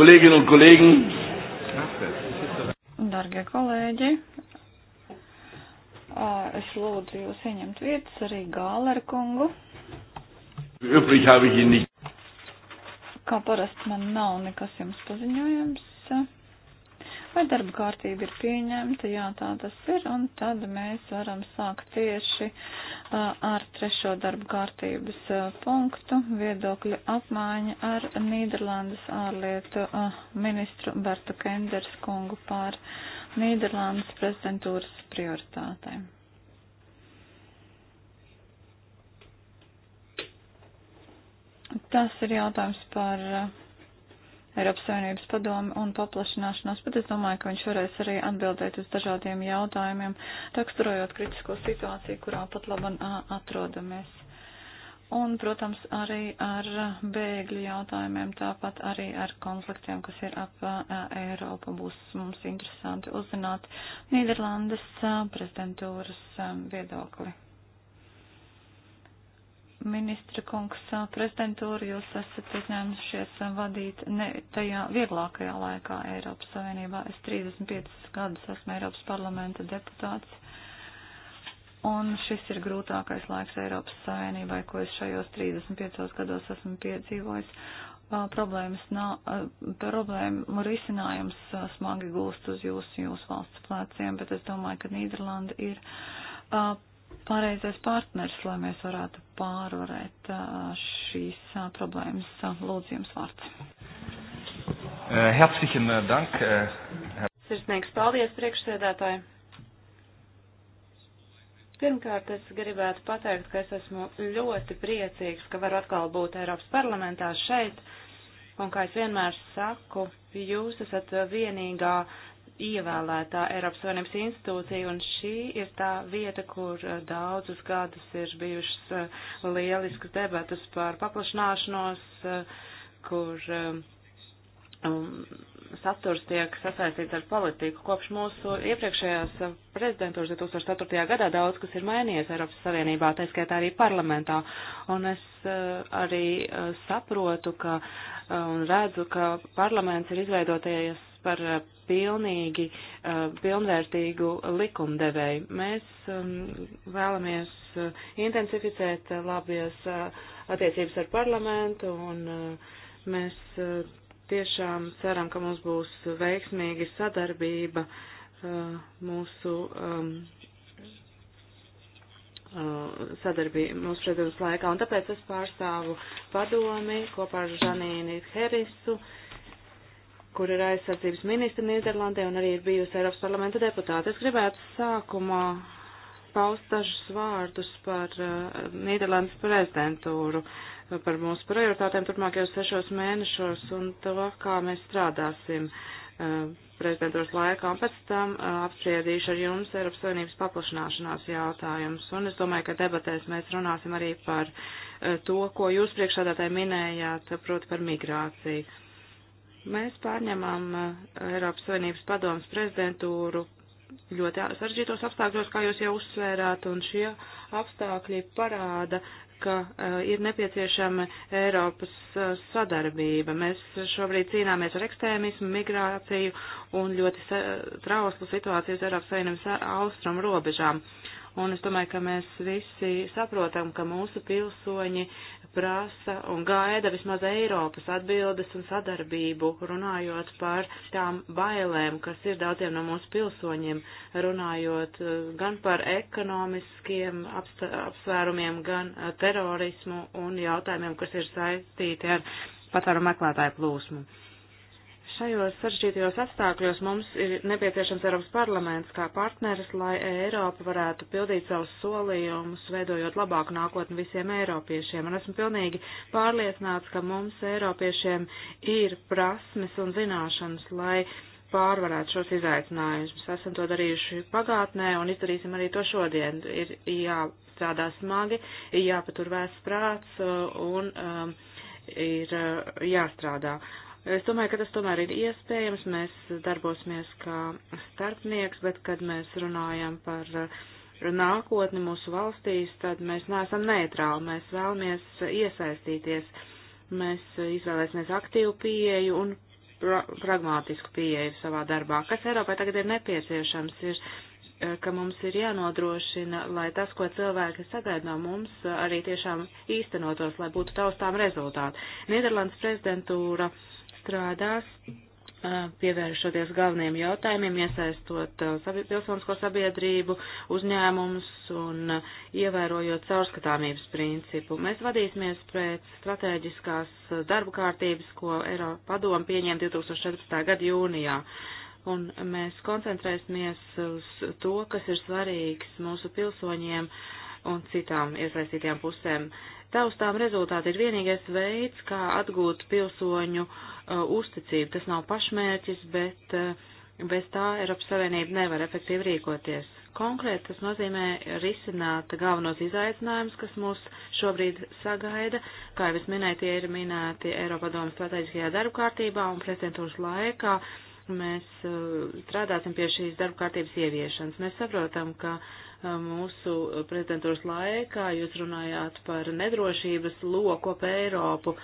Kolleginnen un kolēģi. Dargie kolēģi, es lūdzu jūs ieņemt vietas arī Gāleru kungu. Kā parasti man nav nekas jums paziņojams. Vai darba kārtība ir pieņemta? Jā, tā tas ir. Un tad mēs varam sākt tieši ar trešo darba kārtības punktu viedokļu apmaiņa ar Nīderlandes ārlietu ministru Bertu Kenders kungu par Nīderlandes prezidentūras prioritātēm. Tas ir jautājums par uh, Eiropas Savienības padomu un paplašināšanos, bet es domāju, ka viņš varēs arī atbildēt uz dažādiem jautājumiem, raksturojot kritisko situāciju, kurā pat laban atrodamies. Un, protams, arī ar bēgļu jautājumiem, tāpat arī ar konfliktiem, kas ir ap Eiropu, būs mums interesanti uzzināt Nīderlandes prezidentūras viedokli ministra kungs, prezidentūra, jūs esat uzņēmušies vadīt ne tajā vieglākajā laikā Eiropas Savienībā. Es 35 gadus esmu Eiropas parlamenta deputāts, un šis ir grūtākais laiks Eiropas Savienībai, ko es šajos 35 gados esmu piedzīvojis. Problēmas nav, problēmu risinājums smagi gulst uz jūsu, jūsu valsts pleciem, bet es domāju, ka Nīderlanda ir pareizais partners, lai mēs varētu pārvarēt šīs problēmas. Lūdzu, jums vārds. Herzlichen Dank. Sirsnīgs paldies, priekšsēdētāji. Pirmkārt, es gribētu pateikt, ka es esmu ļoti priecīgs, ka varu atkal būt Eiropas parlamentā šeit. Un kā es vienmēr saku, jūs esat vienīgā uh, ievēlētā Eiropas Savienības institūcija, un šī ir tā vieta, kur eh, daudzus gadus ir bijušas eh, lieliskas debatas par paplašināšanos, eh, kur um, saturs tiek sasaistīts ar politiku. Kopš mūsu iepriekšējās prezidentūras 2004. gadā daudz kas ir mainījies Eiropas Savienībā, tā skaitā arī parlamentā. Un es uh, arī uh, saprotu, ka un uh, redzu, ka parlaments ir izveidoties par eh, pilnīgi eh, pilnvērtīgu likumdevēju. Mēs um, vēlamies eh, intensificēt labies attiecības ar parlamentu un mēs tiešām ceram, ka mums būs veiksmīga sadarbība mūsu um, sadarbību mūsu prezidents laikā, un tāpēc es pārstāvu padomi kopā ar Žanīnu Herisu, uh, kur ir aizsardzības ministra Nīderlandē un arī ir bijusi Eiropas parlamenta deputāte. Es gribētu sākumā paust dažus vārdus par uh, Nīderlandes prezidentūru, par mūsu prioritātēm turpmākajos sešos mēnešos un to, kā mēs strādāsim uh, prezidentūras laikā. Un pēc tam uh, apspriedīšu ar jums Eiropas Savienības paplašanāšanās jautājumus. Un es domāju, ka debatēs mēs runāsim arī par uh, to, ko jūs priekšādātāji minējāt, proti par migrāciju. Mēs pārņemam eh, Eiropas Savienības padomas prezidentūru ļoti saržģītos apstākļos, kā jūs jau uzsvērāt, un šie apstākļi parāda, ka uh, ir nepieciešama Eiropas uh, sadarbība. Mēs šobrīd cīnāmies ar ekstēmismu, migrāciju un ļoti trauslu situāciju uz Eiropas Savienības austrumu robežām. Uh, un es domāju, ka mēs visi saprotam, ka mūsu pilsoņi prasa un gaida vismaz Eiropas atbildes un sadarbību, runājot par tām bailēm, kas ir daudziem no mūsu pilsoņiem, runājot eh, gan par ekonomiskiem apsvērumiem, gan eh, terorismu un jautājumiem, kas ir saistīti ar patvēru meklētāju plūsmu. Šajos sarežģītajos apstākļos mums ir nepieciešams Eiropas parlaments kā partneris, lai Eiropa varētu pildīt savus solījumus, veidojot labāku nākotni visiem eiropiešiem. Un esmu pilnīgi pārliecināts, ka mums eiropiešiem ir prasmes un zināšanas, lai pārvarētu šos izaicinājumus. Esam to darījuši pagātnē un izdarīsim arī to šodien. Ir jāstrādā smagi, ir jāpatur vēsts prāts uh, un um, ir uh, jāstrādā. Es domāju, ka tas tomēr ir iespējams. Mēs darbosimies kā starpnieks, bet kad mēs runājam par uh, nākotni mūsu valstīs, tad mēs neesam neitrāli. Mēs vēlamies iesaistīties. Mēs izvēlēsimies aktīvu pieeju un pra pragmātisku pieeju savā darbā. Kas Eiropai tagad ir nepieciešams, ir uh, ka mums ir jānodrošina, lai tas, ko cilvēki sagaida no mums, arī tiešām īstenotos, lai būtu taustām rezultāti. Nīderlandes prezidentūra uh, strādās, pievēršoties galveniem jautājumiem, iesaistot pilsonisko sabiedrību, uzņēmumus un ievērojot caurskatāmības principu. Mēs vadīsimies pēc strateģiskās darba kārtības, ko Eiropa padoma pieņēma 2014. gada jūnijā. Un mēs koncentrēsimies uz to, kas ir svarīgs mūsu pilsoņiem un citām iesaistītajām pusēm. Taustām rezultāti ir vienīgais veids, kā atgūt pilsoņu uh, uh, uzticību. Tas nav pašmērķis, bet uh, bez tā Eiropas Savienība nevar efektīvi rīkoties. Konkrēti tas nozīmē risināt galvenos izaicinājumus, kas mūs šobrīd sagaida. Kā jau es minēju, tie ir minēti Eiropadomas strateģiskajā darba kārtībā un prezidentūras laikā. Mēs uh, strādāsim pie šīs darba kārtības ieviešanas. Mēs saprotam, ka uh, mūsu prezidentūras laikā jūs runājāt par nedrošības loku ap Eiropu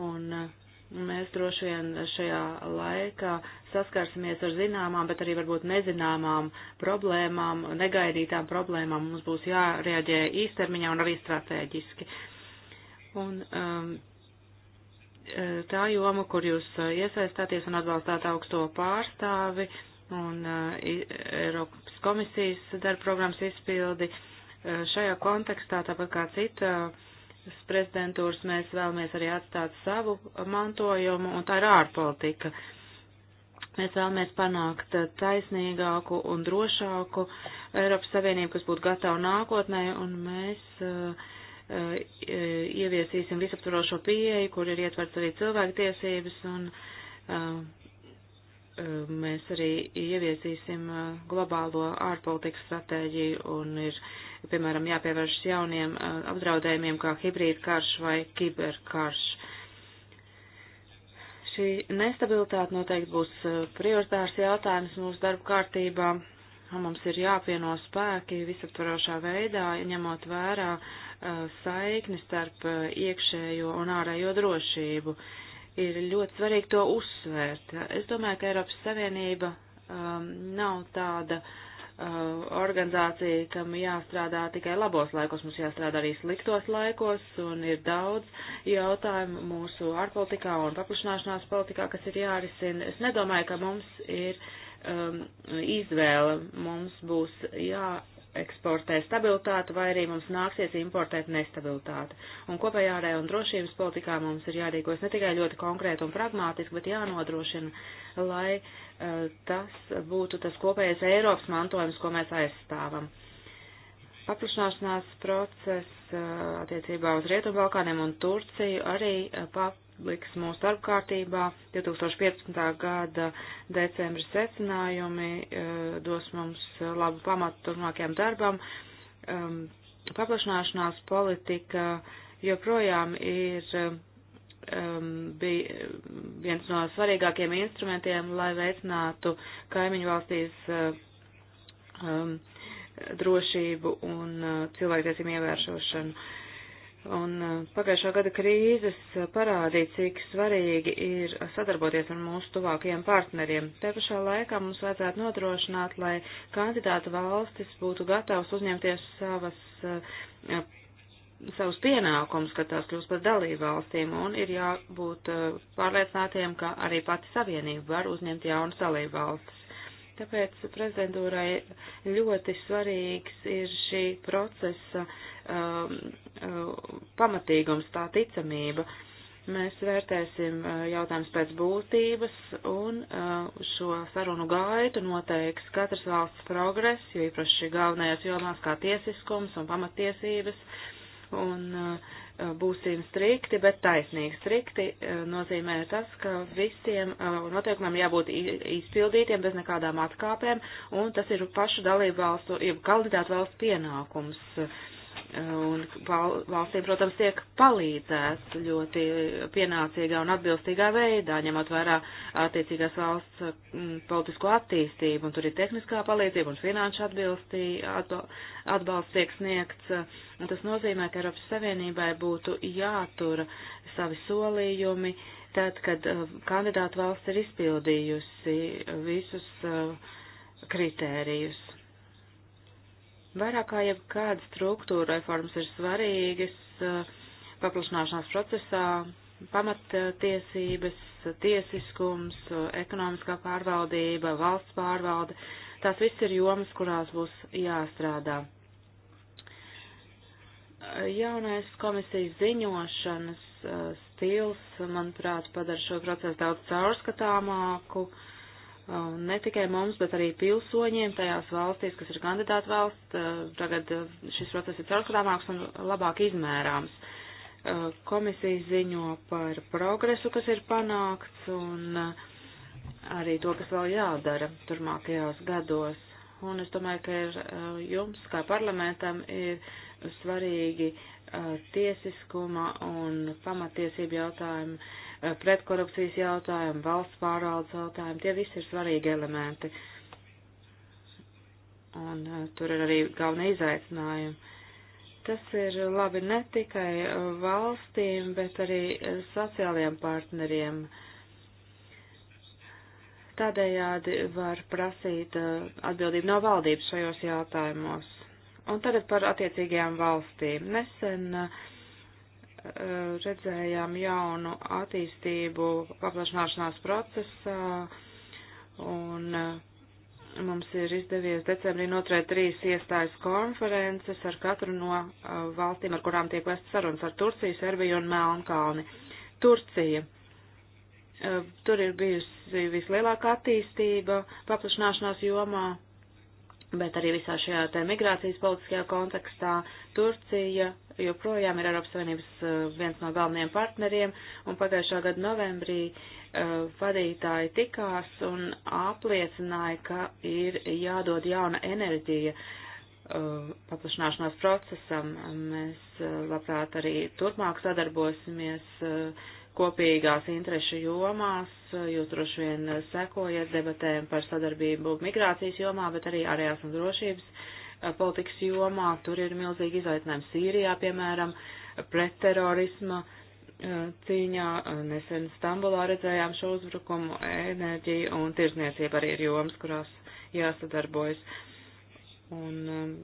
un uh, Mēs droši vien šajā laikā saskarsimies ar zināmām, bet arī varbūt nezināmām problēmām, negaidītām problēmām. Mums būs jārēģē īstermiņā un arī strateģiski. Un, um, eh, tā joma, kur jūs eh, iesaistāties un atbalstāt augsto pārstāvi un uh, Eiropas komisijas darba programmas izpildi, uh, šajā kontekstā, tāpat kā cita. Uh, prezidentūras mēs vēlamies arī atstāt savu mantojumu, un tā ir ārpolitika. Mēs vēlamies panākt taisnīgāku un drošāku Eiropas Savienību, kas būtu gatava nākotnē, un mēs uh, uh, ieviesīsim visaptvarošo pieeju, kur ir ietverts arī cilvēktiesības, un uh, mēs arī ieviesīsim globālo ārpolitikas stratēģiju un ir piemēram, jāpievēršas jauniem apdraudējumiem kā hibrīdkarš vai kiberkarš. Šī nestabilitāte noteikti būs prioritārs jautājums mūsu darba kārtībā, un mums ir jāpieno spēki visaptvarošā veidā, ņemot vērā saikni starp iekšējo un ārējo drošību. Ir ļoti svarīgi to uzsvērt. Es domāju, ka Eiropas Savienība um, nav tāda uh, Uh, organizācija, kam jāstrādā tikai labos laikos, mums jāstrādā arī sliktos laikos, un ir daudz jautājumu mūsu ārpolitikā un paplašanāšanās politikā, kas ir jārisina. Es nedomāju, ka mums ir um, izvēle, mums būs jā eksportē stabilitāti, vai arī mums nāksies importēt nestabilitāti. Un kopējā ārējā un drošības politikā mums ir jārīkojas ne tikai ļoti konkrēti un pragmātiski, bet jānodrošina, lai uh, tas būtu tas kopējais Eiropas mantojums, ko mēs aizstāvam. Paplašanāšanās process uh, attiecībā uz Rietumbalkāniem un Turciju arī uh, liks mūsu darbkārtībā. 2015. gada decembra secinājumi e, dos mums e, labu pamatu turpmākajam darbam. E, Paplašanāšanās politika joprojām ir bija viens no svarīgākiem instrumentiem, lai veicinātu kaimiņu valstīs drošību un cilvēktiesību ievēršošanu. Un eh, pagājušā gada krīzes parādīja, cik svarīgi ir sadarboties ar mūsu tuvākajiem partneriem. Te pašā laikā mums vajadzētu nodrošināt, lai kandidāta valstis būtu gatavs uzņemties savas, eh, savus pienākumus, kad tās kļūst par dalību valstīm, un ir jābūt eh, pārliecinātiem, ka arī pati savienība var uzņemt jaunas dalību valstis. Tāpēc prezidentūrai ļoti svarīgs ir šī procesa uh, um, pamatīgums, tā ticamība. Mēs vērtēsim uh, jautājumus pēc būtības un uh, šo sarunu gaitu noteiks katras valsts progress, jo īpaši galvenajās jomās kā tiesiskums un pamatiesības. Un uh, būsim strikti, bet taisnīgi strikti uh, nozīmē tas, ka visiem noteikumiem jābūt izpildītiem bez nekādām atkāpēm, un tas ir pašu dalību valstu, jeb kandidātu valstu pienākums Un valstīm, protams, tiek palīdzēts ļoti pienācīgā un atbilstīgā veidā, ņemot vērā attiecīgās valsts mm, politisko attīstību, un tur ir tehniskā palīdzība un finanšu atbilstī, atbal, atbalsts tiek sniegts. Un tas nozīmē, ka Eiropas Savienībai būtu jātura savi solījumi, tad, kad uh, kandidātu valsts ir izpildījusi uh, visus uh, kritērijus Vairāk kā jebkāda struktūra reformas ir svarīgas eh, paplašanāšanās procesā, pamattiesības, tiesiskums, eh, ekonomiskā pārvaldība, valsts pārvalde. Tās viss ir jomas, kurās būs jāstrādā. Eh, jaunais komisijas ziņošanas stils, manuprāt, padara šo procesu daudz caurskatāmāku. Uh, Un ne tikai mums, bet arī pilsoņiem tajās valstīs, kas ir kandidāta valsts, eh, tagad eh, šis process ir caurskatāmāks un labāk izmērāms. Eh, komisija ziņo par progresu, kas ir panākts, un arī to, kas vēl jādara turmākajos gados. Un es domāju, ka ir, jums, kā parlamentam, ir svarīgi tiesiskuma un pamatiesību jautājumu Eh, pretkorupcijas jautājumi, valsts pārvaldes jautājumi, tie visi ir svarīgi elementi. Un eh, tur ir arī galvenie izaicinājumi. Tas ir labi ne tikai eh, valstīm, bet arī sociālajiem partneriem. Tādējādi var prasīt atbildību no valdības šajos jautājumos. Un tagad par attiecīgajām valstīm. Nesen uh, redzējām jaunu attīstību paplašanāšanās procesā, un uh, mums ir izdevies decembrī noturēt trīs iestājas konferences ar katru no uh, valstīm, ar kurām tiek vest sarunas ar Turciju, Serbiju un Melnkalni. Turcija. Uh, tur ir bijusi vislielākā attīstība paplašanāšanās jomā, bet arī visā šajā te migrācijas politiskajā kontekstā Turcija joprojām ir Eiropas Savienības eh, viens no galvenajiem partneriem, un pagājušā gada novembrī eh, vadītāji tikās un apliecināja, ka ir jādod jauna enerģija eh, paplašanāšanās procesam. Mēs labprāt arī turpmāk sadarbosimies kopīgās interešu jomās, jūs droši vien sekojat debatēm par sadarbību migrācijas jomā, bet arī ārējās un drošības politikas jomā. Tur ir milzīgi izaicinājumi Sīrijā, piemēram, pret terorisma cīņā. Nesen Stambulā redzējām šo uzbrukumu, enerģija un tirzniecība arī ir jomas, kurās jāsadarbojas. Un, um,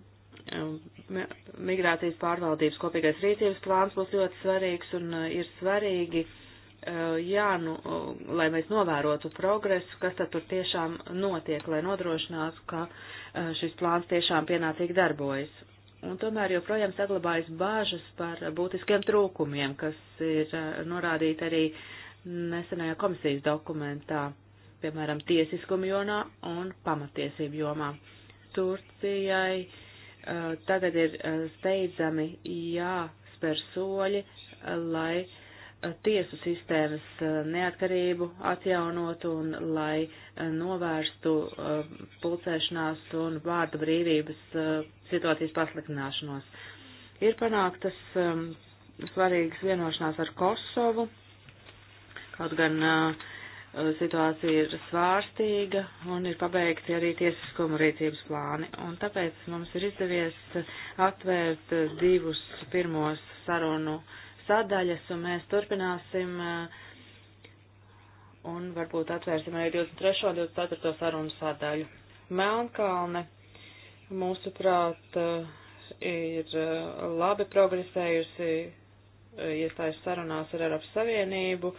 migrācijas pārvaldības kopīgais rīcības plāns būs ļoti svarīgs un ir svarīgi uh, Eh, jā, nu, eh, lai mēs novērotu progresu, kas tad tur tiešām notiek, lai nodrošinātu, ka eh, šis plāns tiešām pienācīgi darbojas. Un tomēr joprojām saglabājas bāžas par būtiskiem trūkumiem, kas ir norādīti arī nesenajā komisijas dokumentā, piemēram, tiesiskuma jomā un pamatiesību jomā. Turcijai tagad ir steidzami jāspēr soļi, lai uh, tiesu sistēmas eh, neatkarību atjaunot un lai eh, novērstu eh, pulcēšanās un vārda brīvības situācijas pasliktināšanos. Ir panāktas svarīgas vienošanās ar Kosovu, kaut gan situācija ir svārstīga un ir pabeigti arī tiesiskuma rīcības plāni. Un tāpēc mums ir izdevies atvērt divus pirmos sarunu uh, sadaļas, un mēs turpināsim eh, un varbūt atvērsim arī 23. un 24. sarunu sadaļu. Melnkalne, mūsuprāt, eh, ir eh, labi progresējusi iestājas sarunās ar Eiropas Savienību,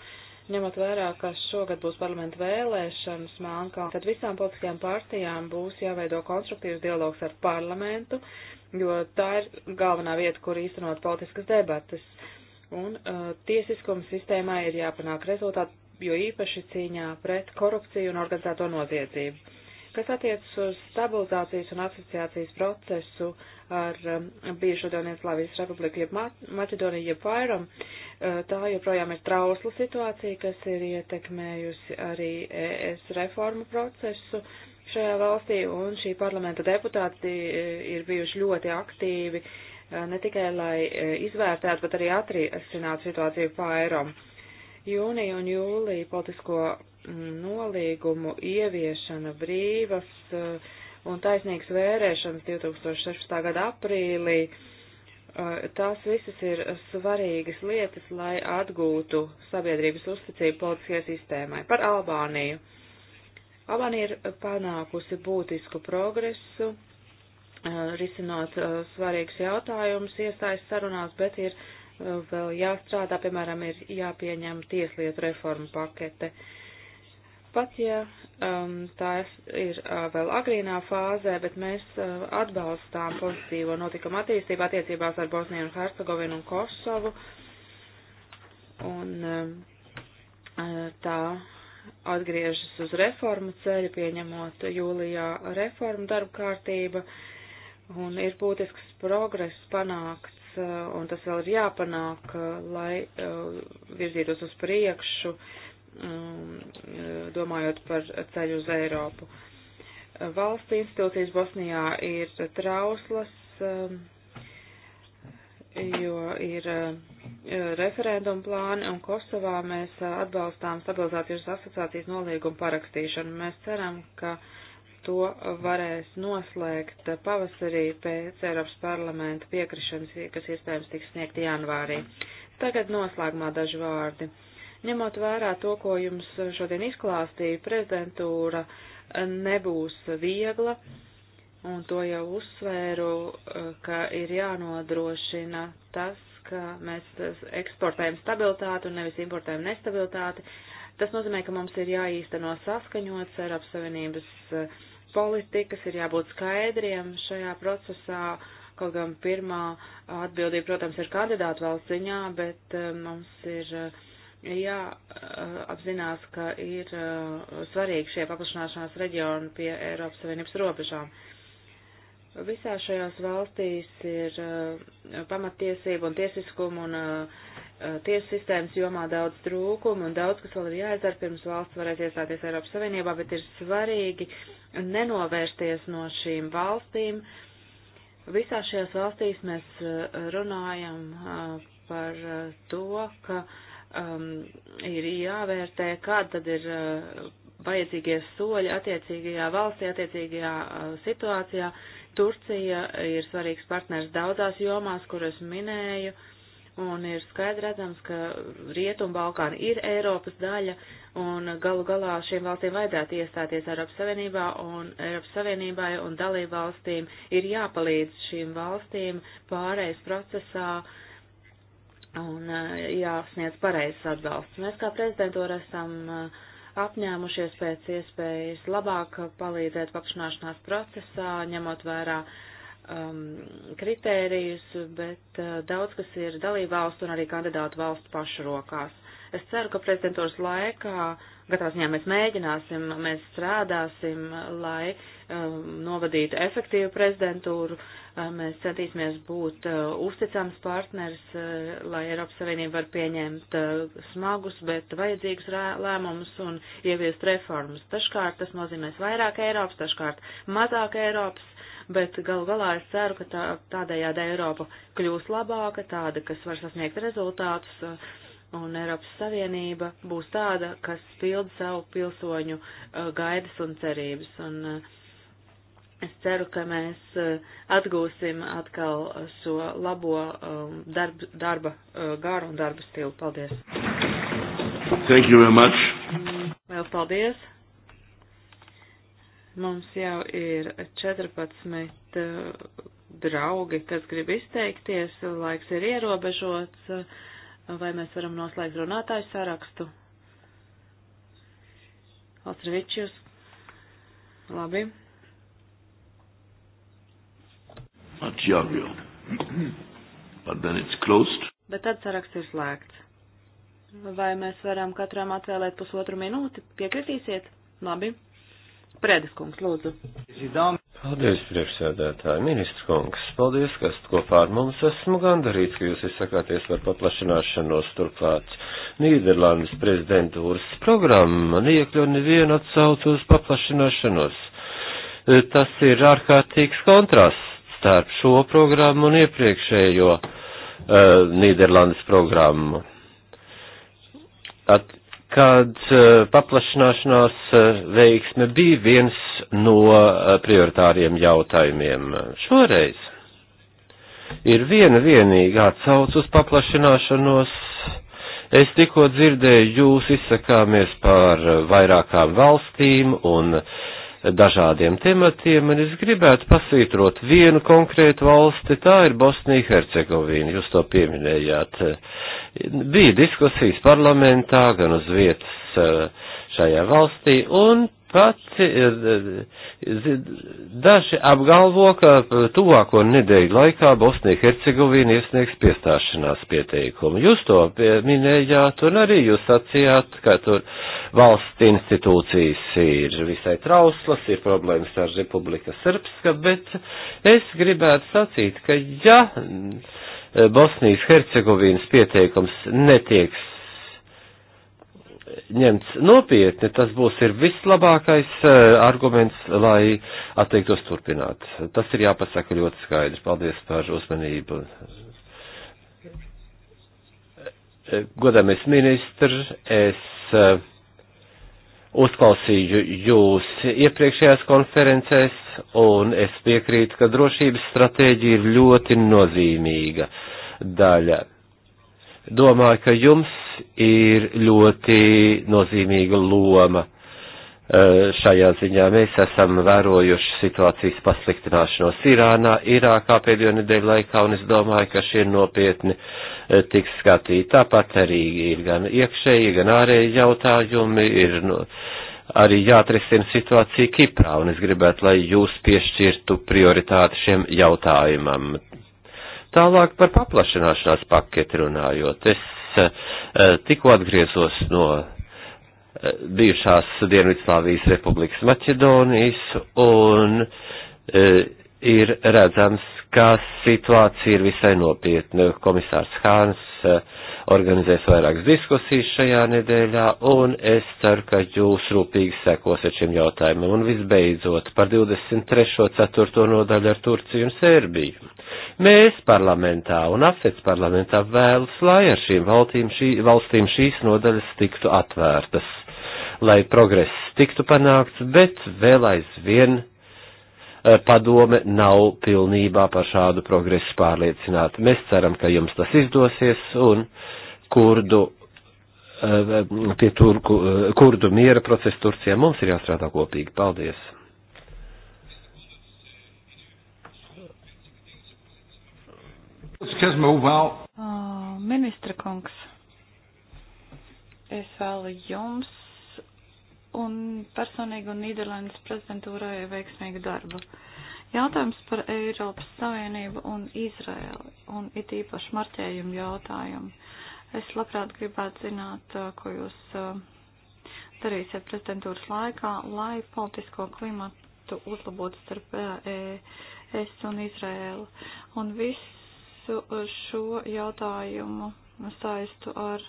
ņemot vērā, ka šogad būs parlamenta vēlēšanas Melnkalne, tad visām politiskajām partijām būs jāveido konstruktīvs dialogs ar parlamentu, jo tā ir galvenā vieta, kur īstenot politiskas debatas un uh, tiesiskuma sistēmai ir jāpanāk rezultāti, jo īpaši cīņā pret korupciju un organizēto noziedzību. Kas attiecas uz stabilizācijas un asociācijas procesu ar um, bijušo Donētslāvijas republiku, jeb Maķedoniju, jeb Fairam, uh, tā joprojām ir trausla situācija, kas ir ietekmējusi arī ES reformu procesu šajā valstī, un šī parlamenta deputāti uh, ir bijuši ļoti aktīvi uh, Eh, ne tikai lai eh, izvērtētu, bet arī atrisinātu situāciju pairom. Jūnija un jūlija politisko mm, nolīgumu ieviešana brīvas eh, un taisnīgas vērēšanas 2016. gada aprīlī. Tās visas ir svarīgas lietas, lai atgūtu sabiedrības uzticību politiskajai sistēmai. Par Albāniju. Albānija ir panākusi būtisku progresu Uh, risināt uh, svarīgus jautājumus iestājas sarunās, bet ir uh, vēl jāstrādā, piemēram, ir jāpieņem tieslietu reformu pakete. Pat ja um, tā ir uh, vēl agrīnā fāzē, bet mēs uh, atbalstām pozitīvo notikumu attīstību attiecībās ar Bosniju un Hercegovinu un Kosovu. Un um, uh, tā atgriežas uz reformu ceļu, pieņemot jūlijā reformu darba kārtība. Uh, Un ir būtisks progress panākts, eh, un tas vēl ir jāpanāk, eh, lai eh, virzītos uz priekšu, mm, domājot par ceļu uz Eiropu. Valsts institūcijas Bosnijā ir trauslas, jo ir referendumu plāni, un Kosovā mēs atbalstām stabilizācijas asociācijas nolīgumu parakstīšanu. Mēs ceram, ka uh, to varēs noslēgt pavasarī pēc Eiropas parlamenta piekrišanas, kas iespējams tiks sniegta janvārī. Tagad noslēgumā daži vārdi. Ņemot vērā to, ko jums šodien izklāstīja, prezidentūra nebūs viegla, un to jau uzsvēru, ka ir jānodrošina tas, ka mēs eksportējam stabilitāti un nevis importējam nestabilitāti. Tas nozīmē, ka mums ir jāīsteno saskaņots Eiropas Savienības uh, politikas, ir jābūt skaidriem šajā procesā. Kaut gan pirmā atbildība, protams, ir kandidātu valsts ziņā, bet eh, mums ir eh, jāapzinās, eh, ka ir svarīgi šie paplašanāšanās reģioni pie Eiropas Savienības robežām. Visā šajās valstīs ir pamatiesība un tiesiskuma un uh, Eh, tiesu sistēmas jomā daudz trūkumu un daudz, kas vēl ir jāizdara, pirms valsts varēs iestāties Eiropas Savienībā, bet ir svarīgi nenovērsties no šīm valstīm. Visās šajās valstīs mēs eh, runājam eh, par to, ka um, ir jāvērtē, kāda tad ir vajadzīgie soļi attiecīgajā valstī, attiecīgajā situācijā. Turcija ir svarīgs partners daudzās jomās, kuras minēju. Uh, un ir skaidri redzams, ka Rietumu Balkāni ir Eiropas daļa, un galu galā šīm valstīm vajadzētu iestāties Eiropas Savienībā, un Eiropas Savienībai un dalību valstīm ir jāpalīdz šīm valstīm pārējais procesā un eh, jāsniedz pareizs atbalsts. Mēs kā prezidentūra esam eh, apņēmušies pēc iespējas labāk palīdzēt pakšanāšanās procesā, ņemot vērā uh, um, kritērijus, bet uh, daudz kas ir dalību valstu un arī kandidātu valstu pašu rokās. Es ceru, ka prezidentūras laikā, katrā ziņā mēs mēģināsim, mēs strādāsim, lai um, novadītu efektīvu prezidentūru, uh, mēs centīsimies būt uh, uzticams partners, uh, lai Eiropas Savienība var pieņemt uh, smagus, bet vajadzīgus lēmumus un ieviest reformas. Dažkārt tas nozīmēs vairāk Eiropas, dažkārt mazāk Eiropas, bet gal galā es ceru, ka tā, tādējādi Eiropa kļūs labāka, tāda, kas var sasniegt rezultātus, uh, un Eiropas Savienība būs tāda, kas pilda savu pilsoņu uh, gaidas un cerības. Un, uh, Es ceru, ka mēs atgūsim atkal šo so labo um, darb, darba garu un darba stilu. Paldies! Thank you very much! Vēl paldies! Mums jau ir 14 eh, draugi, kas grib izteikties, laiks ir ierobežots, vai mēs varam noslēgt runātāju sarakstu? Ostrovičus, labi. Atjāvjo. But then it's closed. Bet tad saraksts ir slēgts. Vai mēs varam katram atvēlēt pusotru minūti? Piekritīsiet? Labi. Prēdes kungs, lūdzu. Paldies, priekšsēdētāji, ministrs kungs. Paldies, kas kopā ar mums esmu gandarīts, ka jūs izsakāties par paplašināšanos turklāt Nīderlandes prezidentūras programmu. Man iekļauj nevienu atsaucu uz paplašināšanos. E, Tas ir ārkārtīgs kontrasts starp šo programmu un iepriekšējo uh, Nīderlandes programmu. At, kad eh, paplašināšanās eh, veiksme bija viens no eh, prioritāriem jautājumiem. Šoreiz ir viena vienīga atsauc uz paplašināšanos. Es tikko dzirdēju jūs izsakāmies par vairākām valstīm un uh, dažādiem tematiem, un es gribētu pasvītrot vienu konkrētu valsti, tā ir Bosnija Hercegovina, jūs to pieminējāt. Bija diskusijas parlamentā, gan uz vietas eh, šajā valstī, un pati eh, eh, daži apgalvo, ka eh, tuvāko nedēļu laikā Bosnija Hercegovina iesniegs piestāšanās pieteikumu. Jūs to minējāt un arī jūs sacījāt, ka tur valsts institūcijas ir visai trauslas, ir problēmas ar Republika Srpska, bet es gribētu sacīt, ka ja Bosnijas Hercegovinas pieteikums netieks ņemts nopietni, tas būs ir vislabākais eh, arguments, lai atteiktos turpināt. Tas ir jāpasaka ļoti skaidrs. Paldies par uzmanību. Godamies ministrs, es eh, uzklausīju jūs iepriekšējās konferencēs, un es piekrītu, ka drošības stratēģija ir ļoti nozīmīga daļa. Domāju, ka jums ir ļoti nozīmīga loma eh, šajā ziņā mēs esam vērojuši situācijas pasliktināšanos Irānā, Irākā pēdējo nedēļu laikā, un es domāju, ka šie nopietni eh, tiks skatīti. Tāpat arī ir gan iekšēji, gan ārēji jautājumi, ir no, arī jāatrisina situācija Kiprā, un es gribētu, lai jūs piešķirtu prioritāti šiem jautājumam. Tālāk par paplašanāšanās paketi runājot, es Eh, tikko atgriezos no eh, bijušās Dienvidslāvijas republikas Maķedonijas un eh, ir redzams, ka situācija ir visai nopietna. Komisārs Hāns organizēs vairākas diskusijas šajā nedēļā, un es ceru, ka jūs rūpīgi sekosiet šiem jautājumiem. Un visbeidzot, par 23. ceturto nodaļu ar Turciju un Sērbiju. Mēs parlamentā un afets parlamentā vēlas, lai ar šīm valstīm, šī, valstīm šīs nodaļas tiktu atvērtas, lai progress tiktu panākts, bet vēl aizvien eh, padome nav pilnībā par šādu progresu pārliecināta. Mēs ceram, ka jums tas izdosies un kurdu eh, pie turku, eh, kurdu miera procesa Turcijā mums ir jāstrādā kopīgi. Paldies! Kas move out? Oh, ministra kungs, es vēlu jums un personīgi un Nīderlandes prezidentūrai veiksmīgu darbu. Jautājums par Eiropas Savienību un Izraeli un it īpaši marķējumu jautājumu. Es labprāt gribētu zināt, ko jūs darīsiet prezidentūras laikā, lai politisko klimatu uzlabotu starp ES un Izraēlu. Un viss visu uh, šo jautājumu saistu ar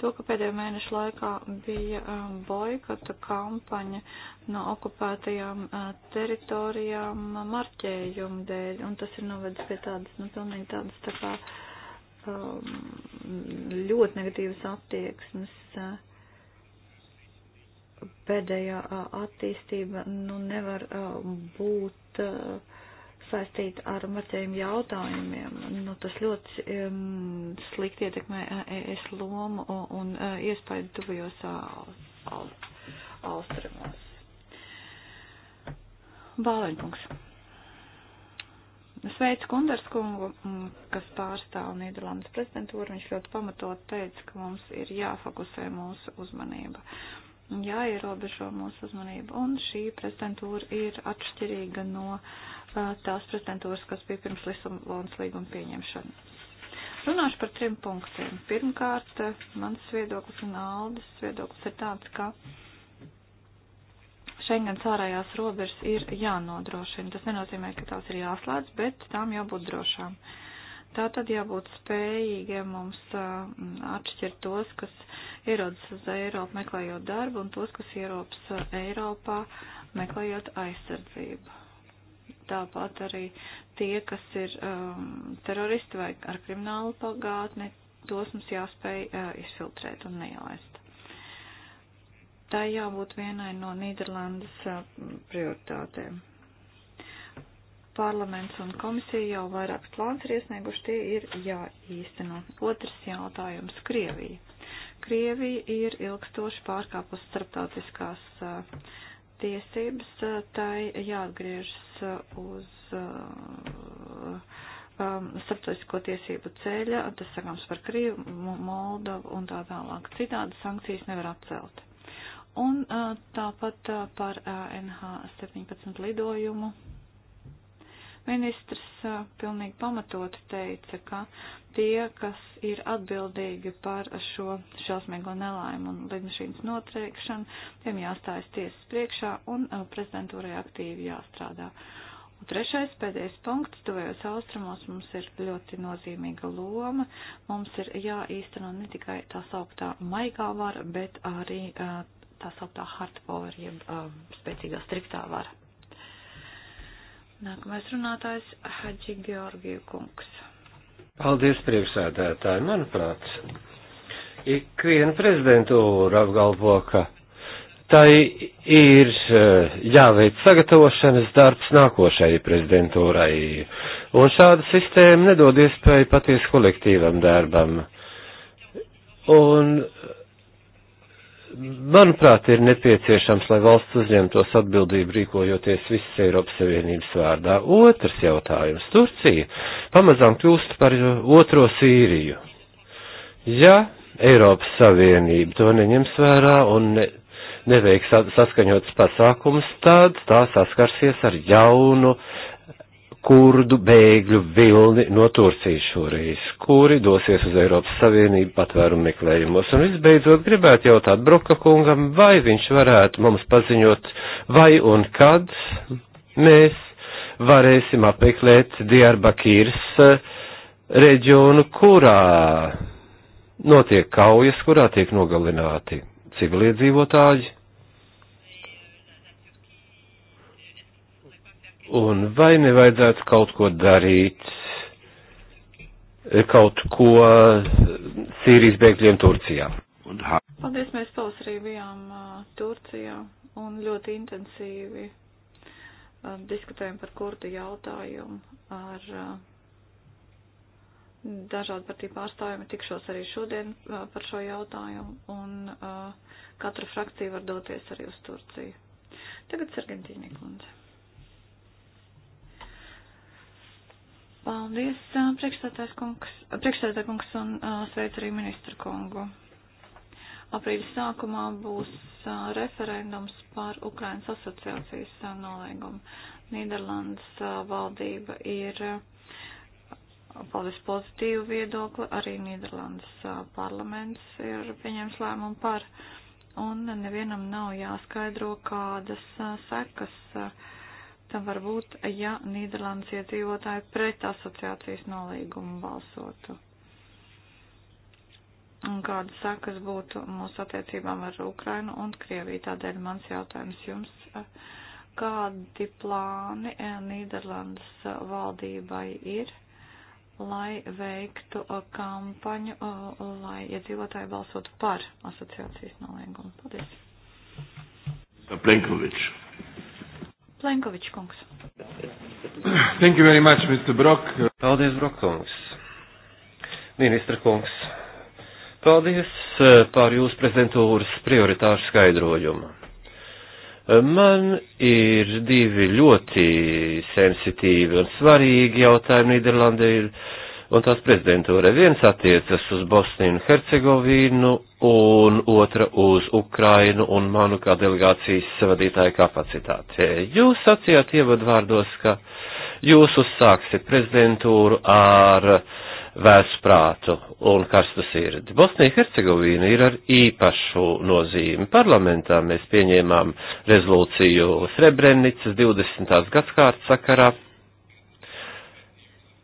to, ka pēdējo mēnešu laikā bija um, boikota kampaņa no okupētajām uh, teritorijām marķējumu dēļ, un tas ir novedis pie tādas, nu, pilnīgi tādas tā kā um, ļoti negatīvas attieksmes. Uh, pēdējā attīstība, nu, nevar būt. Uh, saistīta ar marķējumu jautājumiem. Nu, tas ļoti um, slikti ietekmē ES eh, e lomu un, un uh, eh, iespēju tuvajos austrumos. Bāleņkungs. Sveicu Kundars kungu, kas pārstāv Nīderlandes prezidentūru. Viņš ļoti pamatot teica, ka mums ir jāfokusē mūsu uzmanība jāierobežo mūsu uzmanība. Un šī prezidentūra ir atšķirīga no uh, tās prezidentūras, kas bija pirms Lisabonas līguma pieņemšana. Runāšu par trim punktiem. Pirmkārt, mans viedoklis un Aldis viedoklis ir tāds, ka Schengens ārējās robežas ir jānodrošina. Tas nenozīmē, ka tās ir jāslēdz, bet tām jābūt drošām. Tā tad jābūt spējīgiem mums uh, atšķirt tos, kas ierodas uz Eiropu meklējot darbu, un tos, kas ierodas Eiropā meklējot aizsardzību tāpat arī tie, kas ir um, teroristi vai ar kriminālu pagātni, tos mums jāspēj uh, izfiltrēt un neielaist. Tā jābūt vienai no Nīderlandes uh, prioritātēm. Parlaments un komisija jau vairākus plāns ir iesnieguši, tie ir jāīsteno. Otrs jautājums - Krievija. Krievija ir ilgstoši pārkāpus starptautiskās uh, tiesības, tai jāatgriežas uz um, starptautisko tiesību ceļa, tas sakāms par Krīvu, Moldavu un tā tālāk. Citādi sankcijas nevar atcelt. Un uh, tāpat uh, par uh, NH17 lidojumu Ministrs pilnīgi pamatot teica, ka tie, kas ir atbildīgi par šo šausmīgo nelaimu un lidmašīnas notriekšanu, tiem jāstājas tiesas priekšā un prezidentūrai aktīvi jāstrādā. Un trešais, pēdējais punkts, tuvējos austrumos mums ir ļoti nozīmīga loma. Mums ir jāīsteno ne tikai tā sauktā maigā vara, bet arī tā sauktā hardpower, jeb spēcīgā striktā vara. Nākamais runātājs Haģi Georgiju kungs. Paldies, priekšsēdētāji. Manuprāt, ikviena prezidentūra apgalvo, ka tai ir eh, jāveic sagatavošanas darbs nākošajai prezidentūrai. Un šāda sistēma nedod iespēju patiesu kolektīvam darbam. Un manuprāt, ir nepieciešams, lai valsts uzņemtos atbildību rīkojoties visas Eiropas Savienības vārdā. Otrs jautājums. Turcija pamazām kļūst par otro Sīriju. Ja Eiropas Savienība to neņems vērā un ne, neveiks saskaņotas pasākumus, tad tā saskarsies ar jaunu kurdu bēgļu vilni no Turcijas šoreiz, kuri dosies uz Eiropas Savienību patvērumu meklējumos. Un visbeidzot gribētu jautāt Broka kungam, vai viņš varētu mums paziņot, vai un kad mēs varēsim apmeklēt Diarbakīras eh, reģionu, kurā notiek kaujas, kurā tiek nogalināti civiliedzīvotāji. Un vai nevajadzētu kaut ko darīt, kaut ko Sīrijas bēgļiem Turcijā? Paldies, mēs pavasarī bijām Turcijā un ļoti intensīvi diskutējam par kurdu jautājumu ar dažādu partiju pārstāvjumu. Tikšos arī šodien par šo jautājumu un katra frakcija var doties arī uz Turciju. Tagad Sargentīni kundze. Paldies, priekšstādātājs kungs, priekšstādātājs kungs un sveic arī ministru kungu. Aprīļa sākumā būs referendums par Ukrainas asociācijas nolīgumu. Nīderlandes valdība ir paldies pozitīvu viedokli, arī Nīderlandes parlaments ir pieņēmis lēmumu par, un nevienam nav jāskaidro, kādas sekas. Uh, tam var būt, ja Nīderlandes iedzīvotāji pret asociācijas nolīgumu balsotu. Un kādas sakas būtu mūsu attiecībām ar Ukrainu un Krieviju? Tādēļ mans jautājums jums, eh, kādi plāni eh, Nīderlandes eh, valdībai ir? lai veiktu kampaņu, lai iedzīvotāji balsotu par asociācijas nolīgumu. Paldies. Plenkovičs. Plenkovičs kungs. Thank you very much, Mr. Brok. Paldies, Brok kungs. Ministra kungs. Paldies eh, par jūsu prezentūras prioritāšu skaidrojumu. Eh, man ir divi ļoti sensitīvi un svarīgi jautājumi Nīderlandē un tās prezidentūra. Viens attiecas uz Bosniju un Hercegovīnu un otra uz Ukrainu un manu kā delegācijas savadītāju kapacitāti. Jūs sacījāt ievadvārdos, ka jūs uzsāksiet prezidentūru ar vēsprātu un karstu sirdi. Bosnija Hercegovina ir ar īpašu nozīmi. Parlamentā mēs pieņēmām rezolūciju Srebrenicas 20. gadskārtas sakarā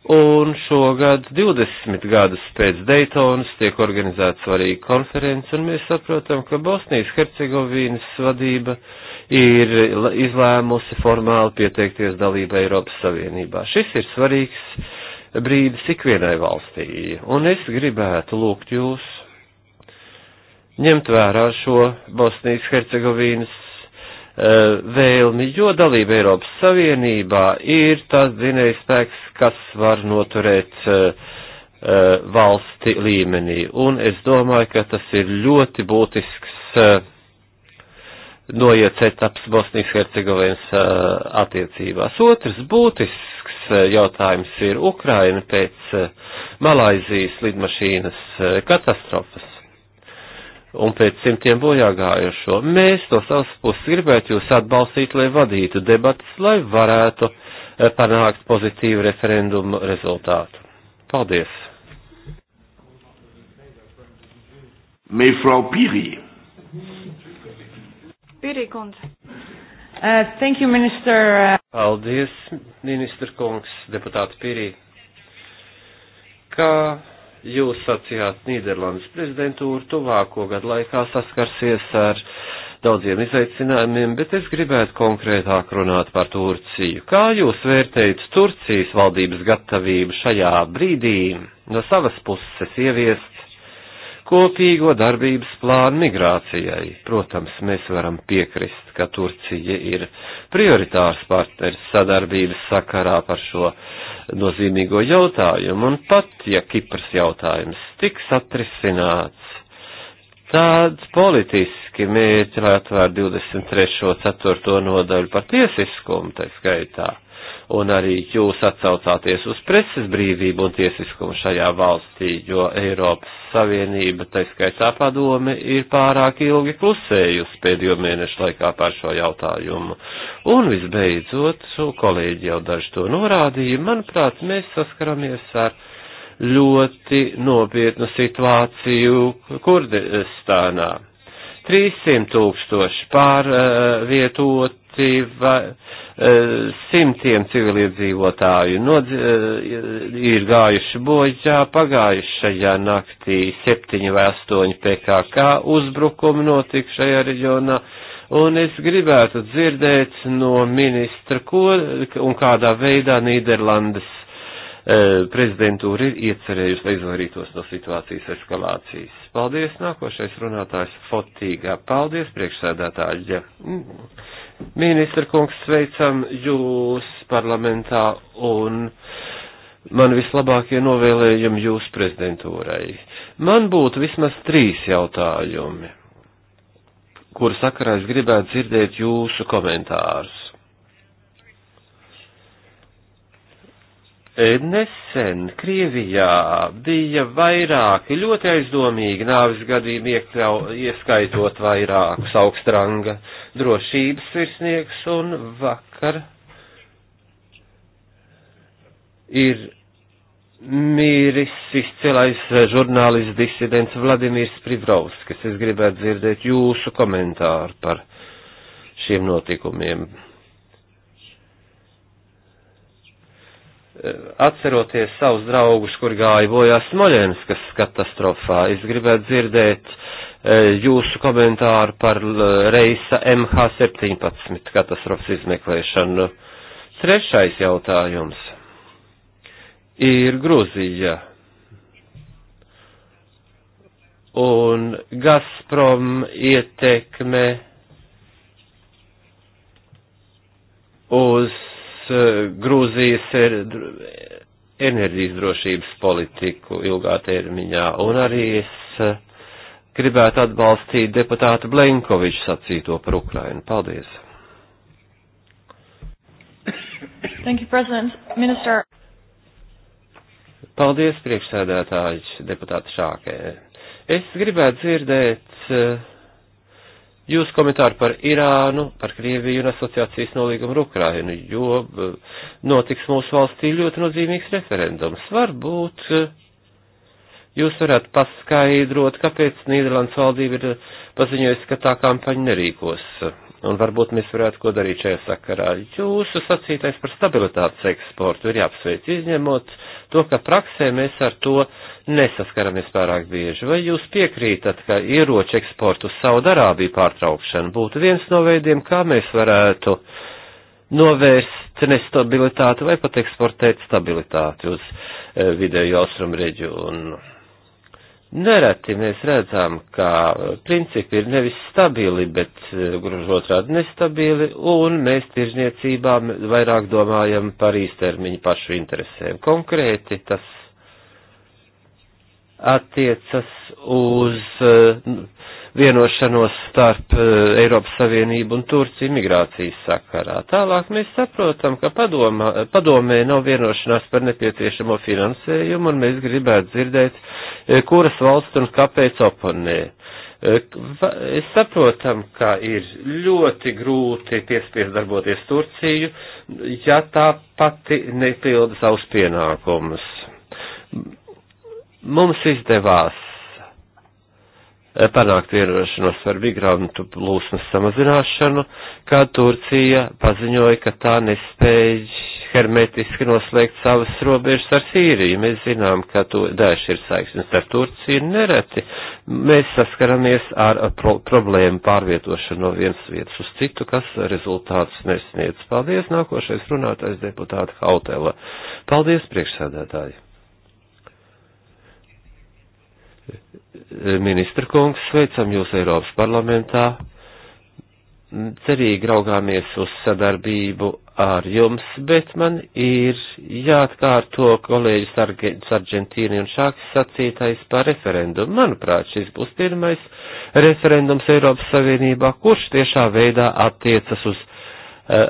Un šogad, 20 gadus pēc Daytonas, tiek organizēta svarīga konference, un mēs saprotam, ka Bosnijas Hercegovīnas vadība ir izlēmusi formāli pieteikties dalībai Eiropas Savienībā. Šis ir svarīgs brīdis ikvienai valstī, un es gribētu lūgt jūs ņemt vērā šo Bosnijas Hercegovīnas Eh, vēlmi, jo dalība Eiropas Savienībā ir tas dzinējs spēks, kas var noturēt eh, eh, valsti līmenī. Un es domāju, ka tas ir ļoti būtisks noiets etaps Bosnijas Hercegovinas attiecībās. Otrs būtisks jautājums ir Ukraina pēc Malaizijas lidmašīnas katastrofas un pēc simtiem bojāgājušo. Mēs no savas puses gribētu jūs atbalstīt, lai vadītu debatas, lai varētu eh, panākt pozitīvu referendumu rezultātu. Paldies! Mevrou Piri. Piri kundze. Uh, thank you, minister. Uh, Paldies, ministra kungs, deputāti Piri. Kā Jūs sacījāt Nīderlandes prezidentūru tuvāko gadu laikā saskarsies ar daudziem izaicinājumiem, bet es gribētu konkrētāk runāt par Turciju. Kā jūs vērtējat Turcijas valdības gatavību šajā brīdī no savas puses ieviest kopīgo darbības plānu migrācijai. Protams, mēs varam piekrist, ka Turcija ir prioritārs partneris sadarbības sakarā par šo nozīmīgo jautājumu, un pat, ja Kipras jautājums tiks atrisināts, tad politiski mērķi, lai atvērtu 23. un 4. nodaļu par tiesiskumu, tā skaitā un arī jūs atsaucāties uz preses brīvību un tiesiskumu šajā valstī, jo Eiropas Savienība, tai skaitā padome, ir pārāk ilgi klusējusi pēdējo mēnešu laikā par šo jautājumu. Un visbeidzot, kolēģi jau daži to norādīja, manuprāt, mēs saskaramies ar ļoti nopietnu situāciju Kurdistānā. 300 tūkstoši pārvietoti civa, eh, simtiem civiliedzīvotāju nodz, eh, ir gājuši bojā pagājušajā naktī septiņi vai astoņi PKK uzbrukumi notika šajā reģionā. Un es gribētu dzirdēt no ministra, ko un kādā veidā Nīderlandes eh, prezidentūra ir iecerējusi, lai izvairītos no situācijas eskalācijas. Paldies, nākošais runātājs Fotīgā. Paldies, priekšsēdētāji. Ministra kungs, sveicam jūs parlamentā un man vislabākie novēlējumi jūsu prezidentūrai. Man būtu vismaz trīs jautājumi, kuru sakarā es gribētu dzirdēt jūsu komentārus. Nesen Krievijā bija vairāki ļoti aizdomīgi nāvis gadījumi, iekļau, ieskaitot vairākus augstranga drošības virsnieks, un vakar ir mīris izcilais žurnālists disidents Vladimirs Privrovskis. Es gribētu dzirdēt jūsu komentāru par šiem notikumiem. atceroties savus draugus, kur gāja bojā Smoļenskas katastrofā, es gribētu dzirdēt e, jūsu komentāru par e, reisa MH17 katastrofas izmeklēšanu. Trešais jautājums ir Grūzija. Un Gazprom ietekme uz Eh, Grūzijas er, enerģijas drošības politiku ilgā termiņā, un arī es eh, gribētu atbalstīt deputātu Blenkoviču sacīto par Ukrainu. Paldies! Thank you, President. Minister. Paldies, priekšsēdētājs, deputāta Šākē. Es gribētu dzirdēt uh, Jūs komentāri par Irānu, par Krieviju un asociācijas nolīgumu ar Ukrainu, jo e, notiks mūsu valstī ļoti nozīmīgs referendums. Varbūt e, jūs varētu paskaidrot, kāpēc Nīderlandes valdība ir paziņojusi, ka tā kampaņa nerīkos. Un varbūt mēs varētu ko darīt šajā sakarā. Jūsu sacītais par stabilitātes eksportu ir jāapsveic, izņemot to, ka praksē mēs ar to nesaskaramies pārāk bieži. Vai jūs piekrītat, ka ieroču eksportu uz Saudarābiju pārtraukšana būtu viens no veidiem, kā mēs varētu novērst nestabilitāti vai pat eksportēt stabilitāti uz eh, vidēju austrumu reģionu? Nereti mēs redzam, ka principi ir nevis stabili, bet eh, gluži otrādi nestabili, un mēs tirzniecībā vairāk domājam par īstermiņu pašu interesēm. Konkrēti tas attiecas uz eh, vienošanos starp eh, Eiropas Savienību un Turciju migrācijas sakarā. Tālāk mēs saprotam, ka padomā, padomē nav vienošanās par nepieciešamo finansējumu, un mēs gribētu dzirdēt, eh, kuras valsts un kāpēc oponē. Eh, es saprotam, ka ir ļoti grūti piespiest darboties Turciju, ja tā pati nepilda savus pienākumus. Mums izdevās Eh, panākt vienošanos par migrantu plūsmas samazināšanu, kā Turcija paziņoja, ka tā nespēj hermetiski noslēgt savas robežas ar Sīriju. Mēs zinām, ka daži ir saiknes ar Turciju nereti. Mēs saskaramies ar pro problēmu pārvietošanu no vienas vietas uz citu, kas rezultātus nesniedz. Paldies, nākošais runātais deputāta Hautela. Paldies, priekšsēdētāji! Ministra kungs, sveicam jūs Eiropas parlamentā. Cerīgi raugāmies uz sadarbību ar jums, bet man ir jāatkārto kolēģis Argentīni un Šāks sacītais par referendumu. Manuprāt, šis būs pirmais referendums Eiropas Savienībā, kurš tiešā veidā attiecas uz uh,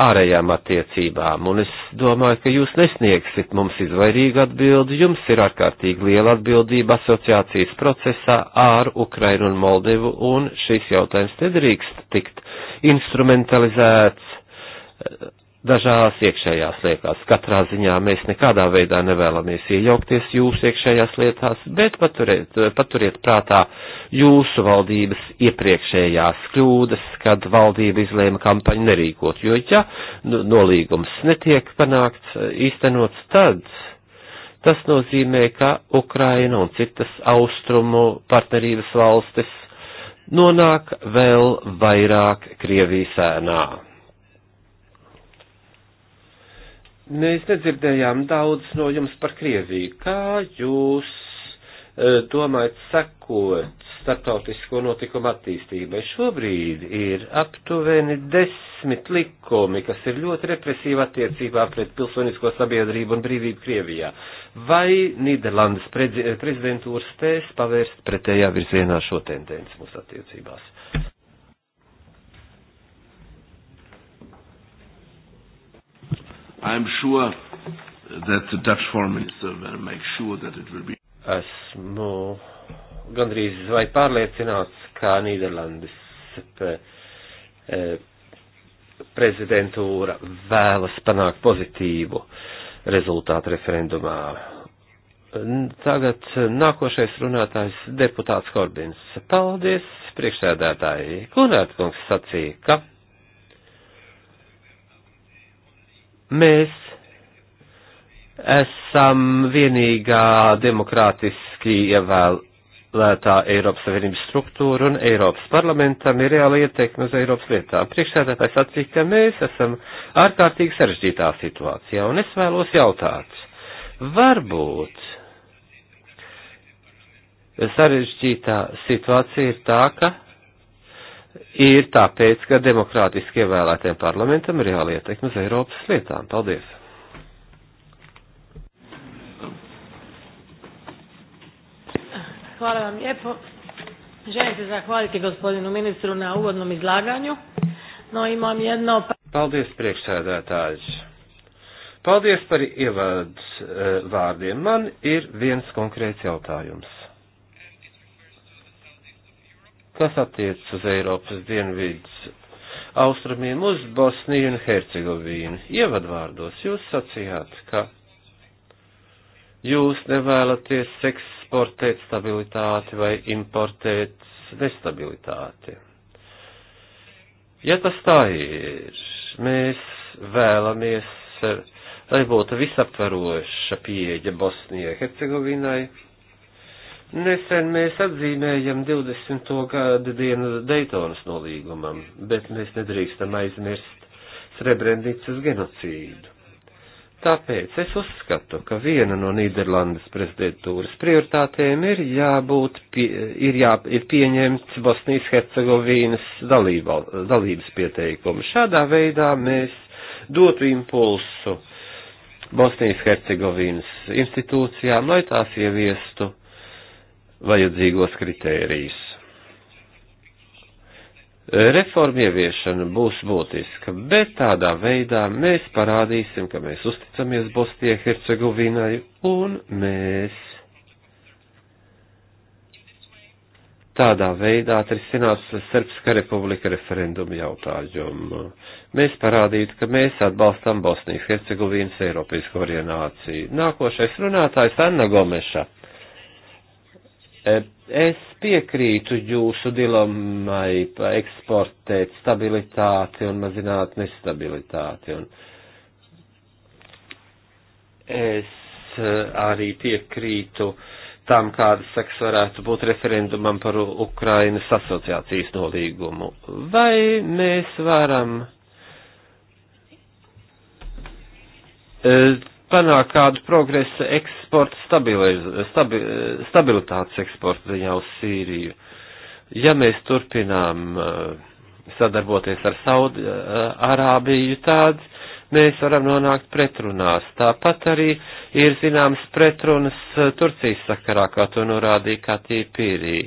ārējām attiecībām, un es domāju, ka jūs nesniegsit mums izvairīgu atbildi, jums ir ārkārtīgi liela atbildība asociācijas procesā ar Ukrainu un Moldevu, un šis jautājums nedrīkst tikt instrumentalizēts dažās iekšējās lietās. Katrā ziņā mēs nekādā veidā nevēlamies iejaukties jūsu iekšējās lietās, bet paturiet, paturiet prātā jūsu valdības iepriekšējās kļūdas, kad valdība izlēma kampaņu nerīkot, jo ja nu, nolīgums netiek panākts, īstenots, tad tas nozīmē, ka Ukraina un citas austrumu partnerības valstis nonāk vēl vairāk Krievijas ēnā Mēs nedzirdējām daudz no jums par Krieviju. Kā jūs e, domājat sekot starptautisko notikumu attīstībai? Šobrīd ir aptuveni desmit likumi, kas ir ļoti represīvi attiecībā pret pilsonisko sabiedrību un brīvību Krievijā. Vai Nīderlandes prezidentūra spēs pavērst pretējā virzienā šo tendenci mūsu attiecībās? I'm sure that the Dutch foreign minister will make sure that it will be. Esmu gandrīz vai pārliecināts, kā Nīderlandes eh, eh, prezidentūra vēlas panākt pozitīvu rezultātu referendumā. Tagad nākošais runātājs deputāts Korbins. Paldies, priekšsēdētāji. Kunētkungs sacīja, ka Mēs esam vienīgā demokrātiski ievēlētā Eiropas Savienības struktūra un Eiropas parlamentam ir reāla ieteikme uz Eiropas lietām. Priekšsēdētājs atzīst, ka mēs esam ārkārtīgi sarežģītā situācijā un es vēlos jautāt, varbūt sarežģītā situācija ir tā, ka ir tāpēc, ka demokrātiski ievēlētiem parlamentam ir jālietekme uz Eiropas lietām. Paldies! Hvala vam lijepo. Želim se zahvaliti gospodinu ministru na uvodnom izlaganju, no imam jedno... Paldies priekšsēdētāji. Paldies par ievadu eh, vārdiem. Man ir viens konkrēts jautājums kas attiec uz Eiropas dienvidus austrumiem uz Bosniju un Hercegovīnu. Ievadvārdos jūs sacījāt, ka jūs nevēlaties eksportēt stabilitāti vai importēt nestabilitāti. Ja tas tā ir, mēs vēlamies, lai būtu visaptveroša pieeja Bosnijai, Hercegovinai, Nesen mēs atzīmējam 20. gada dienu Daytonas nolīgumam, bet mēs nedrīkstam aizmirst Srebrenicas genocīdu. Tāpēc es uzskatu, ka viena no Nīderlandes prezidentūras prioritātēm ir jābūt, pie, ir, jā, ir pieņemts Bosnijas Hercegovīnas dalība, dalības pieteikumu. Šādā veidā mēs dotu impulsu Bosnijas Hercegovīnas institūcijām, lai tās ieviestu vajadzīgos kritērijus. Reforma ieviešana būs būtiska, bet tādā veidā mēs parādīsim, ka mēs uzticamies Bostie Hercegovinai un mēs tādā veidā atrisinās Serbska republika referendumu jautājumu. Mēs parādītu, ka mēs atbalstam Bosnijas Hercegovinas Eiropas koordināciju. Nākošais runātājs Anna Gomeša. E, es piekrītu jūsu dilemai eksportēt stabilitāti un mazināt nestabilitāti. Un es e, arī piekrītu tam, kādas seks varētu būt referendumam par Ukrainas asociācijas nolīgumu. Vai mēs varam e, panākt kādu progresu eksporta stabiliz, stabi, stabilitātes eksporta ziņā uz Sīriju. Ja mēs turpinām eh, sadarboties ar Saudi eh, Arābiju tāds, mēs varam nonākt pretrunās. Tāpat arī ir zināms pretrunas eh, Turcijas sakarā, kā to norādīja Katī Pīrī.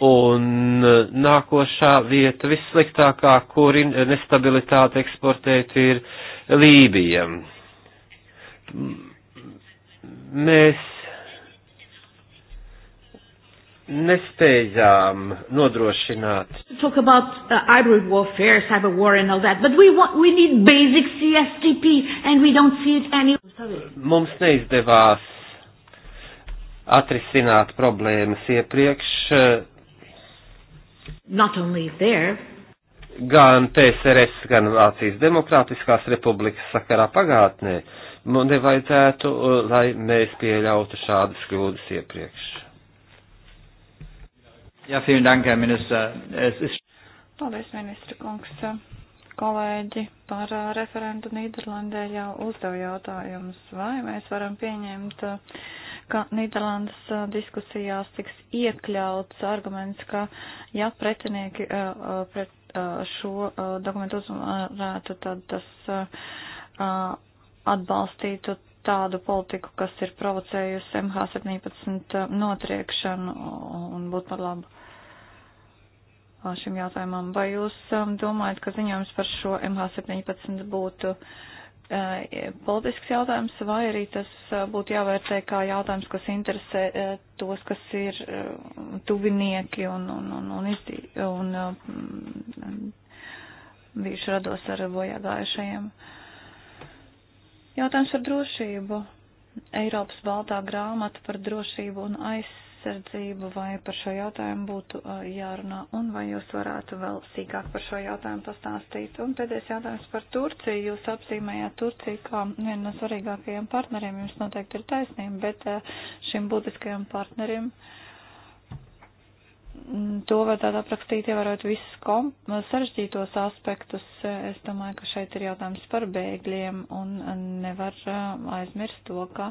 Un eh, nākošā vieta vissliktākā, kur nestabilitāte eksportēt, ir Lībija. Mēs nespējām nodrošināt. Talk about uh, hybrid warfare, cyber war and all that, but we want, we need basic CSTP and we don't see it any. Mums neizdevās atrisināt problēmas iepriekš. Uh, Gan PSRS, gan Vācijas Demokrātiskās republikas sakarā pagātnē nevajadzētu, uh, lai mēs pieļautu šādas kļūdas iepriekš. Jā, vielen dank, Herr Minister. Es ist... Paldies, ministra kungs. Kolēģi par uh, referentu Nīderlandē jau uzdev jautājumus, vai mēs varam pieņemt uh, ka Nīderlandes diskusijās tiks iekļauts arguments, ka ja pretinieki pret šo dokumentu uzvarētu, tad tas atbalstītu tādu politiku, kas ir provocējusi MH17 notriekšanu un būtu par labu šim jautājumam. Vai jūs domājat, ka ziņojums par šo MH17 būtu uh, Eh, politisks jautājums, vai arī tas eh, būtu jāvērtē kā jautājums, kas interesē eh, tos, kas ir tuvinieki un, un, un, un, izdī, un, un bijuši mm, rados ar bojāgājušajiem. Jautājums par drošību. Eiropas baltā grāmata par drošību un aizsardzību aizsardzību, vai par šo jautājumu būtu jārunā, un vai jūs varētu vēl sīkāk par šo jautājumu pastāstīt. Un pēdējais jautājums par Turciju. Jūs apzīmējāt Turciju kā vienu no svarīgākajiem partneriem, jums noteikti ir taisnība, bet šim būtiskajam partnerim. Uh, to vajadzētu aprakstīt, ievērot visus sarežģītos aspektus. Es domāju, ka šeit ir jautājums par bēgļiem un nevar uh, aizmirst to, ka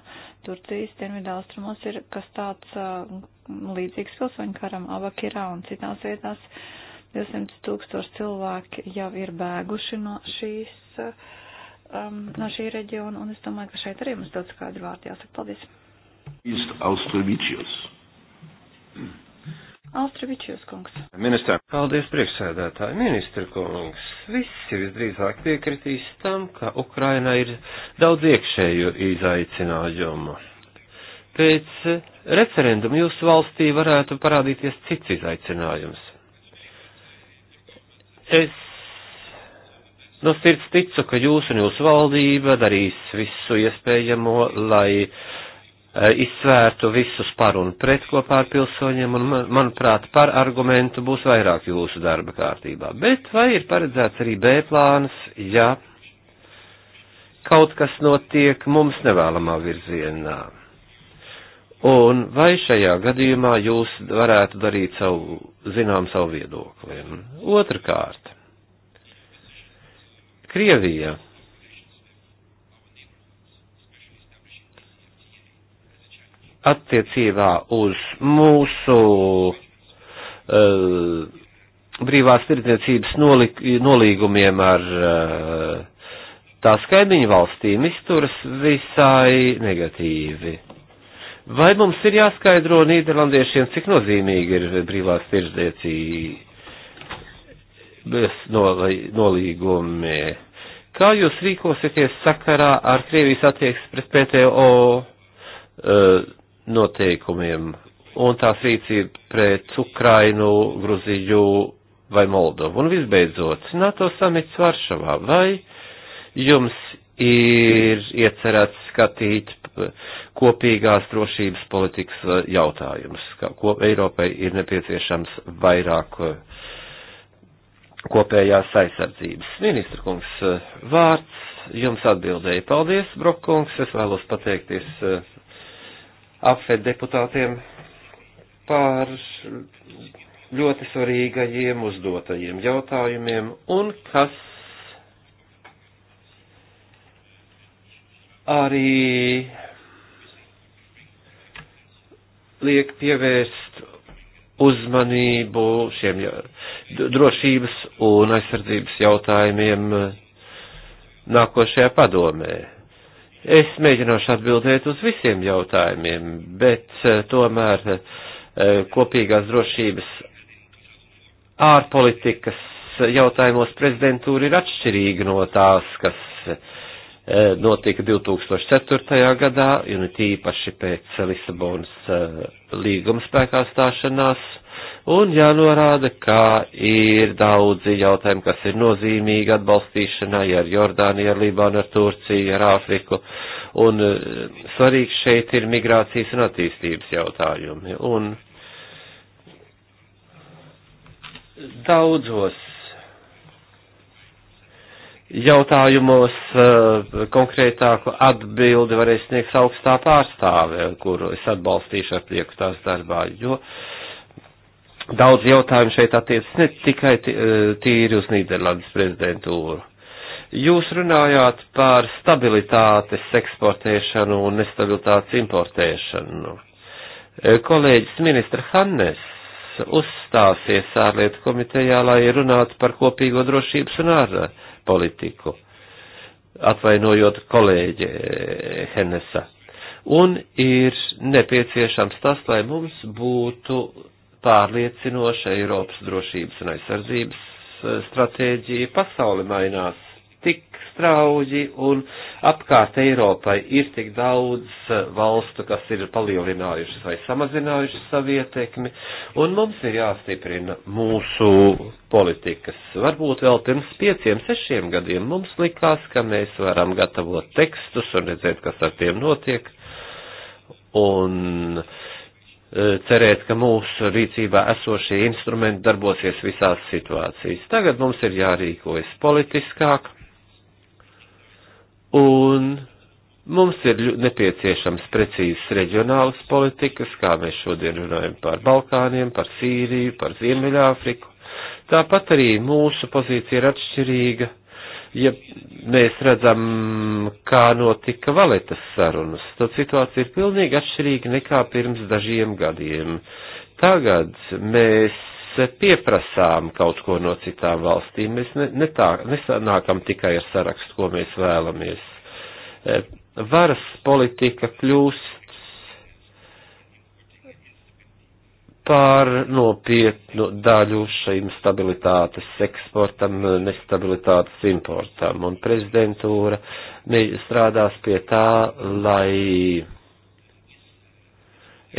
Turcijas dienvidaustrumos ir kas tāds uh, līdzīgs pilsoņu karam Abakirā un citās vietās. 200 tūkstoši cilvēki jau ir bēguši no šīs. Uh, um, no šī reģiona, un es domāju, ka šeit arī mums daudz skaidru vārdu jāsaka. Paldies! Ist Austrovičius. Mm. Austravičijos kungs. Ministrā. Paldies, priekšsēdētāji. Ministra kungs, visi visdrīzāk piekritīs tam, ka Ukrainā ir daudz iekšēju izaicinājumu. Pēc referenduma jūsu valstī varētu parādīties cits izaicinājums. Es no sirds ticu, ka jūs un jūsu valdība darīs visu iespējamo, lai Eh, izsvērtu visus par un pret kopā ar pilsoņiem, un, manuprāt, par argumentu būs vairāk jūsu darba kārtībā. Bet vai ir paredzēts arī B plāns, ja kaut kas notiek mums nevēlamā virzienā? Un vai šajā gadījumā jūs varētu darīt savu, zinām, savu viedokli? Otrkārt, Krievija attiecībā uz mūsu uh, brīvās tirdzniecības nolīgumiem ar uh, eh, tās kaimiņu valstīm izturas visai negatīvi. Vai mums ir jāskaidro Nīderlandiešiem, cik nozīmīgi ir brīvās tirdzniecības nolīgumi? Kā jūs rīkosieties sakarā ar Krievijas attieksmi pret PTO uh, eh, noteikumiem un tās rīcība pret Ukrainu, Gruziju vai Moldovu. Un visbeidzot, NATO samits Varšavā. Vai jums ir iecerēts skatīt kopīgās drošības politikas jautājumus, ko Eiropai ir nepieciešams vairāk eh, kopējās aizsardzības. Ministra kungs, eh, vārds jums atbildēja. Paldies, Brokkungs, es vēlos pateikties eh, apfed deputātiem par ļoti svarīgajiem uzdotajiem jautājumiem un kas arī liek pievērst uzmanību šiem drošības un aizsardzības jautājumiem nākošajā padomē. Es mēģināšu atbildēt uz visiem jautājumiem, bet eh, tomēr eh, kopīgās drošības ārpolitikas jautājumos prezidentūra ir atšķirīga no tās, kas eh, notika 2004. gadā, un tīpaši pēc Lisabonas līguma spēkā stāšanās Un jānorāda, ka ir daudzi jautājumi, kas ir nozīmīgi atbalstīšanai ar Jordāniju, ar Libānu, ar Turciju, ar Āfriku. Un eh, svarīgs šeit ir migrācijas un attīstības jautājumi. Un daudzos jautājumos eh, konkrētāku atbildi varēs sniegt augstā pārstāve, kuru es atbalstīšu ar prieku tās darbā, jo uh, daudz jautājumu šeit attiecas ne tikai e, tīri uz Nīderlandes prezidentūru. Jūs runājāt par stabilitātes eksportēšanu un nestabilitātes importēšanu. E, kolēģis ministra Hannes uzstāsies ārlietu komitejā, lai runātu par kopīgo drošības un ārā politiku, atvainojot kolēģi e, Hennesa. Un ir nepieciešams tas, lai mums būtu pārliecinoša Eiropas drošības un aizsardzības e, stratēģija. Pasauli mainās tik strauji un apkārt Eiropai ir tik daudz e, valstu, kas ir palielinājušas vai samazinājušas savu ietekmi, un mums ir jāstiprina mūsu politikas. Varbūt vēl pirms pieciem, sešiem gadiem mums likās, ka mēs varam gatavot tekstus un redzēt, kas ar tiem notiek. Un uh, Eh, cerēt, ka mūsu rīcībā esošie instrumenti darbosies visās situācijas. Tagad mums ir jārīkojas politiskāk, un mums ir nepieciešams precīzas reģionālas politikas, kā mēs šodien runājam par Balkāniem, par Sīriju, par Ziemeļāfriku. Tāpat arī mūsu pozīcija ir atšķirīga ja mēs redzam, kā notika valetas sarunas, tad situācija ir pilnīgi atšķirīga nekā pirms dažiem gadiem. Tagad mēs pieprasām kaut ko no citām valstīm, mēs ne, ne tā, nesanākam tikai ar sarakstu, ko mēs vēlamies. Eh, varas politika kļūst par nopietnu daļu šīm stabilitātes eksportam, nestabilitātes importam, un prezidentūra strādās pie tā, lai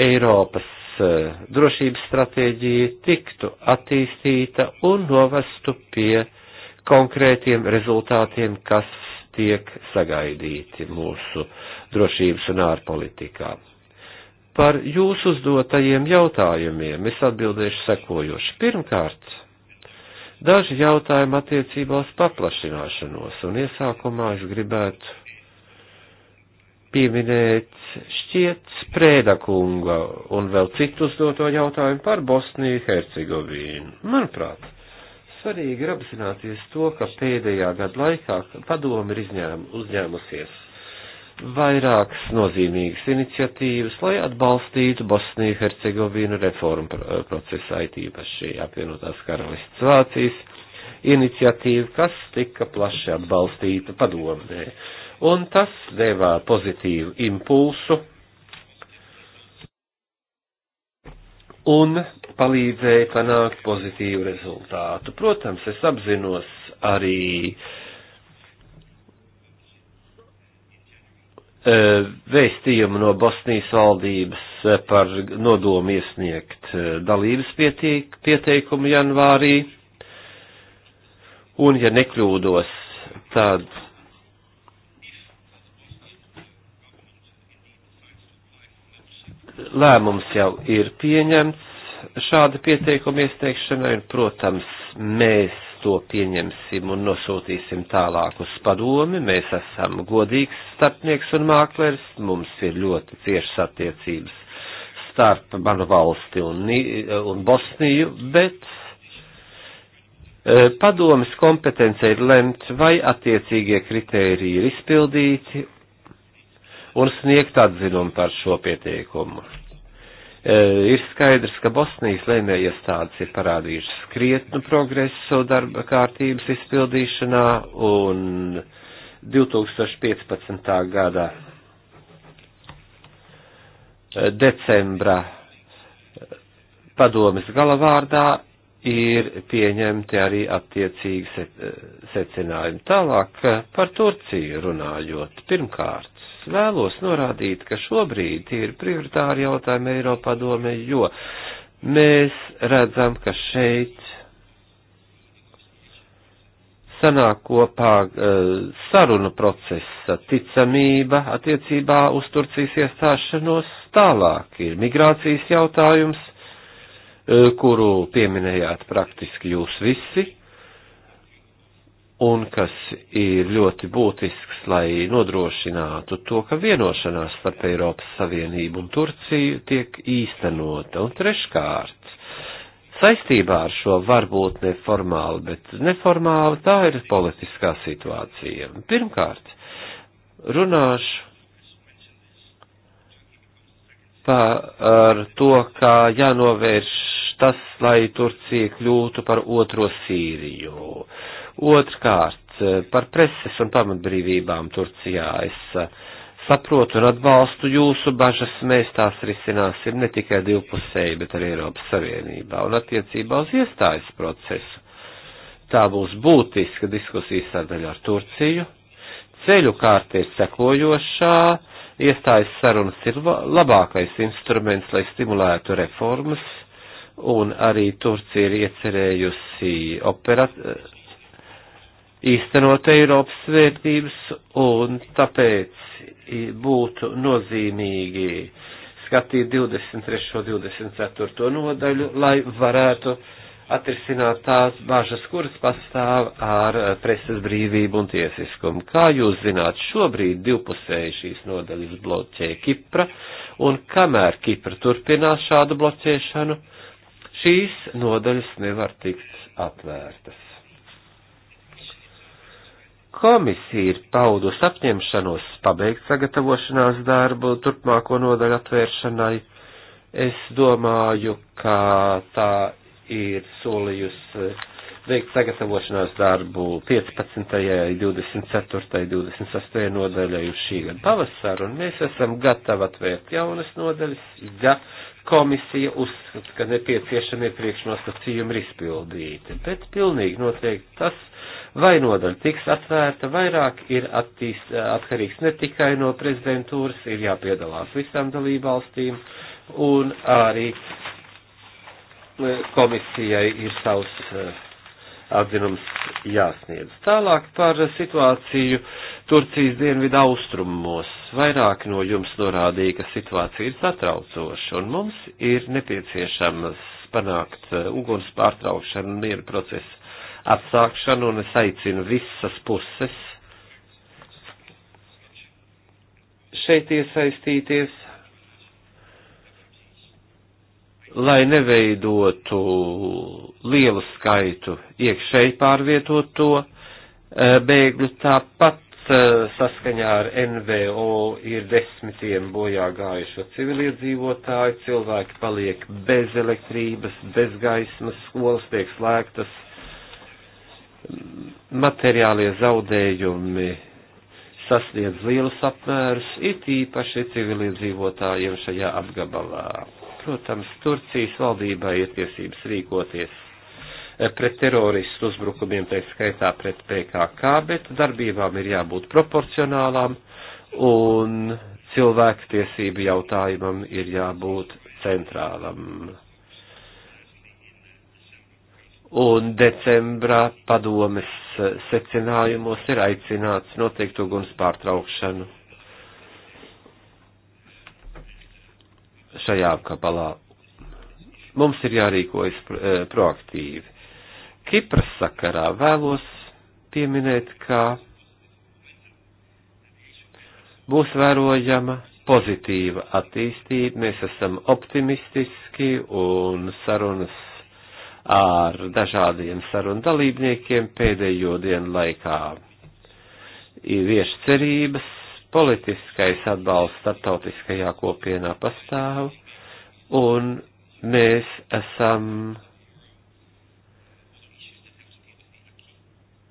Eiropas eh, drošības stratēģija tiktu attīstīta un novestu pie konkrētiem rezultātiem, kas tiek sagaidīti mūsu drošības un ārpolitikā par jūsu uzdotajiem jautājumiem. Es atbildēšu sekojoši. Pirmkārt, daži jautājumi attiecībā uz paplašināšanos, un iesākumā es gribētu pieminēt šķiet Sprēda kunga un vēl citu uzdoto jautājumu par Bosniju Hercegovīnu. Manuprāt, svarīgi ir apzināties to, ka pēdējā gada laikā padomi ir izņēm, uzņēmusies vairākas nozīmīgas iniciatīvas, lai atbalstītu Bosniju Hercegovinu reformu eh, procesā, tīpaši apvienotās karalists Vācijas iniciatīva, kas tika plaši atbalstīta padomē. Un tas devā pozitīvu impulsu un palīdzēja panākt pozitīvu rezultātu. Protams, es apzinos arī uh, E, vēstījumu no Bosnijas valdības e, par nodomu iesniegt e, dalības pietiek, pieteikumu janvārī. Un, ja nekļūdos, tad lēmums jau ir pieņemts šāda pieteikuma iesniegšanai, un, protams, mēs to pieņemsim un nosūtīsim tālāk uz padomi. Mēs esam godīgs starpnieks un māklers, mums ir ļoti ciešas attiecības starp manu valsti un, un Bosniju, bet e, padomas kompetence ir lemt, vai attiecīgie kritēriji ir izpildīti un sniegt atzinumu par šo pieteikumu. E, ir skaidrs, ka Bosnijas lēmējiestādes ir parādījušas krietnu progresu darba kārtības izpildīšanā un 2015. gada e, decembra padomis galavārdā ir pieņemti arī attiecīgi e, secinājumi. Tālāk par Turciju runājot. Pirmkārt, vēlos norādīt, ka šobrīd tie ir prioritāri jautājumi Eiropā domē, jo mēs redzam, ka šeit sanāk kopā uh, sarunu procesa ticamība attiecībā uz Turcijas iestāšanos tālāk ir migrācijas jautājums, uh, kuru pieminējāt praktiski jūs visi un kas ir ļoti būtisks, lai nodrošinātu to, ka vienošanās starp Eiropas Savienību un Turciju tiek īstenota. Un treškārt, saistībā ar šo varbūt neformāli, bet neformāli tā ir politiskā situācija. Pirmkārt, runāšu par to, kā jānovērš tas, lai Turcija kļūtu par otro Sīriju Otrkārt, par preses un pamatbrīvībām Turcijā es eh, saprotu un atbalstu jūsu bažas, mēs tās risināsim ne tikai divpusēji, bet arī Eiropas Savienībā un attiecībā uz iestājas procesu. Tā būs būtiska diskusija sadaļa ar Turciju. Ceļu kārta ir sekojošā, iestājas sarunas ir labākais instruments, lai stimulētu reformas, un arī Turcija ir iecerējusi operat īstenot Eiropas vērtības, un tāpēc būtu nozīmīgi skatīt 23. un 24. nodaļu, lai varētu atrisināt tās bažas, kuras pastāv ar eh, preses brīvību un tiesiskumu. Kā jūs zināt, šobrīd divpusēji šīs nodaļas bloķē Kipra, un kamēr Kipra turpinās šādu bloķēšanu, šīs nodaļas nevar tikt atvērtas. Komisija ir paudusi apņemšanos pabeigt sagatavošanās darbu turpmāko nodaļu atvēršanai. Es domāju, ka tā ir solījusi veikt sagatavošanās darbu 15., 24., 26. nodaļai uz šī gada pavasaru, un mēs esam gatavi atvērt jaunas nodaļas, ja komisija uzskata, ka nepieciešamie priekšnosacījumi ir izpildīti. Bet pilnīgi noteikti tas vai nodaļa tiks atvērta, vairāk ir attīst, atkarīgs ne tikai no prezidentūras, ir jāpiedalās visām dalībvalstīm, un arī e, komisijai ir savs e, atzinums jāsniedz. Tālāk par situāciju Turcijas dienvidu austrumos. Vairāk no jums norādīja, ka situācija ir satraucoša un mums ir nepieciešams panākt e, uguns pārtraukšanu un mieru procesu atsākšanu, un es aicinu visas puses šeit iesaistīties, lai neveidotu lielu skaitu iekšēji pārvietot to eh, bēgļu tāpat eh, saskaņā ar NVO ir desmitiem bojā gājušo civiliedzīvotāju, cilvēki paliek bez elektrības, bez gaismas, skolas tiek slēgtas, materiālie zaudējumi sasniedz lielus apmērus, it īpaši civiliedzīvotājiem šajā apgabalā. Protams, Turcijas valdībai ir tiesības rīkoties e, pret teroristu uzbrukumiem, tā skaitā pret PKK, bet darbībām ir jābūt proporcionālām un cilvēktiesību jautājumam ir jābūt centrālam un decembrā padomes secinājumos ir aicināts noteikt uguns pārtraukšanu šajā apkapalā. Mums ir jārīkojas eh, proaktīvi. Kipras sakarā vēlos pieminēt, ka būs vērojama pozitīva attīstība, mēs esam optimistiski un sarunas ar dažādiem sarunu dalībniekiem pēdējo dienu laikā. Ir vieši cerības, politiskais atbalsts starptautiskajā kopienā pastāv, un mēs esam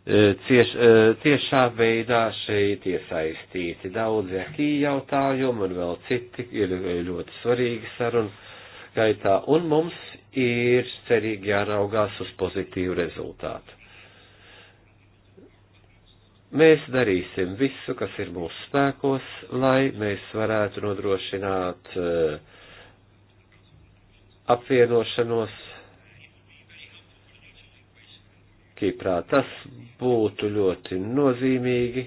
e, cieš, e, tiešā veidā šeit iesaistīti. Daudzi akī jautājumi un vēl citi ir e, ļoti svarīgi sarunu gaitā, un mums ir cerīgi jāraugās uz pozitīvu rezultātu. Mēs darīsim visu, kas ir mūsu spēkos, lai mēs varētu nodrošināt eh, apvienošanos Kiprā. Tas būtu ļoti nozīmīgi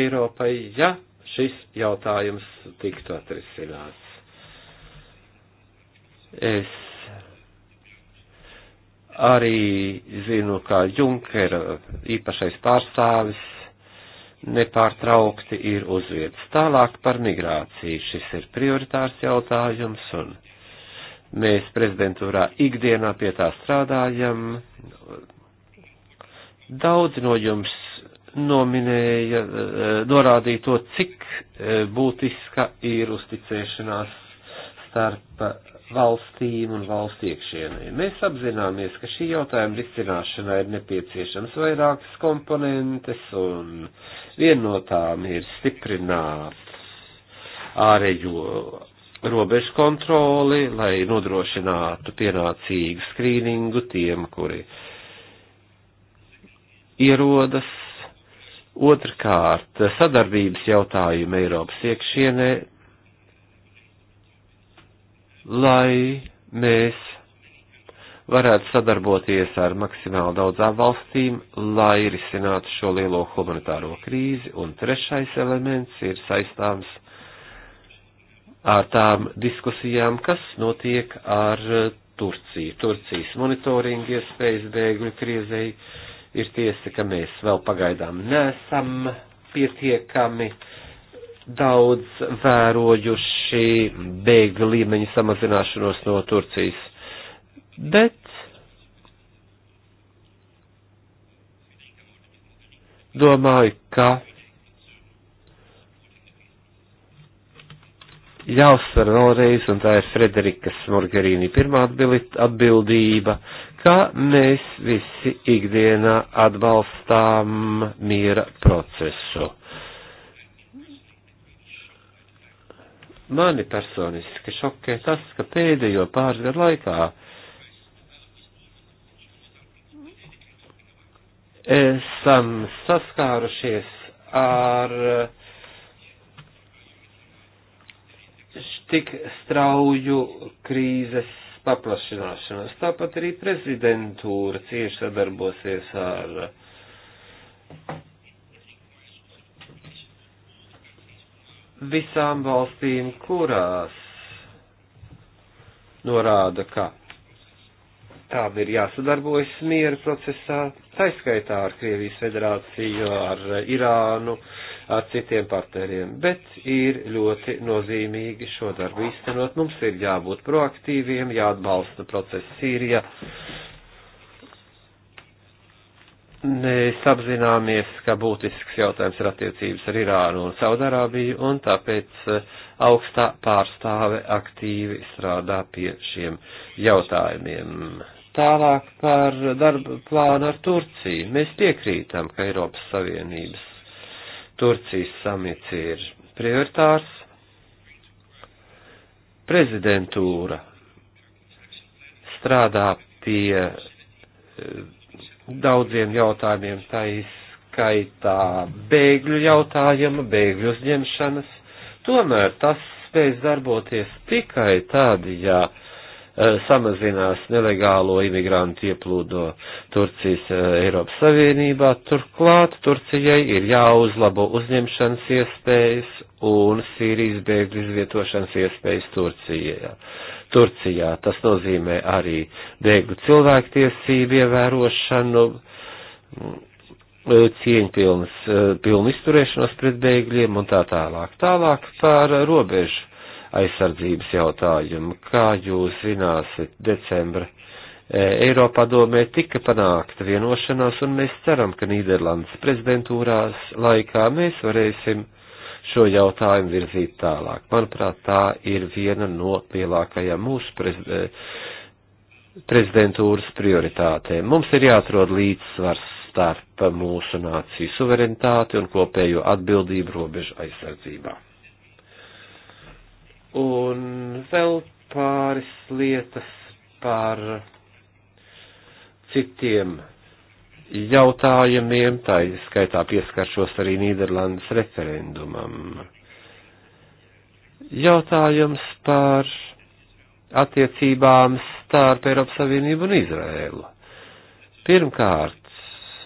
Eiropai, ja šis jautājums tiktu atrisināts. Es Arī zinu, ka Junkera īpašais pārstāvis nepārtraukti ir uz vietas. Tālāk par migrāciju. Šis ir prioritārs jautājums un mēs prezidentūrā ikdienā pie tā strādājam. Daudz no jums nominēja, norādīja to, cik e, būtiska ir uzticēšanās starp valstīm un valsts iekšienē. Mēs apzināmies, ka šī jautājuma risināšanā ir nepieciešams vairākas komponentes, un viena no tām ir stiprināt ārējo robežu kontroli, lai nodrošinātu pienācīgu skrīningu tiem, kuri ierodas. Otrkārt, sadarbības jautājumu Eiropas iekšienē lai mēs varētu sadarboties ar maksimāli daudzām valstīm, lai risinātu šo lielo humanitāro krīzi, un trešais elements ir saistāms ar tām diskusijām, kas notiek ar Turciju. Turcijas monitoringa iespējas bēgļu kriezei ir tiesa, ka mēs vēl pagaidām nesam pietiekami daudz vērojuši īpaši bēgļu līmeņa samazināšanos no Turcijas. Bet domāju, ka jāuzsver vēlreiz, un tā ir Frederikas Morgarīni pirmā atbildība, ka mēs visi ikdienā atbalstām miera procesu Mani personiski šokē tas, ka pēdējo pāris gadu laikā esam saskārušies ar eh, tik strauju krīzes paplašināšanos. Tāpat arī prezidentūra cieši sadarbosies ar visām valstīm, kurās norāda, ka tām ir jāsadarbojas miera procesā, taiskaitā ar Krievijas federāciju, ar Irānu, ar citiem partneriem, bet ir ļoti nozīmīgi šo darbu īstenot. Mums ir jābūt proaktīviem, jāatbalsta process Sīrijā, Mēs apzināmies, ka būtisks jautājums ir attiecības ar Irānu un Saudarābiju, un tāpēc eh, augstā pārstāve aktīvi strādā pie šiem jautājumiem. Tālāk par darba plānu ar Turciju. Mēs piekrītam, ka Eiropas Savienības Turcijas samits ir prioritārs. Prezidentūra strādā pie eh, daudziem jautājumiem, tā izskaitā bēgļu jautājuma, bēgļu uzņemšanas. Tomēr tas spēj darboties tikai tad, ja e, samazinās nelegālo imigrantu ieplūdo Turcijas e, Eiropas Savienībā. Turklāt Turcijai ir jāuzlabo uzņemšanas iespējas un Sīrijas bēgļu izvietošanas iespējas Turcijā. Turcijā tas nozīmē arī bēgļu cilvēktiesību ievērošanu, cieņpilnas, pilnu izturēšanos pret bēgļiem un tā tālāk. Tālāk par robežu aizsardzības jautājumu. Kā jūs zināsiet, decembra e, Eiropā domē tika panākta vienošanās un mēs ceram, ka Nīderlandes prezidentūrās laikā mēs varēsim šo jautājumu virzīt tālāk. Manuprāt, tā ir viena no lielākajām mūsu eh, prezidentūras prioritātēm. Mums ir jāatrod līdzsvars starp mūsu nāciju suverenitāti un kopējo atbildību robežu aizsardzībā. Un vēl pāris lietas par citiem jautājumiem, tā skaitā pieskaršos arī Nīderlandes referendumam. Jautājums par attiecībām starp Eiropas Savienību un Izrēlu. Pirmkārt,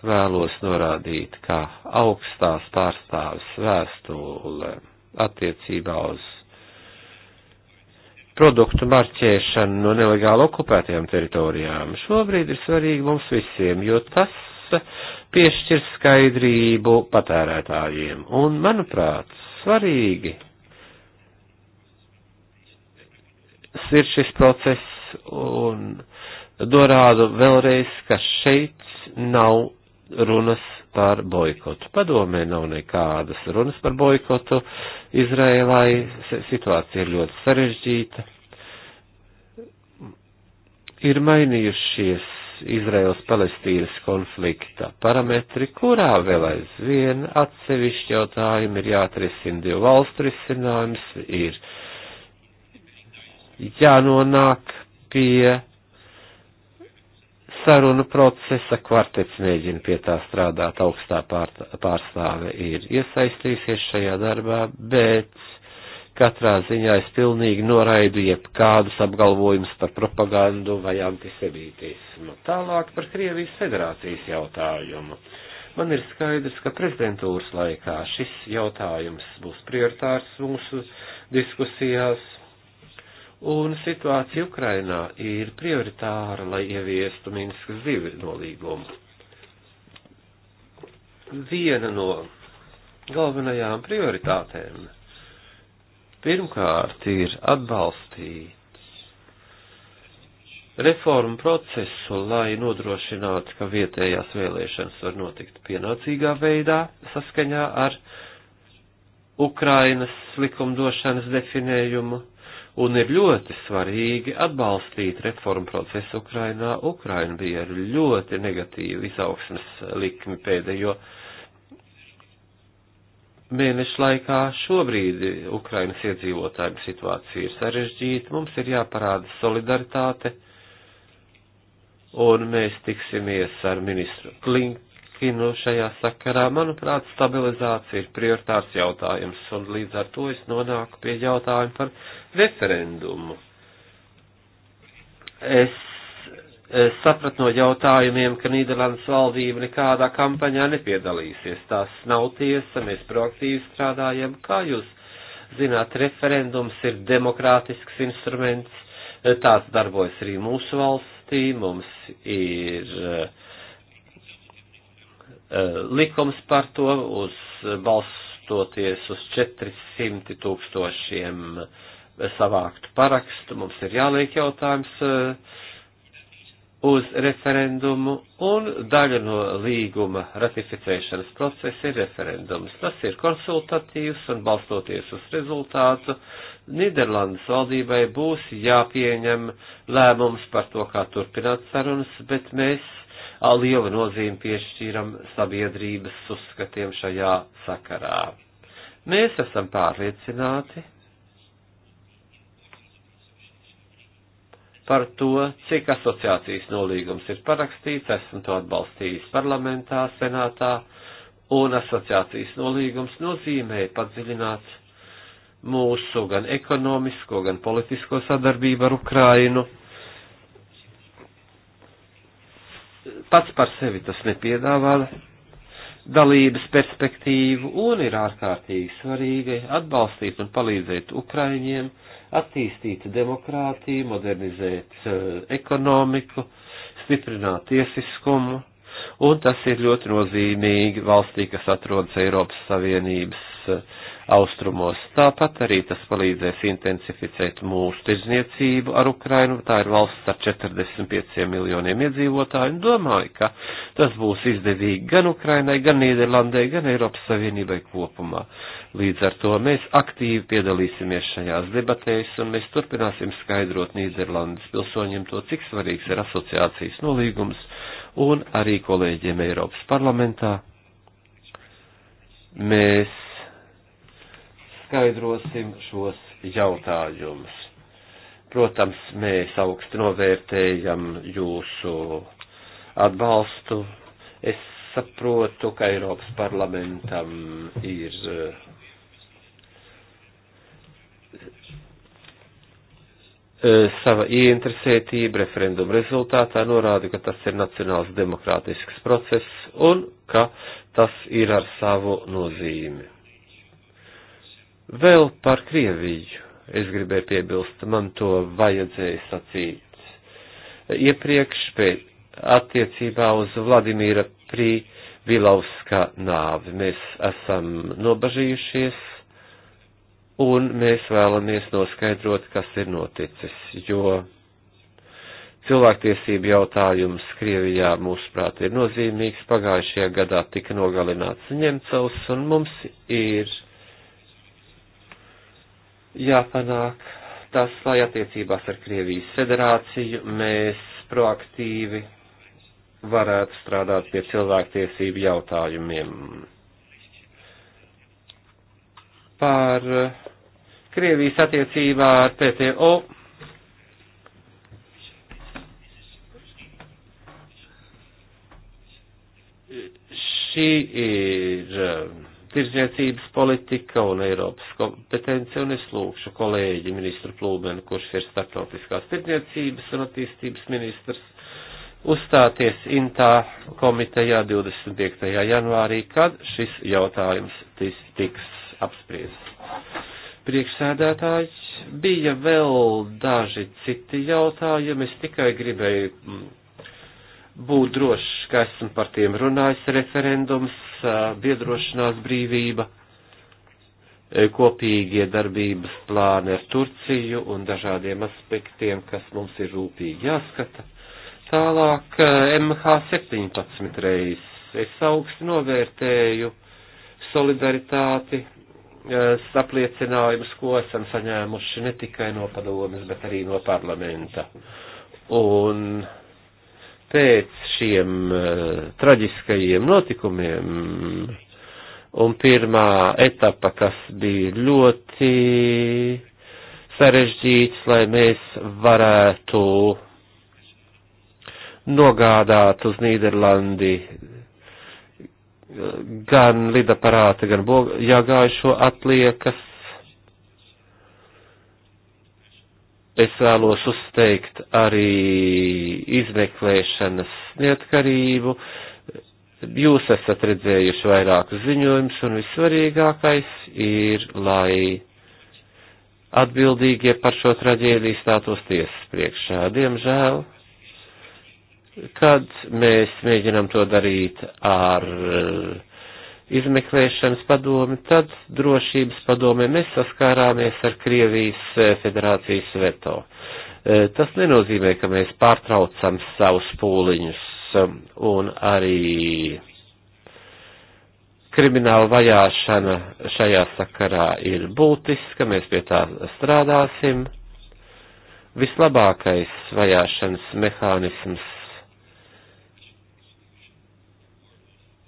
vēlos norādīt, ka augstās pārstāvis vēstule attiecībā uz produktu marķēšanu no nelegāli okupētajām teritorijām šobrīd ir svarīgi mums visiem, jo tas piešķir skaidrību patērētājiem. Un, manuprāt, svarīgi ir šis process un dorādu vēlreiz, ka šeit nav runas par boikotu. Padomē nav nekādas runas par boikotu. Izrēlai situācija ir ļoti sarežģīta. Ir mainījušies Izraels-Palestīnas konflikta parametri, kurā vēl aizvien atsevišķi jautājumi ir jāatrisina divu valstu risinājums, ir jānonāk pie sarunu procesa, kvartets mēģina pie tā strādāt, augstā pārstāve ir iesaistījusies šajā darbā, bet Katrā ziņā es pilnīgi noraidu jebkādus apgalvojumus par propagandu vai antisemītismu. Tālāk par Krievijas federācijas jautājumu. Man ir skaidrs, ka prezidentūras laikā šis jautājums būs prioritārs mūsu diskusijās, un situācija Ukrainā ir prioritāra, lai ieviestu Minskas divi nolīgumu. Viena no galvenajām prioritātēm Pirmkārt ir atbalstīt reformu procesu, lai nodrošinātu, ka vietējās vēlēšanas var notikt pienācīgā veidā saskaņā ar Ukrainas likumdošanas definējumu, un ir ļoti svarīgi atbalstīt reformu procesu Ukrainā. Ukraina bija ar ļoti negatīvu izaugsmes likmi pēdējo gadu mēnešu laikā šobrīd Ukrainas iedzīvotājiem situācija ir sarežģīta, mums ir jāparāda solidaritāte, un mēs tiksimies ar ministru Klinkinu šajā sakarā. Manuprāt, stabilizācija ir prioritārs jautājums, un līdz ar to es nonāku pie jautājuma par referendumu. Es saprat no jautājumiem, ka Nīderlandes valdība nekādā kampaņā nepiedalīsies. Tās nav tiesa, mēs proaktīvi strādājam. Kā jūs zināt, referendums ir demokrātisks instruments, tāds darbojas arī mūsu valstī, mums ir eh, eh, likums par to uz balstoties uz 400 tūkstošiem eh, savāktu parakstu, mums ir jāliek jautājums uz referendumu un daļa no līguma ratificēšanas procesa ir referendums. Tas ir konsultatīvs un balstoties uz rezultātu, Nīderlandes valdībai būs jāpieņem lēmums par to, kā turpināt sarunas, bet mēs lielu nozīmi piešķīram sabiedrības uzskatiem šajā sakarā. Mēs esam pārliecināti, par to, cik asociācijas nolīgums ir parakstīts, esmu to atbalstījis parlamentā, senātā, un asociācijas nolīgums nozīmē padziļināt mūsu gan ekonomisko, gan politisko sadarbību ar Ukrainu. Pats par sevi tas nepiedāvā dalības perspektīvu un ir ārkārtīgi svarīgi atbalstīt un palīdzēt Ukraiņiem, attīstīt demokrātiju, modernizēt uh, ekonomiku, stiprināt tiesiskumu, un tas ir ļoti nozīmīgi valstī, kas atrodas Eiropas Savienības uh, austrumos. Tāpat arī tas palīdzēs intensificēt mūsu tirzniecību ar Ukrainu. Tā ir valsts ar 45 miljoniem iedzīvotāju un domāju, ka tas būs izdevīgi gan Ukrainai, gan Nīderlandai, gan Eiropas Savienībai kopumā. Līdz ar to mēs aktīvi piedalīsimies šajās debatēs un mēs turpināsim skaidrot Nīderlandes pilsoņiem to, cik svarīgs ir asociācijas nolīgums un arī kolēģiem Eiropas parlamentā. Mēs paskaidrosim šos jautājumus. Protams, mēs augstu novērtējam jūsu atbalstu. Es saprotu, ka Eiropas parlamentam ir e, sava ieinteresētība referenduma rezultātā norāda, ka tas ir nacionāls demokrātisks process un ka tas ir ar savu nozīmi. Vēl par Krieviju es gribēju piebilst, man to vajadzēja sacīt. Iepriekš pēc attiecībā uz Vladimīra Prī Vilavska nāvi mēs esam nobažījušies un mēs vēlamies noskaidrot, kas ir noticis, jo cilvēktiesību jautājums Krievijā mūsuprāt ir nozīmīgs. Pagājušajā gadā tika nogalināts Ņemcaus un mums ir jāpanāk tas, lai attiecībās ar Krievijas federāciju mēs proaktīvi varētu strādāt pie cilvēktiesību jautājumiem. Par eh, Krievijas attiecībā ar PTO šī ir eh, tirzniecības politika un Eiropas kompetence, un es lūkšu kolēģi ministru Plūmenu, kurš ir starptautiskās tirzniecības un attīstības ministrs, uzstāties Intā komitejā 25. janvārī, kad šis jautājums tis, tiks apspriests. Priekšsēdētājs bija vēl daži citi jautājumi, es tikai gribēju mm, būt drošs, ka esmu par tiem runājis referendums Uh, biedrošanās brīvība, uh, kopīgie darbības plāni ar Turciju un dažādiem aspektiem, kas mums ir rūpīgi jāskata. Tālāk uh, MH17 reizes. Es augstu novērtēju solidaritāti, apliecinājumus, ko esam saņēmuši ne tikai no padomas, bet arī no parlamenta. Un pēc šiem eh, traģiskajiem notikumiem un pirmā etapa, kas bija ļoti sarežģīts, lai mēs varētu nogādāt uz Nīderlandi eh, gan lidaparāta, gan bojāgājušo atliekas, es vēlos uzteikt arī izmeklēšanas neatkarību. Jūs esat redzējuši vairākus ziņojumus, un vissvarīgākais ir, lai atbildīgie par šo traģēdiju stātos tiesas priekšā. Diemžēl, kad mēs mēģinam to darīt ar uh, izmeklēšanas padomi, tad drošības padomē mēs saskārāmies ar Krievijas eh, federācijas veto. Eh, tas nenozīmē, ka mēs pārtraucam savus pūliņus um, un arī krimināla vajāšana šajā sakarā ir būtiska, mēs pie tā strādāsim. Vislabākais vajāšanas mehānisms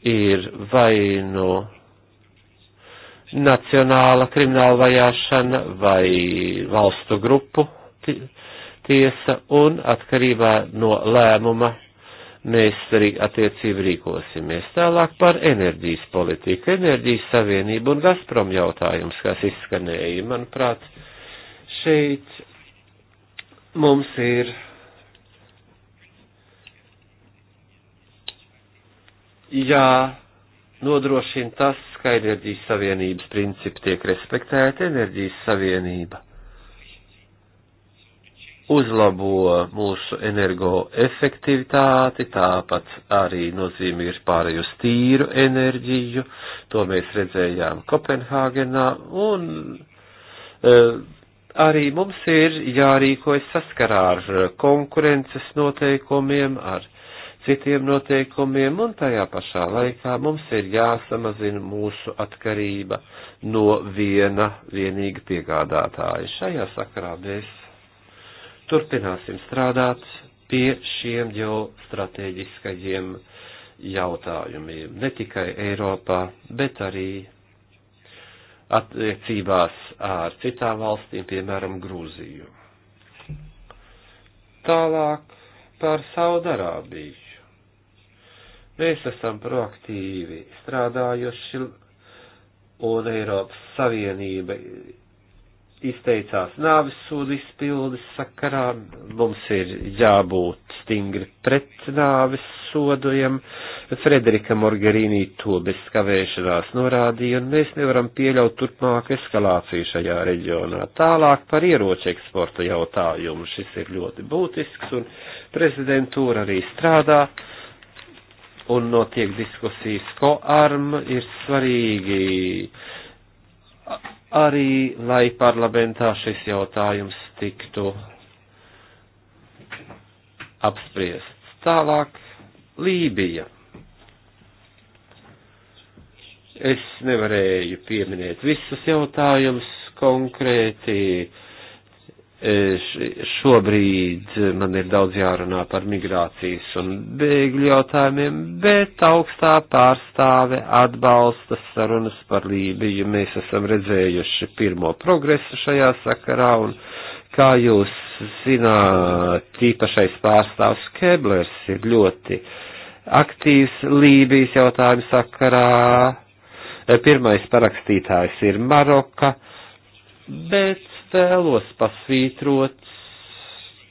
ir vai nu no nacionāla krimināla vajāšana vai valstu grupu tiesa un atkarībā no lēmuma mēs arī attiecīvi rīkosimies. Tālāk par enerģijas politiku, enerģijas savienību un Gazprom jautājums, kas izskanēja, manuprāt, šeit mums ir Jā, nodrošina tas, ka enerģijas savienības principi tiek respektēti, enerģijas savienība uzlabo mūsu energoefektivitāti, tāpat arī nozīmīgi ir pārēj uz tīru enerģiju, to mēs redzējām Kopenhāgenā, un e, arī mums ir jārīkojas saskarā ar konkurences noteikumiem, ar citiem noteikumiem, un tajā pašā laikā mums ir jāsamazina mūsu atkarība no viena vienīga piegādātāja. Šajā sakarā mēs turpināsim strādāt pie šiem jau strateģiskajiem jautājumiem, ne tikai Eiropā, bet arī attiecībās ar citām valstīm, piemēram, Grūziju. Tālāk par Saudarābiju. Mēs esam proaktīvi strādājuši, un Eiropas Savienība izteicās nāvis sodu izpildes sakarā. Mums ir jābūt stingri pret nāvis sodiem. Frederika Morgerīnī to bez kavēšanās norādīja, un mēs nevaram pieļaut turpmāku eskalāciju šajā reģionā. Tālāk par ieroču eksporta jautājumu. Šis ir ļoti būtisks, un prezidentūra arī strādā un notiek diskusijas, ko arm ir svarīgi arī, lai parlamentā šis jautājums tiktu apspriests. Tālāk Lībija. Es nevarēju pieminēt visus jautājumus konkrēti šobrīd man ir daudz jārunā par migrācijas un bēgļu jautājumiem, bet augstā pārstāve atbalsta sarunas par Lībiju. Mēs esam redzējuši pirmo progresu šajā sakarā un, kā jūs zināt, īpašais pārstāvs Keblers ir ļoti aktīvs Lībijas jautājumu sakarā. Pirmais parakstītājs ir Maroka, bet vēlos pasvītrot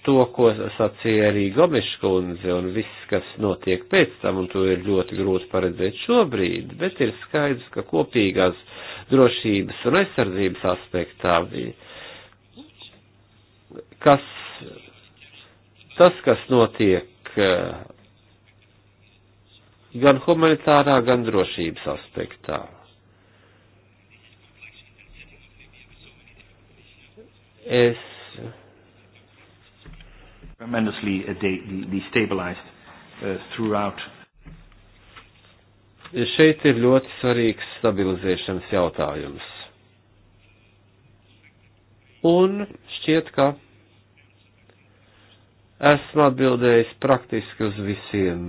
to, ko sacīja arī Gomeškundze un viss, kas notiek pēc tam, un to ir ļoti grūti paredzēt šobrīd, bet ir skaidrs, ka kopīgās drošības un aizsardzības aspektā bija, kas, tas, kas notiek eh, gan humanitārā, gan drošības aspektā. Es tremendously uh, destabilized uh, throughout. Šeit ir ļoti svarīgs stabilizēšanas jautājums. Un šķiet, ka esmu atbildējis praktiski uz visiem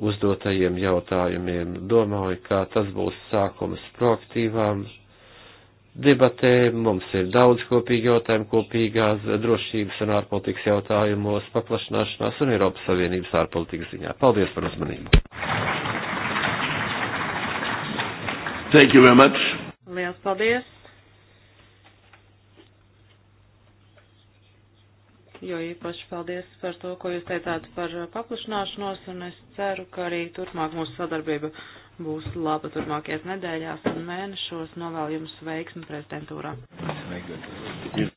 uzdotajiem jautājumiem. Domāju, ka tas būs sākums proaktīvām debatēm, mums ir daudz kopīgi jautājumu kopīgās drošības un ārpolitikas jautājumos, paplašanāšanās un Eiropas Savienības ārpolitikas ziņā. Paldies par uzmanību! Thank you very much! Liels paldies! Jo īpaši paldies par to, ko jūs teicāt par paplašanāšanos, un es ceru, ka arī turpmāk mūsu sadarbība būs laba turpmākajās nedēļās un mēnešos. Novēlu jums veiksmi prezidentūrā. Sveiki.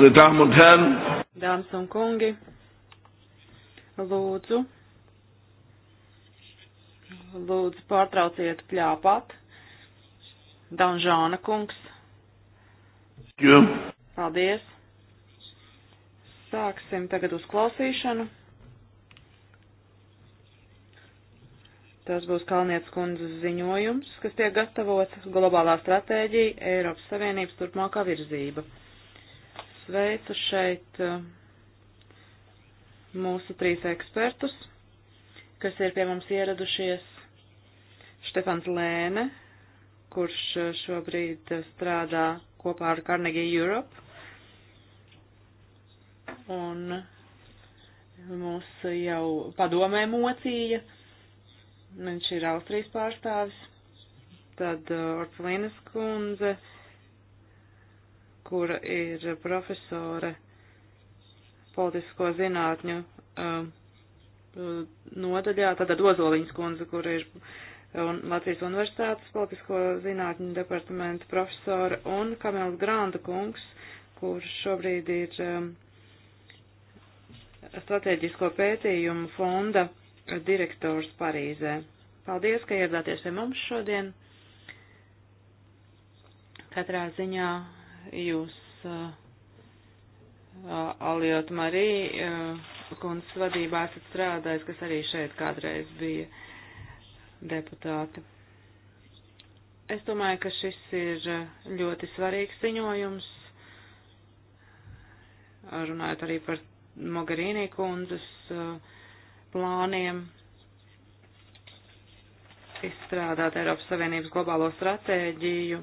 Meine Damen und Herren, Dāmas un kungi, lūdzu, lūdzu pārtrauciet pļāpāt. Danžāna kungs. Jā. Paldies. Sāksim tagad uzklausīšanu. Tas būs Kalnietes kundzes ziņojums, kas tiek gatavots globālā stratēģija Eiropas Savienības turpmākā virzība. Sveicu šeit uh, mūsu trīs ekspertus, kas ir pie mums ieradušies. Štefans Lēne, kurš uh, šobrīd strādā kopā ar Carnegie Europe. Un mūs jau padomē mocīja. Viņš ir Austrijas pārstāvis. Tad uh, Orcelīnas kundze. Uh, kura ir profesore politisko zinātņu um, nodaļā, tātad Ozoliņas kundze, kur ir un Latvijas universitātes politisko zinātņu departamenta profesora, un Kamils Grānta kungs, kurš šobrīd ir um, strateģisko pētījumu fonda direktors Parīzē. Paldies, ka ieradāties pie mums šodien. Katrā ziņā jūs Aliot Marī kundzes vadībā esat strādājis, kas arī šeit kādreiz bija deputāte. Es domāju, ka šis ir ļoti svarīgs ziņojums, runājot arī par Mogarīnī kundzes plāniem izstrādāt Eiropas Savienības globālo stratēģiju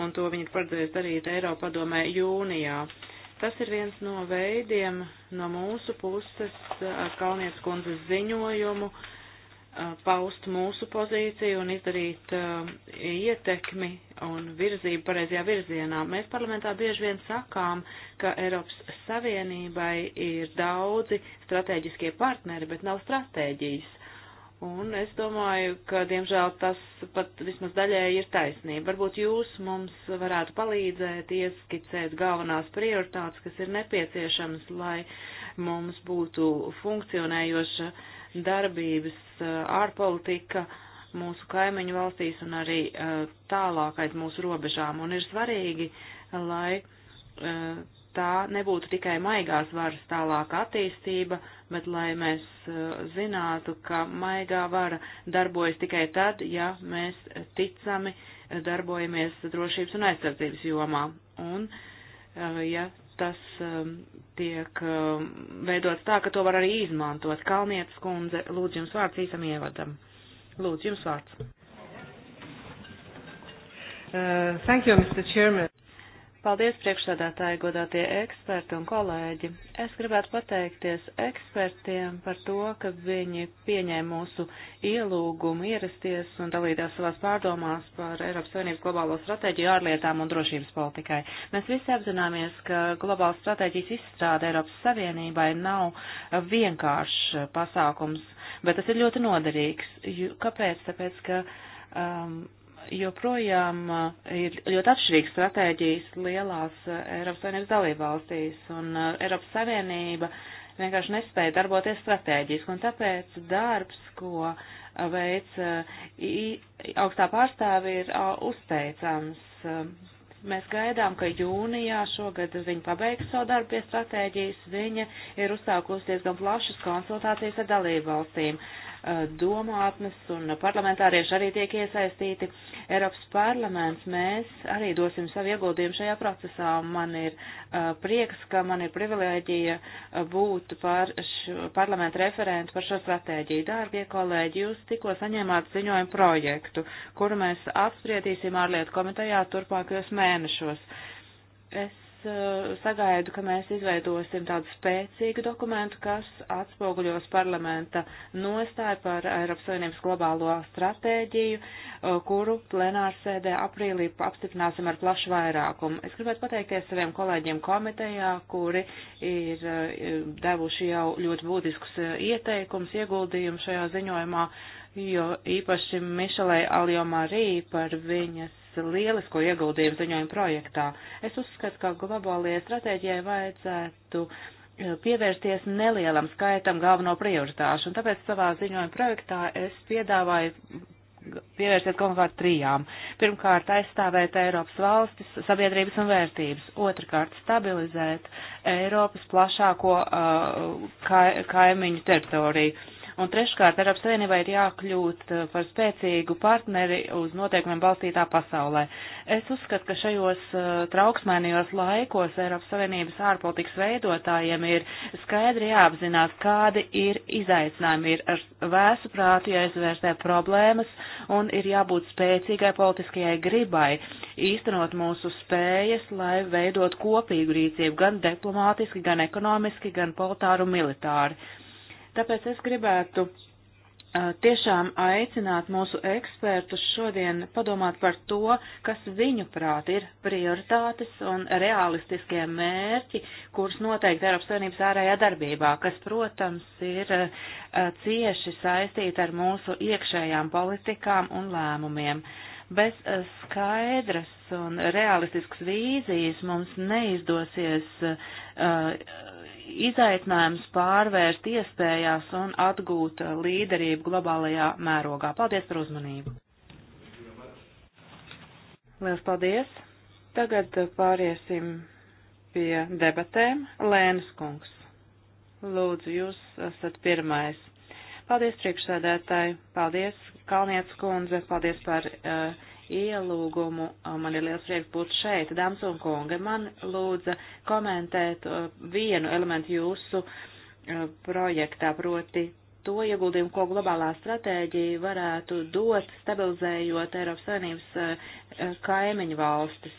un to viņi ir paredzējis darīt Eiropadomē jūnijā. Tas ir viens no veidiem no mūsu puses eh, ar Kalnietes kundzes ziņojumu eh, paust mūsu pozīciju un izdarīt eh, ietekmi un virzību pareizajā virzienā. Mēs parlamentā bieži vien sakām, ka Eiropas Savienībai ir daudzi strateģiskie partneri, bet nav stratēģijas. Un es domāju, ka, diemžēl, tas pat vismaz daļēji ir taisnība. Varbūt jūs mums varētu palīdzēt ieskicēt galvenās prioritātes, kas ir nepieciešamas, lai mums būtu funkcionējoša darbības eh, ārpolitika mūsu kaimiņu valstīs un arī eh, tālāk aiz mūsu robežām. Un ir svarīgi, lai eh, tā nebūtu tikai maigās varas tālāka attīstība, bet lai mēs uh, zinātu, ka maigā vara darbojas tikai tad, ja mēs ticami uh, darbojamies drošības un aizsardzības jomā. Un, uh, ja tas um, tiek um, veidots tā, ka to var arī izmantot. Kalnietes kundze, lūdzu jums vārds īsam ievadam. Lūdzu jums vārds. Uh, thank you, Mr. Chairman. Paldies priekšsādātāji, godātie eksperti un kolēģi. Es gribētu pateikties ekspertiem par to, ka viņi pieņēma mūsu ielūgumu ierasties un dalīties savās pārdomās par Eiropas Savienības globālo stratēģiju ārlietām un drošības politikai. Mēs visi apzināmies, ka globāla stratēģijas izstrāde Eiropas Savienībai nav vienkāršs pasākums, bet tas ir ļoti noderīgs. Kāpēc? Tāpēc, ka. Um, joprojām eh, ir ļoti atšķirīgas stratēģijas lielās eh, Eiropas Savienības dalībvalstīs, un eh, Eiropas Savienība vienkārši nespēja darboties stratēģiski, un tāpēc darbs, ko veic augstā pārstāvi, ir uzteicams. Mēs gaidām, ka jūnijā šogad viņa pabeigs savu darbu pie stratēģijas. Viņa ir uzsākusi diezgan plašas konsultācijas ar dalību valstīm domātnes un parlamentārieši arī tiek iesaistīti. Eiropas parlaments mēs arī dosim savu ieguldījumu šajā procesā. Man ir prieks, ka man ir privilēģija būt par šo, parlamentu referentu par šo stratēģiju. Dārgie kolēģi, jūs tikko saņēmāt ziņojumu projektu, kuru mēs apspriedīsim ārlietu komitejā turpmākajos mēnešos. Es Eh, sagaidu, ka mēs izveidosim tādu spēcīgu dokumentu, kas atspoguļos parlamenta nostāju par Eiropas Savienības globālo stratēģiju, eh, kuru plenārsēdē aprīlī apstiprināsim ar plašu vairākumu. Es gribētu pateikties saviem kolēģiem komitejā, kuri ir eh, devuši jau ļoti būtiskus ieteikumus, ieguldījumus šajā ziņojumā jo īpaši Mišelai Aljomarī par viņas lielisko ieguldījumu ziņojumu projektā. Es uzskatu, ka globālajai stratēģijai vajadzētu e, pievērsties nelielam skaitam galveno prioritāšu, un tāpēc savā ziņojuma projektā es piedāvāju pievērsties galvenokārt trijām. Pirmkārt, aizstāvēt Eiropas valstis, sabiedrības un vērtības. Otrakārt, stabilizēt Eiropas plašāko uh, e, ka, kaimiņu teritoriju. Un treškārt, Eiropas Savienībai ir jākļūt eh, par spēcīgu partneri uz noteikumiem balstītā pasaulē. Es uzskatu, ka šajos eh, trauksmainījos laikos Eiropas Savienības ārpolitikas veidotājiem ir skaidri jāapzinās, kādi ir izaicinājumi, ir ar vēsu prātu jāizvērstē problēmas un ir jābūt spēcīgai politiskajai gribai īstenot mūsu spējas, lai veidot kopīgu rīcību gan diplomātiski, gan ekonomiski, gan politāru militāri Tāpēc es gribētu tiešām aicināt mūsu ekspertus šodien padomāt par to, kas viņuprāt ir prioritātes un realistiskie mērķi, kurus noteikti Eiropas Savienības ārējā darbībā, kas, protams, ir cieši saistīti ar mūsu iekšējām politikām un lēmumiem. Bez skaidras un realistiskas vīzijas mums neizdosies uh, izaicinājums pārvērst iespējās un atgūt līderību globālajā mērogā. Paldies par uzmanību! Lielas paldies! Tagad pāriesim pie debatēm. Lēnas kungs, lūdzu, jūs esat pirmais. Paldies priekšsēdētāji, paldies Kalniec kundze, paldies par uh, ielūgumu. Man ir liels prieks būt šeit. Dāmas un kungi, man lūdza komentēt vienu elementu jūsu projektā, proti to ieguldījumu, ko globālā stratēģija varētu dot, stabilizējot Eiropas Savienības kaimiņu valstis.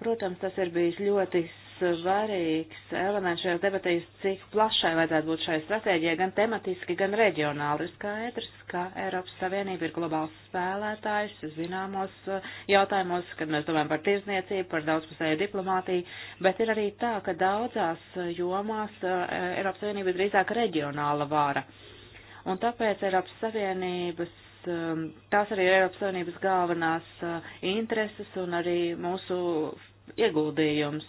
Protams, tas ir bijis ļoti svarīgs elements šajās debatīs, cik plašai vajadzētu būt šai stratēģijai, gan tematiski, gan reģionāli. Ir skaidrs, ka Eiropas Savienība ir globāls spēlētājs zināmos uh, jautājumos, kad mēs domājam par tirzniecību, par daudzpusēju diplomātiju, bet ir arī tā, ka daudzās jomās uh, Eiropas Savienība ir drīzāk reģionāla vāra. Un tāpēc Eiropas Savienības um, tās arī ir Eiropas Savienības galvenās uh, intereses un arī mūsu ieguldījums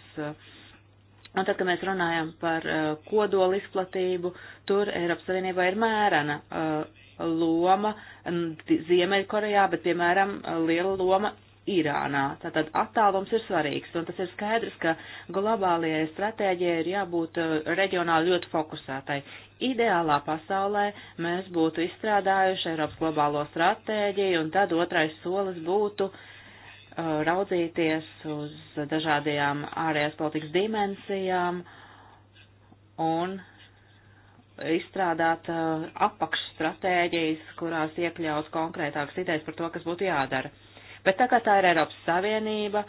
Un tad, kad mēs runājam par uh, kodoli izplatību, tur Eiropas Savienībā ir mērena uh, loma Ziemeļkorejā, bet, piemēram, uh, liela loma Irānā. Tātad attālums ir svarīgs, un tas ir skaidrs, ka globālajai stratēģijai ir jābūt uh, reģionāli ļoti fokusētai. Ideālā pasaulē mēs būtu izstrādājuši Eiropas globālo stratēģiju, un tad otrais solis būtu uh, Uh, raudzīties uz dažādajām ārējās politikas dimensijām un izstrādāt uh, apakšstratēģijas, kurās iekļaus konkrētākas idejas par to, kas būtu jādara. Bet tā kā tā ir Eiropas Savienība,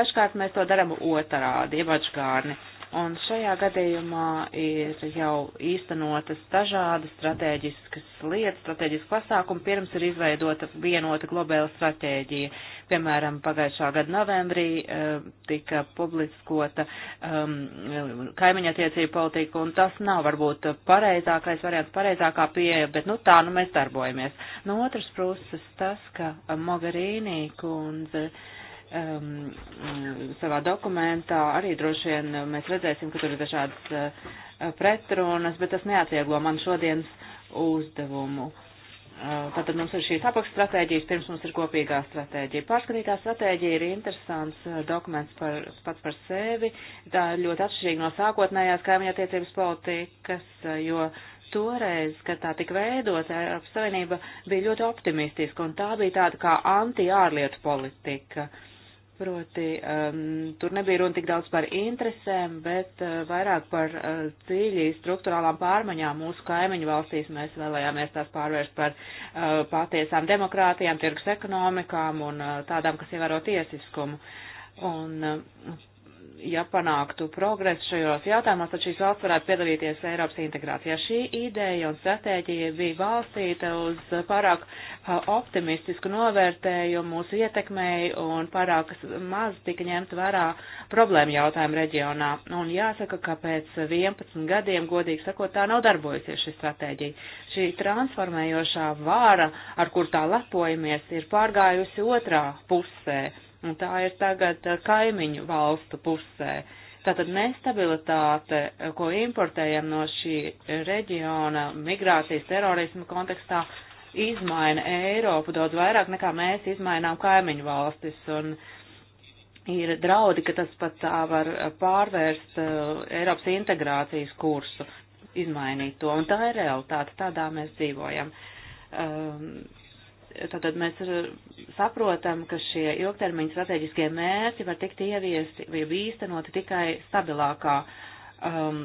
dažkārt mēs to darām otrādi, iebačgārni. Ja Un šajā gadījumā ir jau īstenotas dažādas strateģiskas lietas, strateģiski pasākumi, pirms ir izveidota vienota globāla stratēģija. Piemēram, pagājušā gada novembrī uh, tika publiskota um, kaimiņattiecību politika, un tas nav varbūt pareizākais variants, pareizākā pieeja, bet nu tā, nu mēs darbojamies. No otras puses tas, ka Mogarīnī kundze. Uh, um, mm, savā dokumentā. Arī droši vien mēs redzēsim, ka tur ir dažādas uh, pretrunas, bet tas neatvieglo man šodienas uzdevumu. Uh, tātad mums ir šīs apakšstratēģijas, pirms mums ir kopīgā stratēģija. Pārskatītā stratēģija ir interesants uh, dokuments par, pats par sevi. Tā ir ļoti atšķirīga no sākotnējās kaimiņa attiecības politikas, uh, jo toreiz, kad tā tika veidota, Eiropas Savienība bija ļoti optimistiska, un tā bija tāda kā anti-ārlietu politika. Uh, Proti, um, tur nebija runa tik daudz par interesēm, bet uh, vairāk par uh, cīļi struktūrālām pārmaiņām mūsu kaimiņu valstīs. Mēs vēlējāmies tās pārvērst par uh, patiesām demokrātijām, tirgus ekonomikām un uh, tādām, kas ievēro tiesiskumu. Un uh, ja panāktu progresu šajos jautājumos, tad šīs valsts varētu piedalīties Eiropas integrācijā. Šī ideja un stratēģija bija balstīta uz pārāk optimistisku novērtējumu mūsu ietekmei un pārāk maz tika ņemt vērā problēmu jautājumu reģionā. Un jāsaka, ka pēc 11 gadiem, godīgi sakot, tā nav darbojusies šī stratēģija. Šī transformējošā vāra, ar kur tā lepojamies, ir pārgājusi otrā pusē un tā ir tagad eh, kaimiņu valstu pusē. Tātad nestabilitāte, eh, ko importējam no šī reģiona migrācijas terorismu kontekstā, izmaina Eiropu daudz vairāk nekā mēs izmainām kaimiņu valstis. Un ir draudi, ka tas pat tā eh, var pārvērst Eiropas integrācijas kursu, izmainīt to. Un tā ir realitāte, tādā mēs dzīvojam. Um, Tātad mēs uh, saprotam, ka šie ilgtermiņa strateģiskie mērķi var tikt ieviesti vai īstenoti tikai stabilākā uh, um,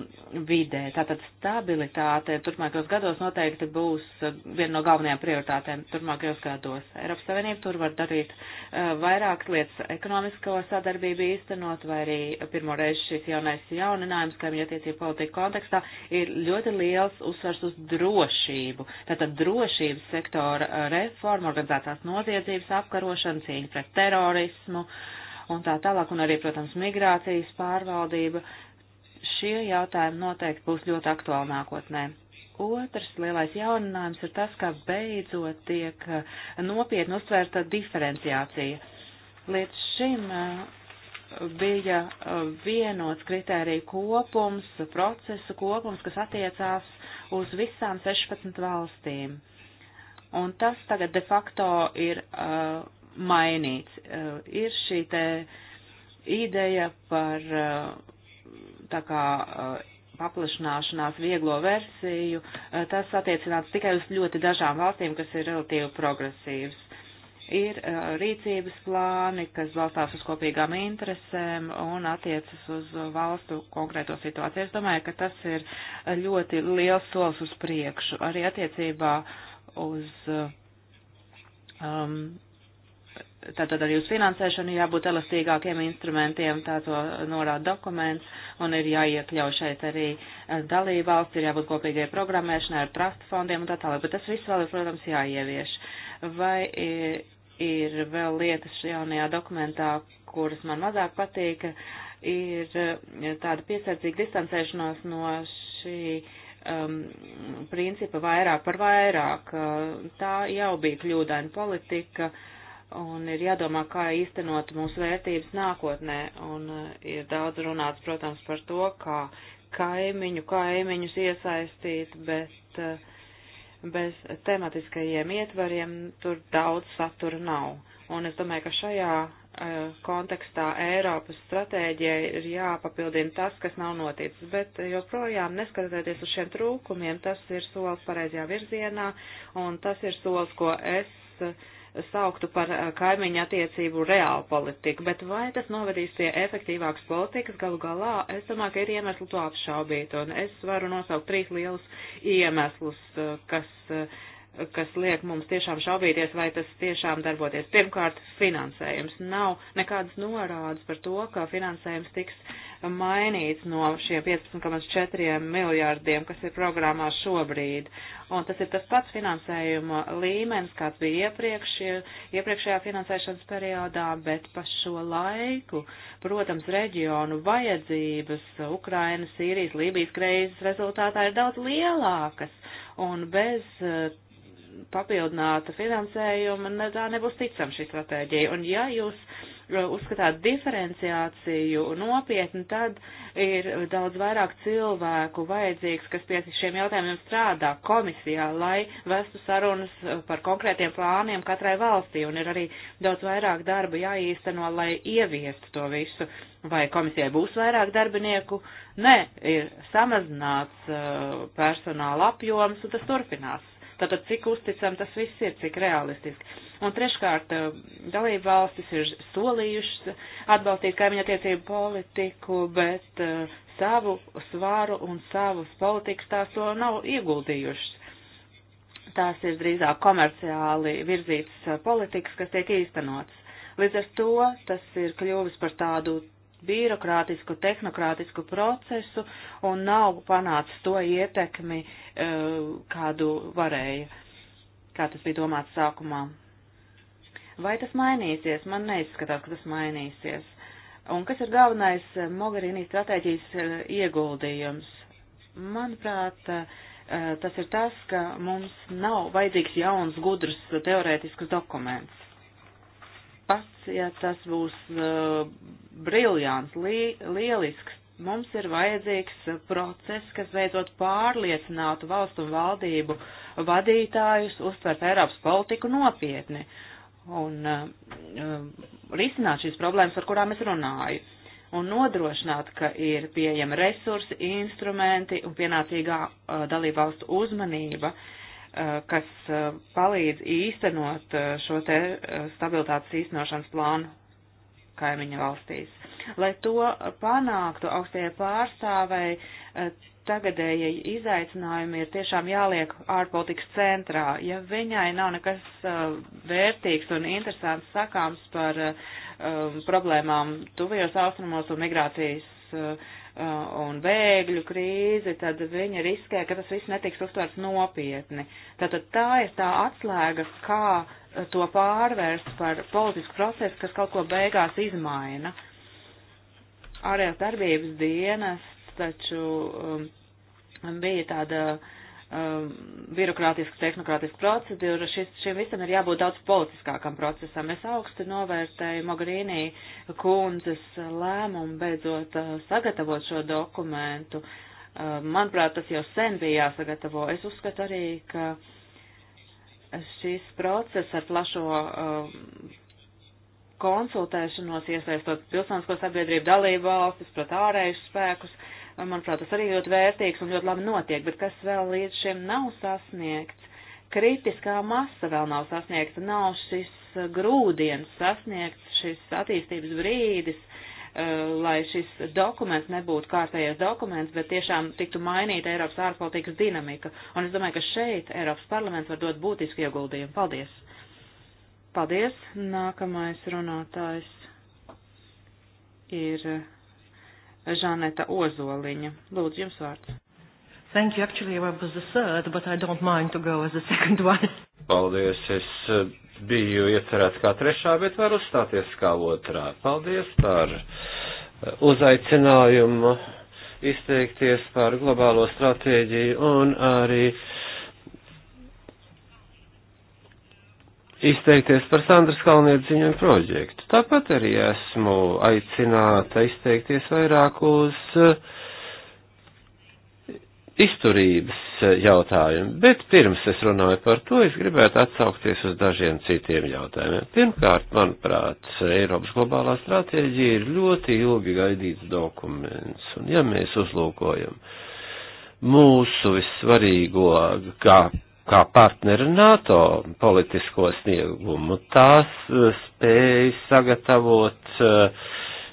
vidē. Tātad stabilitāte turpmākajos gados noteikti būs uh, viena no galvenajām prioritātēm turpmākajos gados. Eiropas Savienība tur var darīt uh, vairākas lietas ekonomisko sadarbību īstenot, vai arī pirmoreiz šis jaunais jauninājums, kā viņa attiecība politika kontekstā, ir ļoti liels uzsvars uz drošību. Tātad drošības sektora uh, reforma, organizētās noziedzības apkarošana, cīņa pret terorismu. Un tā tālāk, un arī, protams, migrācijas pārvaldība, uh, šie jautājumi noteikti būs ļoti aktuāli nākotnē. Otrs lielais jauninājums ir tas, ka beidzot tiek eh, nopietni uztvērta diferenciācija. Līdz šim eh, bija eh, vienots kritēriju kopums, procesu kopums, kas attiecās uz visām 16 valstīm. Un tas tagad de facto ir uh, mainīts. Uh, ir šī te ideja par uh, tā kā eh, paplašināšanās vieglo versiju, eh, tas attiecināts tikai uz ļoti dažām valstīm, kas ir relatīvi progresīvas. Ir eh, rīcības plāni, kas balstās uz kopīgām interesēm un attiecas uz valstu konkrēto situāciju. Es domāju, ka tas ir ļoti liels solis uz priekšu, arī attiecībā uz um, Tātad arī uz finansēšanu jābūt elastīgākiem instrumentiem, tā to norāda dokuments, un ir jāiekļauj šeit arī eh, dalībvalsts, ir jābūt kopīgai programmēšanai ar trust fondiem un tā tālāk, bet tas viss vēl ir, protams, jāievieš. Vai ir vēl lietas jaunajā dokumentā, kuras man mazāk patīk, ir eh, tāda piesardzīga distancēšanās no šī um, principa vairāk par vairāk. Eh, tā jau bija kļūdaina politika. Uh, un ir jādomā, kā īstenot mūsu vērtības nākotnē, un eh, ir daudz runāts, protams, par to, kā kaimiņu, kaimiņus iesaistīt, bet eh, bez tematiskajiem ietvariem tur daudz satura nav. Un es domāju, ka šajā eh, kontekstā Eiropas stratēģijai ir jāpapildina tas, kas nav noticis, bet joprojām neskatoties uz šiem trūkumiem, tas ir solis pareizajā virzienā, un tas ir solis, ko es uh, sauktu par eh, kaimiņu attiecību reālu politiku, bet vai tas novedīs pie efektīvākas politikas galu galā, es domāju, ka ir iemesli to apšaubīt, un es varu nosaukt trīs lielus iemeslus, eh, kas, eh, kas liek mums tiešām šaubīties, vai tas tiešām darboties. Pirmkārt, finansējums. Nav nekādas norādes par to, ka finansējums tiks mainīts no šiem 15,4 miljārdiem, kas ir programmā šobrīd. Un tas ir tas pats finansējuma līmenis, kāds bija iepriekš, iepriekšējā finansēšanas periodā, bet pa šo laiku, protams, reģionu vajadzības Ukrainas, Sīrijas, Lībijas kreizes rezultātā ir daudz lielākas. Un bez eh, papildināta finansējuma, tā nebūs ticama šī stratēģija. Un ja jūs uzskatāt diferenciāciju nopietni, tad ir daudz vairāk cilvēku vajadzīgs, kas pie šiem jautājumiem strādā komisijā, lai vestu sarunas par konkrētiem plāniem katrai valstī, un ir arī daudz vairāk darba jāīsteno, lai ieviestu to visu. Vai komisijai būs vairāk darbinieku? Nē, ir samazināts uh, personāla apjoms, un tas turpinās. Tātad, cik uzticam tas viss ir, cik realistiski Un treškārt, eh, dalību valstis ir solījušas atbalstīt kaimiņa attiecību politiku, bet uh, savu svāru un savus politikas tās to nav ieguldījušas. Tās ir drīzāk komerciāli virzītas eh, politikas, kas tiek īstenotas. Līdz ar to tas ir kļuvis par tādu birokrātisku, tehnokrātisku procesu un nav panācis to ietekmi, kādu varēja, kā tas bija domāts sākumā. Vai tas mainīsies? Man neizskatās, ka tas mainīsies. Un kas ir galvenais eh, Mogherini stratēģijas eh, ieguldījums? Manuprāt, eh, tas ir tas, ka mums nav vajadzīgs jauns, gudrs, teorētisks dokuments. Pats, ja tas būs briljants, li lielisks, mums ir vajadzīgs process, kas beidzot pārliecinātu valstu un valdību vadītājus uztvert Eiropas politiku nopietni un uh, risināt šīs problēmas, par kurām es runāju, un nodrošināt, ka ir pieejami resursi, instrumenti un pienācīgā uh, dalībvalstu uzmanība, uh, kas uh, palīdz īstenot uh, šo te uh, stabilitātes īstenošanas plānu kaimiņu valstīs. Lai to panāktu, augstajai pārstāvēji uh, tagadējie izaicinājumi ir tiešām jāliek ārpolitikas centrā. Ja viņai nav nekas uh, vērtīgs un interesants sakāms par uh, um, problēmām tuvajos austrumos un migrācijas uh, uh, un bēgļu krīzi, tad viņa riskē, ka tas viss netiks uztverts nopietni. Tātad tā ir tā atslēga, kā uh, to pārvērst par politisku procesu, kas kaut ko beigās izmaina. Ārējās darbības dienas taču um, bija tāda um, birokrātiska, tehnokrātiska procedūra. Šis, šim visam ir jābūt daudz politiskākam procesam. Es augstu novērtēju Mogherīnī kundzes lēmumu beidzot uh, sagatavot šo dokumentu. Uh, manuprāt, tas jau sen bija jāsagatavo. Es uzskatu arī, ka šis process ar plašo uh, konsultēšanos, iesaistot pilsonisko sabiedrību dalību valstis pret ārējušus spēkus, uh, Manuprāt, tas arī ļoti vērtīgs un ļoti labi notiek, bet kas vēl līdz šim nav sasniegts, kritiskā masa vēl nav sasniegta, nav šis uh, grūdienis sasniegts, šis attīstības brīdis, uh, lai šis dokuments nebūtu kārtējais dokuments, bet tiešām tiktu mainīta Eiropas ārpolitikas dinamika. Un es domāju, ka šeit Eiropas parlaments var dot būtisku ieguldījumu. Paldies! Paldies! Nākamais runātājs ir uh, Žaneta Ozoliņa. Lūdzu, jums vārds. Thank you. Actually, I was the third, but I don't mind to go as the second one. Paldies. Es eh, biju iecerēts kā trešā, bet varu uzstāties kā otrā. Paldies par eh, uzaicinājumu izteikties par globālo stratēģiju un arī uh, izteikties par Sandras Kalnietes ziņojumu projektu. Tāpat arī esmu aicināta izteikties vairāk uz eh, izturības eh, jautājumu, bet pirms es runāju par to, es gribētu atsaukties uz dažiem citiem jautājumiem. Pirmkārt, manuprāt, Eiropas globālā stratēģija ir ļoti ilgi gaidīts dokuments, un ja mēs uzlūkojam mūsu vissvarīgo, kā kā partneri NATO politisko sniegumu. Tās eh, spēja sagatavot eh,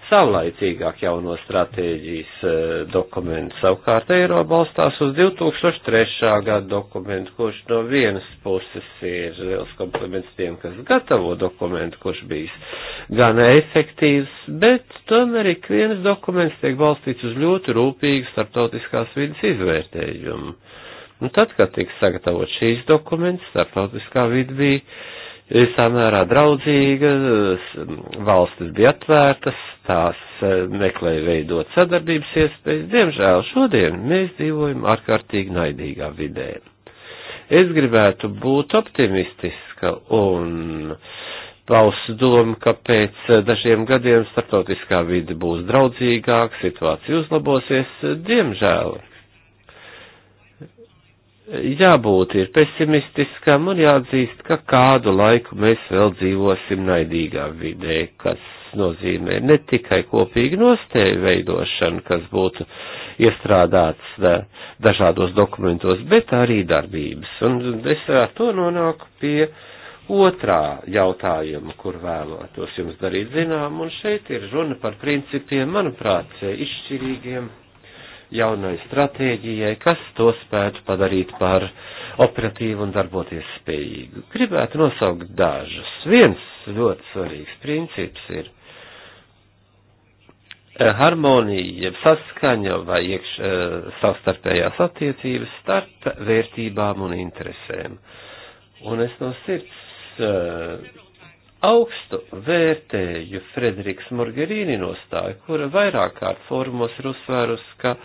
savlaicīgāk jauno stratēģijas eh, dokumentu. Savukārt Eiro balstās uz 2003. gada dokumentu, kurš no vienas puses ir liels kompliments tiem, kas gatavo dokumentu, kurš bijis gan efektīvs, bet tomēr ik viens dokuments tiek balstīts uz ļoti rūpīgu starptautiskās vidas izvērtējumu. Uh, Un nu, tad, kad tika sagatavot šīs dokuments, starptautiskā vidi bija eh, samērā draudzīga, valstis bija atvērtas, tās eh, meklēja veidot sadarbības iespējas. Diemžēl šodien mēs dzīvojam ārkārtīgi naidīgā vidē. Es gribētu būt optimistiska un paust domu, ka pēc eh, dažiem gadiem starptautiskā vide būs draudzīgāka, situācija uzlabosies. Diemžēl jābūt ir pesimistiskam un jāatzīst, ka kādu laiku mēs vēl dzīvosim naidīgā vidē, kas nozīmē ne tikai kopīgu nostēju veidošanu, kas būtu iestrādāts dažādos dokumentos, bet arī darbības. Un es ar to nonāku pie otrā jautājuma, kur vēlētos jums darīt zinām, un šeit ir runa par principiem, manuprāt, izšķirīgiem jaunai stratēģijai, kas to spētu padarīt par operatīvu un darboties spējīgu. Gribētu nosaukt dažus. Viens ļoti svarīgs princips ir eh, harmonija, saskaņa vai iekš, eh, savstarpējās attiecības starp vērtībām un interesēm. Un es no sirds eh, Augstu vērtēju Frederiks Morgerīni nostāju, kura vairāk kārt formos ir uzsvērus, ka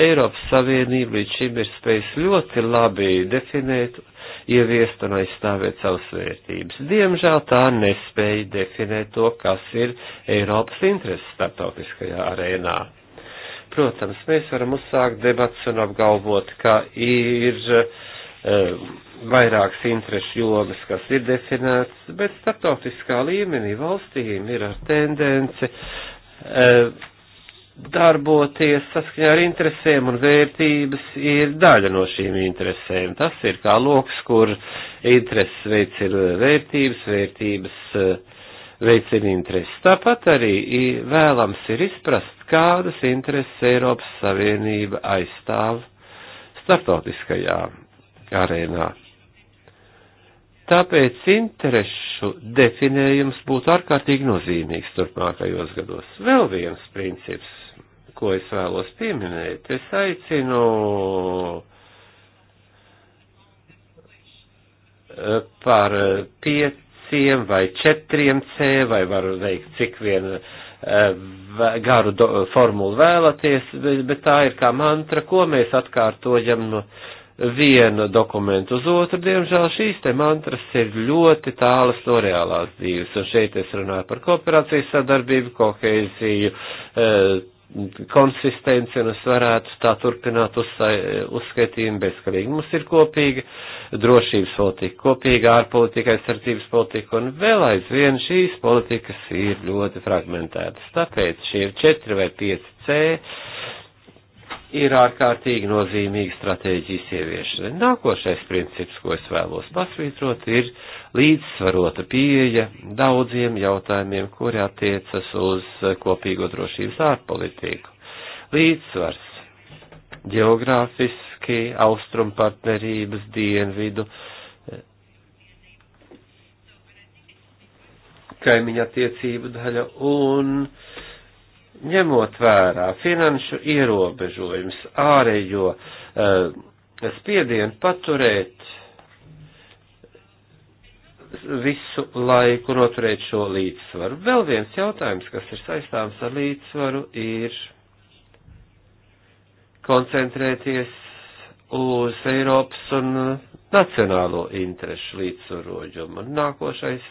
Eiropas Savienība līdz šim ir spējusi ļoti labi definēt, ieviest un aizstāvēt savas vērtības. Diemžēl tā nespēja definēt to, kas ir Eiropas intereses starptautiskajā arēnā protams, mēs varam uzsākt debats un apgalvot, ka ir Eh, vairākas interešu jomas, kas ir definētas, bet starptautiskā līmenī valstīm ir ar tendence eh, darboties saskaņā ar interesēm un vērtības ir daļa no šīm interesēm. Tas ir kā loks, kur intereses veicina vērtības, vērtības eh, veicina intereses. Tāpat arī vēlams ir izprast, kādas intereses Eiropas Savienība aizstāv starptautiskajā arēnā. Tāpēc interešu definējums būtu ārkārtīgi nozīmīgs turpmākajos gados. Vēl viens princips, ko es vēlos pieminēt, es aicinu eh, par pieciem vai četriem C, vai varu veikt cik vien eh, garu formulu vēlaties, bet tā ir kā mantra, ko mēs atkārtojam no vienu dokumentu uz otru, diemžēl šīs te mantras ir ļoti tālas no reālās dzīves. Un šeit es runāju par kooperācijas sadarbību, kohēziju, eh, konsistenci, un es varētu tā turpināt uzskaitījumu bezkarīgi. Mums ir kopīga drošības politika, kopīga ārpolitika, aizsardzības politika, un vēl aizvien šīs politikas ir ļoti fragmentētas. Tāpēc šie ir četri vai pieci C ir ārkārtīgi nozīmīga stratēģijas ieviešana. Nākošais princips, ko es vēlos pasvītrot, ir līdzsvarota pieeja daudziem jautājumiem, kuri attiecas uz kopīgo drošības ārpolitiku. Līdzsvars ģeogrāfiski, austrumpartnerības dienvidu, kaimiņa attiecību daļa un uh, ņemot vērā finanšu ierobežojums, ārējo uh, spiedienu paturēt visu laiku, noturēt šo līdzsvaru. Vēl viens jautājums, kas ir saistāms ar līdzsvaru, ir koncentrēties uz Eiropas un nacionālo interešu līdzsvarojumu. Nākošais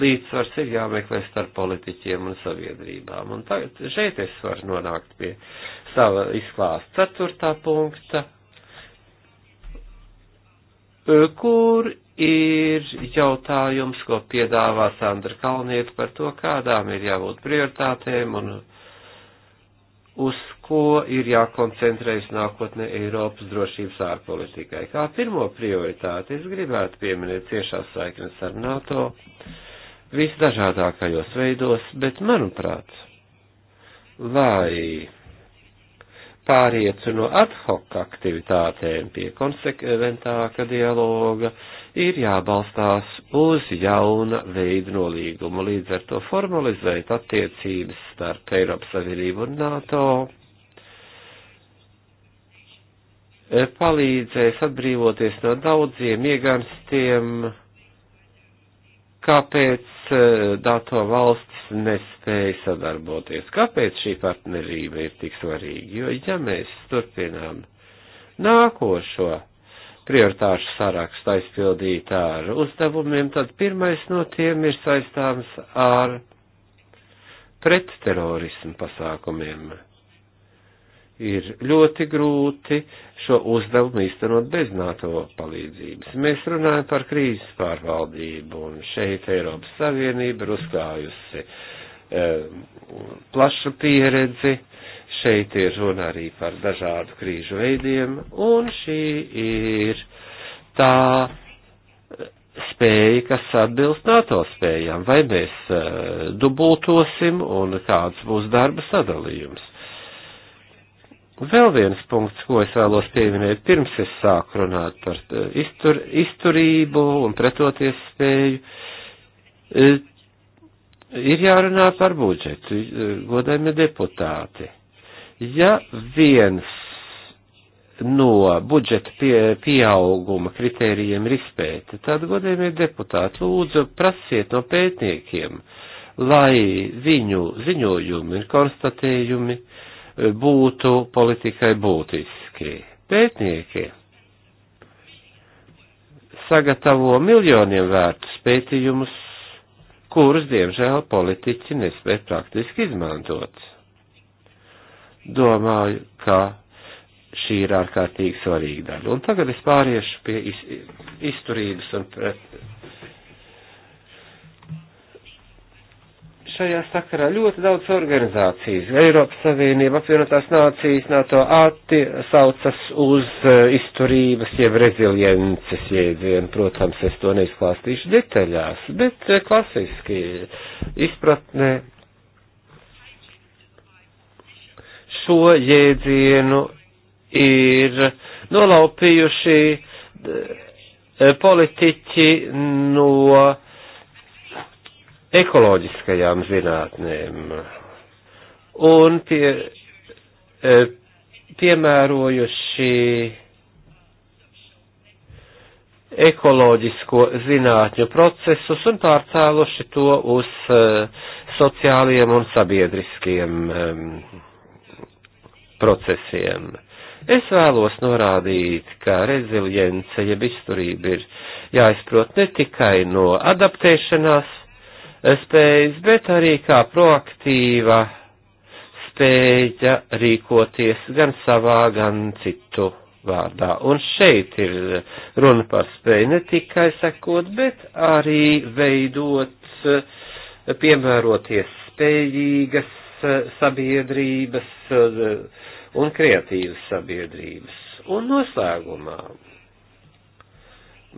līdzsvars ir jāmeklē starp politiķiem un sabiedrībām. Un tagad šeit es varu nonākt pie sava izklāsta ceturtā punkta, e, kur ir jautājums, ko piedāvā Sandra Kalnieta par to, kādām ir jābūt prioritātēm un uz ko ir jākoncentrējas nākotnē Eiropas drošības ārpolitikai. Kā pirmo prioritāti es gribētu pieminēt ciešās saiknes ar NATO. Uh, visdažādākajos veidos, bet, manuprāt, lai pārietu no ad hoc aktivitātēm pie konsekventāka dialoga, ir jābalstās uz jauna veida nolīgumu, līdz ar to formalizēt attiecības starp Eiropas Savienību un NATO, palīdzēs atbrīvoties no daudziem ieganstiem, kāpēc eh, dato valstis nespēja sadarboties, kāpēc šī partnerība ir tik svarīga, jo ja mēs turpinām nākošo prioritāšu sarakstu aizpildīt ar uzdevumiem, tad pirmais no tiem ir saistāms ar pretterorismu pasākumiem ir ļoti grūti šo uzdevumu īstenot bez NATO palīdzības. Mēs runājam par krīzes pārvaldību, un šeit Eiropas Savienība ir uzklājusi e, plašu pieredzi, šeit ir runa arī par dažādu krīžu veidiem, un šī ir tā spēja, kas atbilst NATO spējām, vai mēs e, dubultosim un kāds būs darba sadalījums. Vēl viens punkts, ko es vēlos pieminēt, pirms es sāku runāt par eh, iztur, izturību un pretoties spēju, eh, ir jārunā par budžetu, eh, godājumie deputāti. Ja viens no budžeta pie, pieauguma kritērijiem ir izpēta, tad, godājumie deputāti, lūdzu prasiet no pētniekiem, lai viņu ziņojumi un konstatējumi būtu politikai būtiski. Pētnieki sagatavo miljoniem vērtus pētījumus, kurus, diemžēl, politiķi nespēja praktiski izmantot. Domāju, ka šī ir ārkārtīgi svarīga daļa. Un tagad es pāriešu pie iz, izturības un pret, šajā sakarā ļoti daudz organizācijas. Eiropas Savienība, apvienotās nācijas, NATO atsaucas uz e, izturības jeb reziliences jēdzienu. Protams, es to neizklāstīšu detaļās, bet e, klasiski izpratnē šo jēdzienu ir nolaupījuši e, politiķi no ekoloģiskajām zinātnēm un pie, e, piemērojuši ekoloģisko zinātņu procesus un pārcēluši to uz uh, sociāliem un sabiedriskiem um, procesiem. Es vēlos norādīt, ka rezilience, jeb izturība ir jāizprot ne tikai no adaptēšanās spējas, bet arī kā proaktīva spēja rīkoties gan savā, gan citu vārdā. Un šeit ir runa par spēju ne tikai sekot, bet arī veidot, piemēroties spējīgas sabiedrības un kreatīvas sabiedrības. Un noslēgumā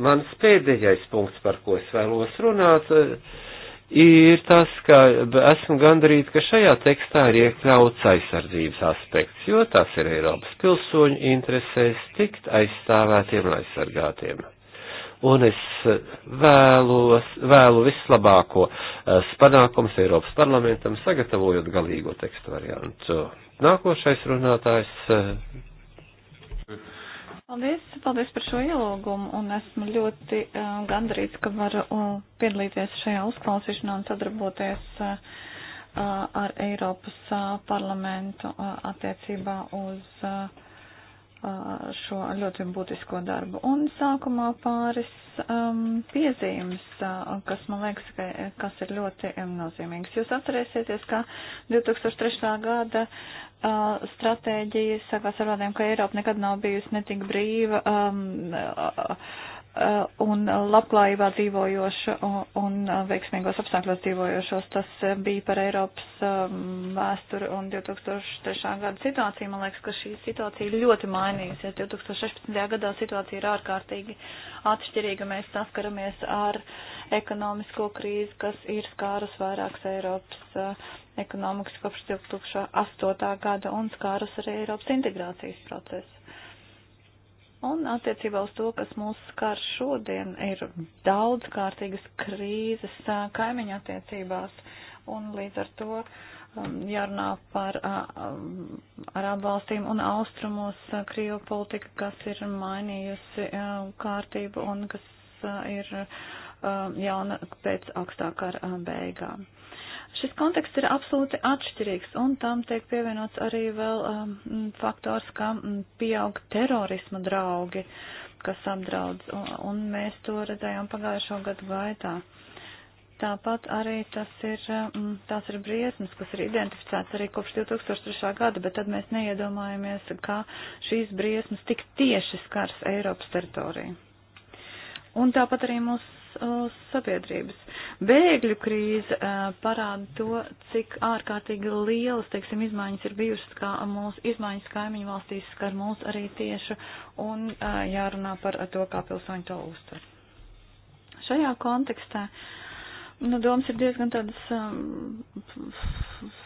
mans pēdējais punkts, par ko es vēlos runāt, ir ir tas, ka esmu gandarīts, ka šajā tekstā ir iekļauts aizsardzības aspekts, jo tas ir Eiropas pilsoņu interesēs tikt aizstāvētiem un aizsargātiem. Un es eh, vēlos, vēlu vislabāko eh, panākums Eiropas parlamentam, sagatavojot galīgo tekstu variantu. Nākošais runātājs eh, Paldies, paldies par šo ielūgumu un esmu ļoti uh, gandrīz, ka varu uh, piedalīties šajā uzklausīšanā un sadarboties uh, ar Eiropas uh, parlamentu uh, attiecībā uz. Uh, šo ļoti būtisko darbu. Un sākumā pāris um, piezīmes, uh, kas man liekas, ka, kas ir ļoti um, nozīmīgs. Jūs atcerēsieties, ka 2003. gada uh, stratēģija sākās ar vārdiem, ka Eiropa nekad nav bijusi netik brīva. Um, uh, Eh, un labklājībā dzīvojošu un eh, veiksmīgos apstākļos dzīvojošos. Tas eh, bija par Eiropas ehm, vēsturi un 2003. gada situāciju. Man liekas, ka šī situācija ļoti mainīsies. 2016. gadā situācija ir ārkārtīgi atšķirīga. Mēs saskaramies ar ekonomisko krīzi, kas ir skārus vairākas Eiropas ekonomikas kopš 2008. gada un skārus arī Eiropas integrācijas procesu Un attiecībā uz to, kas mūs skar šodien, ir daudzkārtīgas krīzes kaimiņa attiecībās, un līdz ar to um, jārunā par um, arābu valstīm un austrumos krīvu politika, kas ir mainījusi kārtību un kas ir jauna pēc augstākā ar beigām. Šis konteksts ir absolūti atšķirīgs, un tam tiek pievienots arī vēl um, mm, faktors, ka mm, pieaug terorisma draugi, kas apdraud, un, un mēs to redzējām pagājušo gadu gaitā. Tāpat arī tas ir, um, tās ir briesmas, kas ir identificēts arī kopš 2003. gada, bet tad mēs neiedomājamies, ka šīs briesmas tik tieši skars Eiropas teritoriju. Un tāpat arī mūsu uh, sabiedrības. Bēgļu krīze uh, parāda to, cik ārkārtīgi lielas, teiksim, izmaiņas ir bijušas, kā mūsu izmaiņas kaimiņu valstīs skar mūs arī tieši un uh, jārunā par to, kā pilsoņi to uztver. Šajā kontekstā, nu, domas ir diezgan tādas. Um,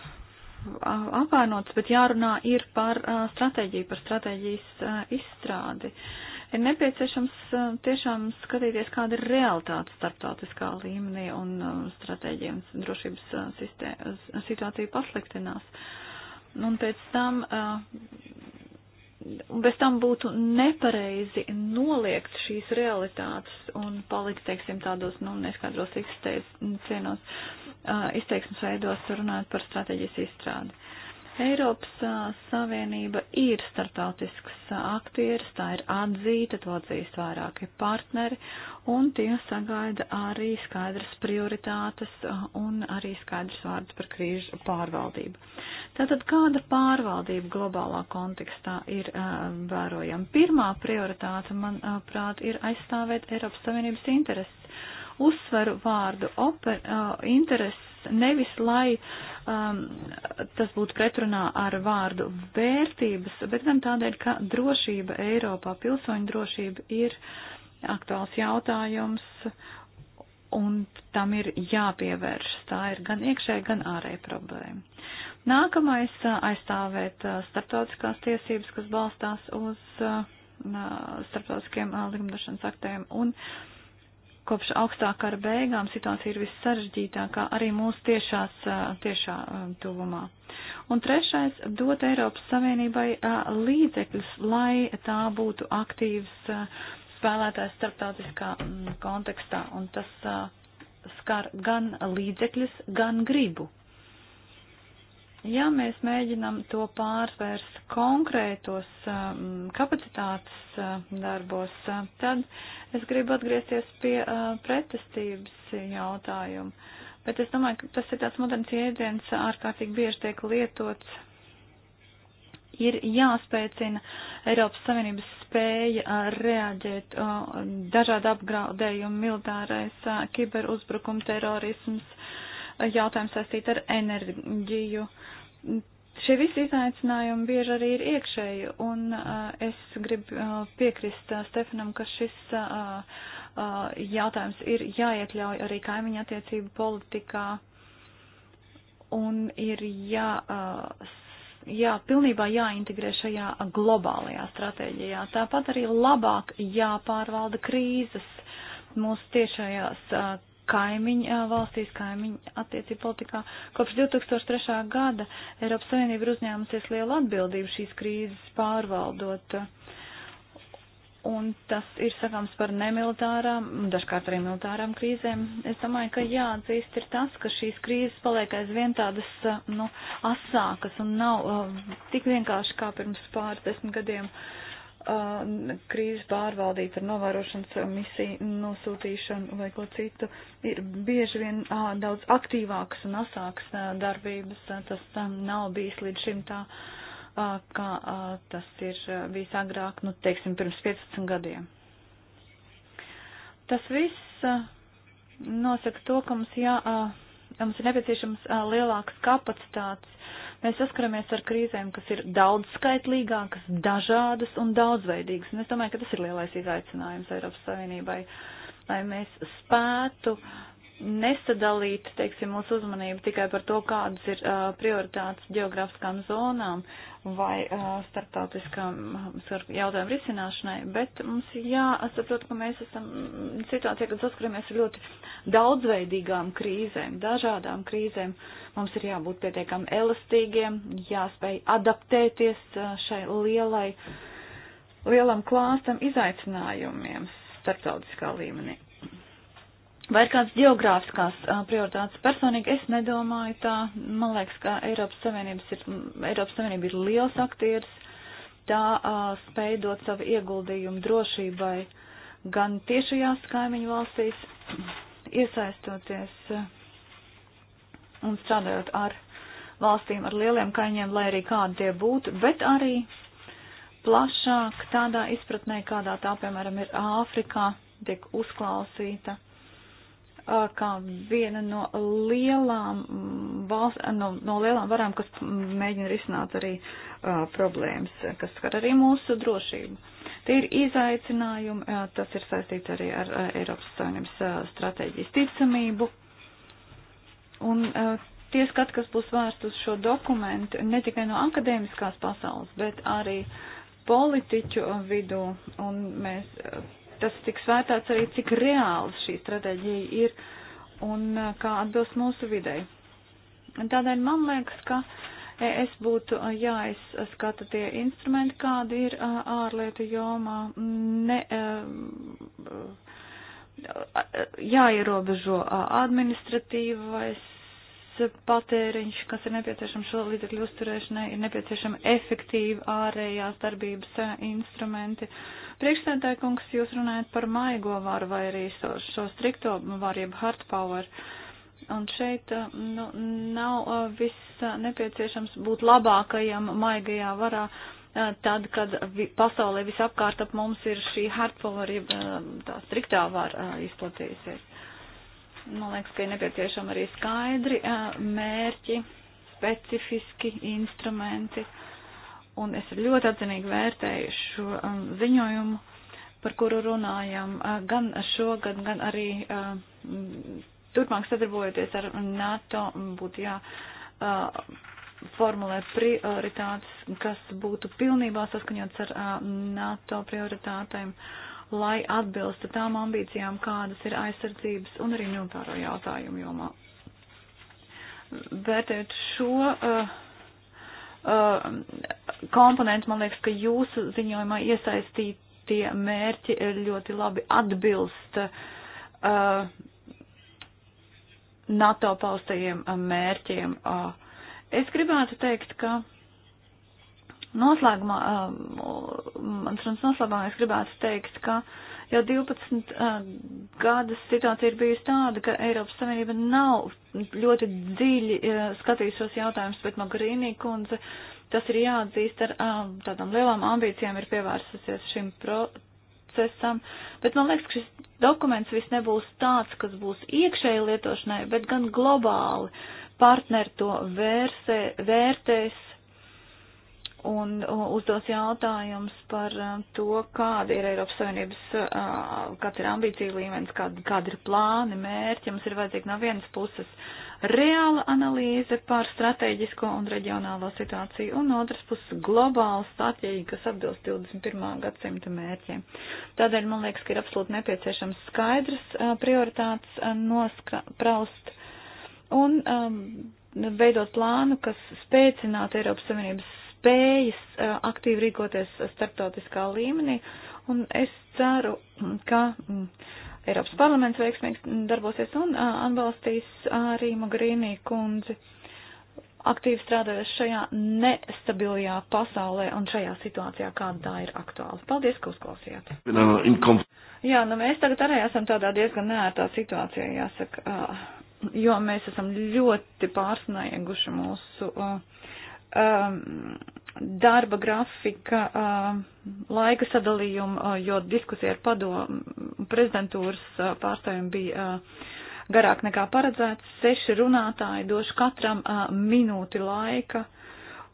apvainots, bet jārunā ir par uh, stratēģiju, par stratēģijas uh, izstrādi. Uh, Ir nepieciešams eh, tiešām skatīties, kāda ir realitāte starptautiskā līmenī un eh, stratēģija un drošības eh, sistēma, situācija pasliktinās. Un pēc tam un bez tam būtu nepareizi noliegt šīs realitātes un palikt, teiksim, tādos, nu, neskaidros izteic, cienos, uh, izteiksmes veidos runāt par stratēģijas izstrādi. Eiropas Savienība ir startautisks aktieris, tā ir atzīta, to atzīst vairāki partneri, un tie sagaida arī skaidras prioritātes un arī skaidrs vārds par krīžu pārvaldību. Tātad kāda pārvaldība globālā kontekstā ir vērojama? Pirmā prioritāte, manuprāt, ir aizstāvēt Eiropas Savienības intereses. Uzsveru vārdu oper, uh, intereses nevis lai uh, um, tas būtu pretrunā ar vārdu vērtības, bet gan tādēļ, ka drošība Eiropā, pilsoņu drošība ir aktuāls jautājums un tam ir jāpievērš. Tā ir gan iekšēja, gan ārēja problēma. Nākamais uh, aizstāvēt uh, starptautiskās tiesības, kas balstās uz uh, starptautiskiem likumdošanas aktiem un uh, Kopš augstā kara beigām situācija ir vissaržģītākā arī mūsu tiešās, tiešā tuvumā. Un trešais - dot Eiropas Savienībai līdzekļus, lai tā būtu aktīvs spēlētājs starptautiskā kontekstā. Un tas skar gan līdzekļus, gan gribu. Ja mēs mēģinam to pārvērst konkrētos um, kapacitātes um, darbos, um, tad es gribu atgriezties pie uh, pretestības jautājumu. Bet es domāju, ka tas ir tāds moderns jēdziens, ārkārtīgi bieži tiek lietots. Ir jāspēcina Eiropas Savienības spēja uh, reaģēt uh, dažādi apgraudējumi, militārais, kiberuzbrukums, terorisms, jautājums saistīt ar enerģiju, Šie visi izaicinājumi bieži arī ir iekšēji, un uh, es gribu uh, piekrist uh, Stefanam, ka šis uh, uh, jautājums ir jāiekļauj arī kaimiņa attiecību politikā, un ir jā, uh, jā, pilnībā jāintegrē šajā globālajā stratēģijā. Tāpat arī labāk jāpārvalda krīzes mūsu tiešajās uh, kaimiņu valstīs, kaimiņu attiecību politikā. Kopš 2003. gada Eiropas Savienība ir uzņēmusies lielu atbildību šīs krīzes pārvaldot. Un tas ir sakāms par nemilitārām, dažkārt arī militārām krīzēm. Es domāju, ka jāatzīst ir tas, ka šīs krīzes paliek aizvien tādas, nu, asākas un nav uh, tik vienkārši kā pirms pāris desmit gadiem. Uh, Uh, krīzes pārvaldība ar novērošanas misiju nosūtīšanu vai ko citu, ir bieži vien uh, daudz aktīvākas un asākas uh, darbības. Tas um, nav bijis līdz šim tā, kā tas ir bijis agrāk, nu, teiksim, pirms 15 gadiem. Tas viss nosaka to, ka mums, jā, mums ir nepieciešams lielāks kapacitātes Mēs saskaramies ar krīzēm, kas ir daudzskaitlīgākas, dažādas un daudzveidīgas. Un es domāju, ka tas ir lielais izaicinājums Eiropas Savienībai, lai mēs spētu uh, nesadalīt, teiksim, mūsu uzmanību tikai par to, kādas ir uh, prioritātes geogrāfiskām zonām vai uh, starptautiskām jautājumu risināšanai, bet mums jāsaprot, ka mēs esam situācijā, kad saskaramies ar ļoti daudzveidīgām krīzēm, dažādām krīzēm. Mums ir jābūt pietiekami elastīgiem, jāspēj adaptēties šai lielai, lielam klāstam izaicinājumiem starptautiskā līmenī Vai ir kāds geogrāfiskās prioritātes? Personīgi es nedomāju tā. Man liekas, ka Eiropas, Savienības ir, Eiropas Savienība ir liels aktieris. Tā uh, spēj dot savu ieguldījumu drošībai gan tiešajās kaimiņu valstīs, iesaistoties uh, un strādājot ar valstīm ar lieliem kaņiem, lai arī kādi tie būtu, bet arī plašāk tādā izpratnē, kādā tā, piemēram, ir Āfrikā, tiek uzklausīta Uh, kā viena no lielām, valsts, no, no lielām varām, kas mēģina risināt arī uh, problēmas, kas skar arī mūsu drošību. Tie ir izaicinājumi, uh, tas ir saistīts arī ar uh, Eiropas Savienības uh, stratēģijas ticamību. Un uh, tie skati, kas būs vērst uz šo dokumentu, ne tikai no akadēmiskās pasaules, bet arī politiķu vidū, un mēs uh, tas tiks vērtāts arī, cik reāls šī stratēģija ir un uh, kā atbilst mūsu videi. Tādēļ man liekas, ka e, es būtu uh, jāizskata tie instrumenti, kādi ir uh, ārlietu jomā, ne, jāierobežo administratīvais patēriņš, kas ir nepieciešams šo līdzekļu uzturēšanai, ir nepieciešama efektīva ārējās darbības instrumenti. Uh, Priekšsēdētāji kungs, jūs runājat par maigo varu vai arī šo, šo strikto varu, jeb hard power. Un šeit uh, nu, nav uh, viss uh, nepieciešams būt labākajam maigajā varā, tad, kad vi, pasaulē visapkārt ap mums ir šī hard power, jeb tā striktā vara izplatījusies. Man liekas, ka ir nepieciešama arī skaidri mērķi, specifiski instrumenti. Uh, un es ļoti atzinīgi vērtēju šo um, ziņojumu, par kuru runājam uh, gan šogad, gan arī uh, turpmāk sadarbojoties ar NATO, būtu jā. Uh, formulē prioritātes, kas būtu pilnībā saskaņots ar uh, NATO prioritātēm, lai atbilstu tām ambīcijām, kādas ir aizsardzības un arī militāro jautājumu jomā. Vērtējot šo uh, Uh, komponents, man liekas, ka jūsu ziņojumā iesaistītie mērķi ļoti labi atbilst uh, NATO paustajiem uh, mērķiem. Uh, es gribētu teikt, ka noslēgumā, uh, mans runas noslēgumā es gribētu teikt, ka uh, Jau 12 uh, gadus situācija ir bijusi tāda, ka Eiropas Savienība nav ļoti dziļi uh, skatījušos jautājumus, bet Magarīnī kundze, tas ir jāatzīst ar um, tādām lielām ambīcijām, ir pievērsusies šim procesam. Bet man liekas, ka šis dokuments viss nebūs tāds, kas būs iekšēji lietošanai, bet gan globāli partneri to vērsē, vērtēs un uh, uzdos jautājums par uh, to, kāda ir Eiropas Savienības, uh, kāds ir ambīcija līmenis, kāda, kāda ir plāni, mērķi. Mums ir vajadzīga no vienas puses reāla analīze par strateģisko un reģionālo situāciju, un no otras puses globāla stratēģija, kas atbilst 21. gadsimta mērķiem. Tādēļ man liekas, ka ir absolūti nepieciešams skaidrs prioritātes nospraust un um, veidot plānu, kas spēcinātu Eiropas Savienības spējas aktīvi rīkoties starptautiskā līmenī. Un es ceru, ka Eiropas parlaments veiksmīgi darbosies un atbalstīs arī Magrīnī kundzi aktīvi strādājot šajā nestabilajā pasaulē un šajā situācijā, kāda tā ir aktuāla. Paldies, ka uzklausījāt. Jā, nu mēs tagad arī esam tādā diezgan neērtā situācijā, jāsaka, jo mēs esam ļoti pārsnieguši mūsu uh, um, darba grafika, um, laika sadalījuma, uh, jo diskusija ar padomu prezidentūras uh, pārstāvjiem bija uh, garāk nekā paredzēts. Seši runātāji došu katram uh, minūti laika.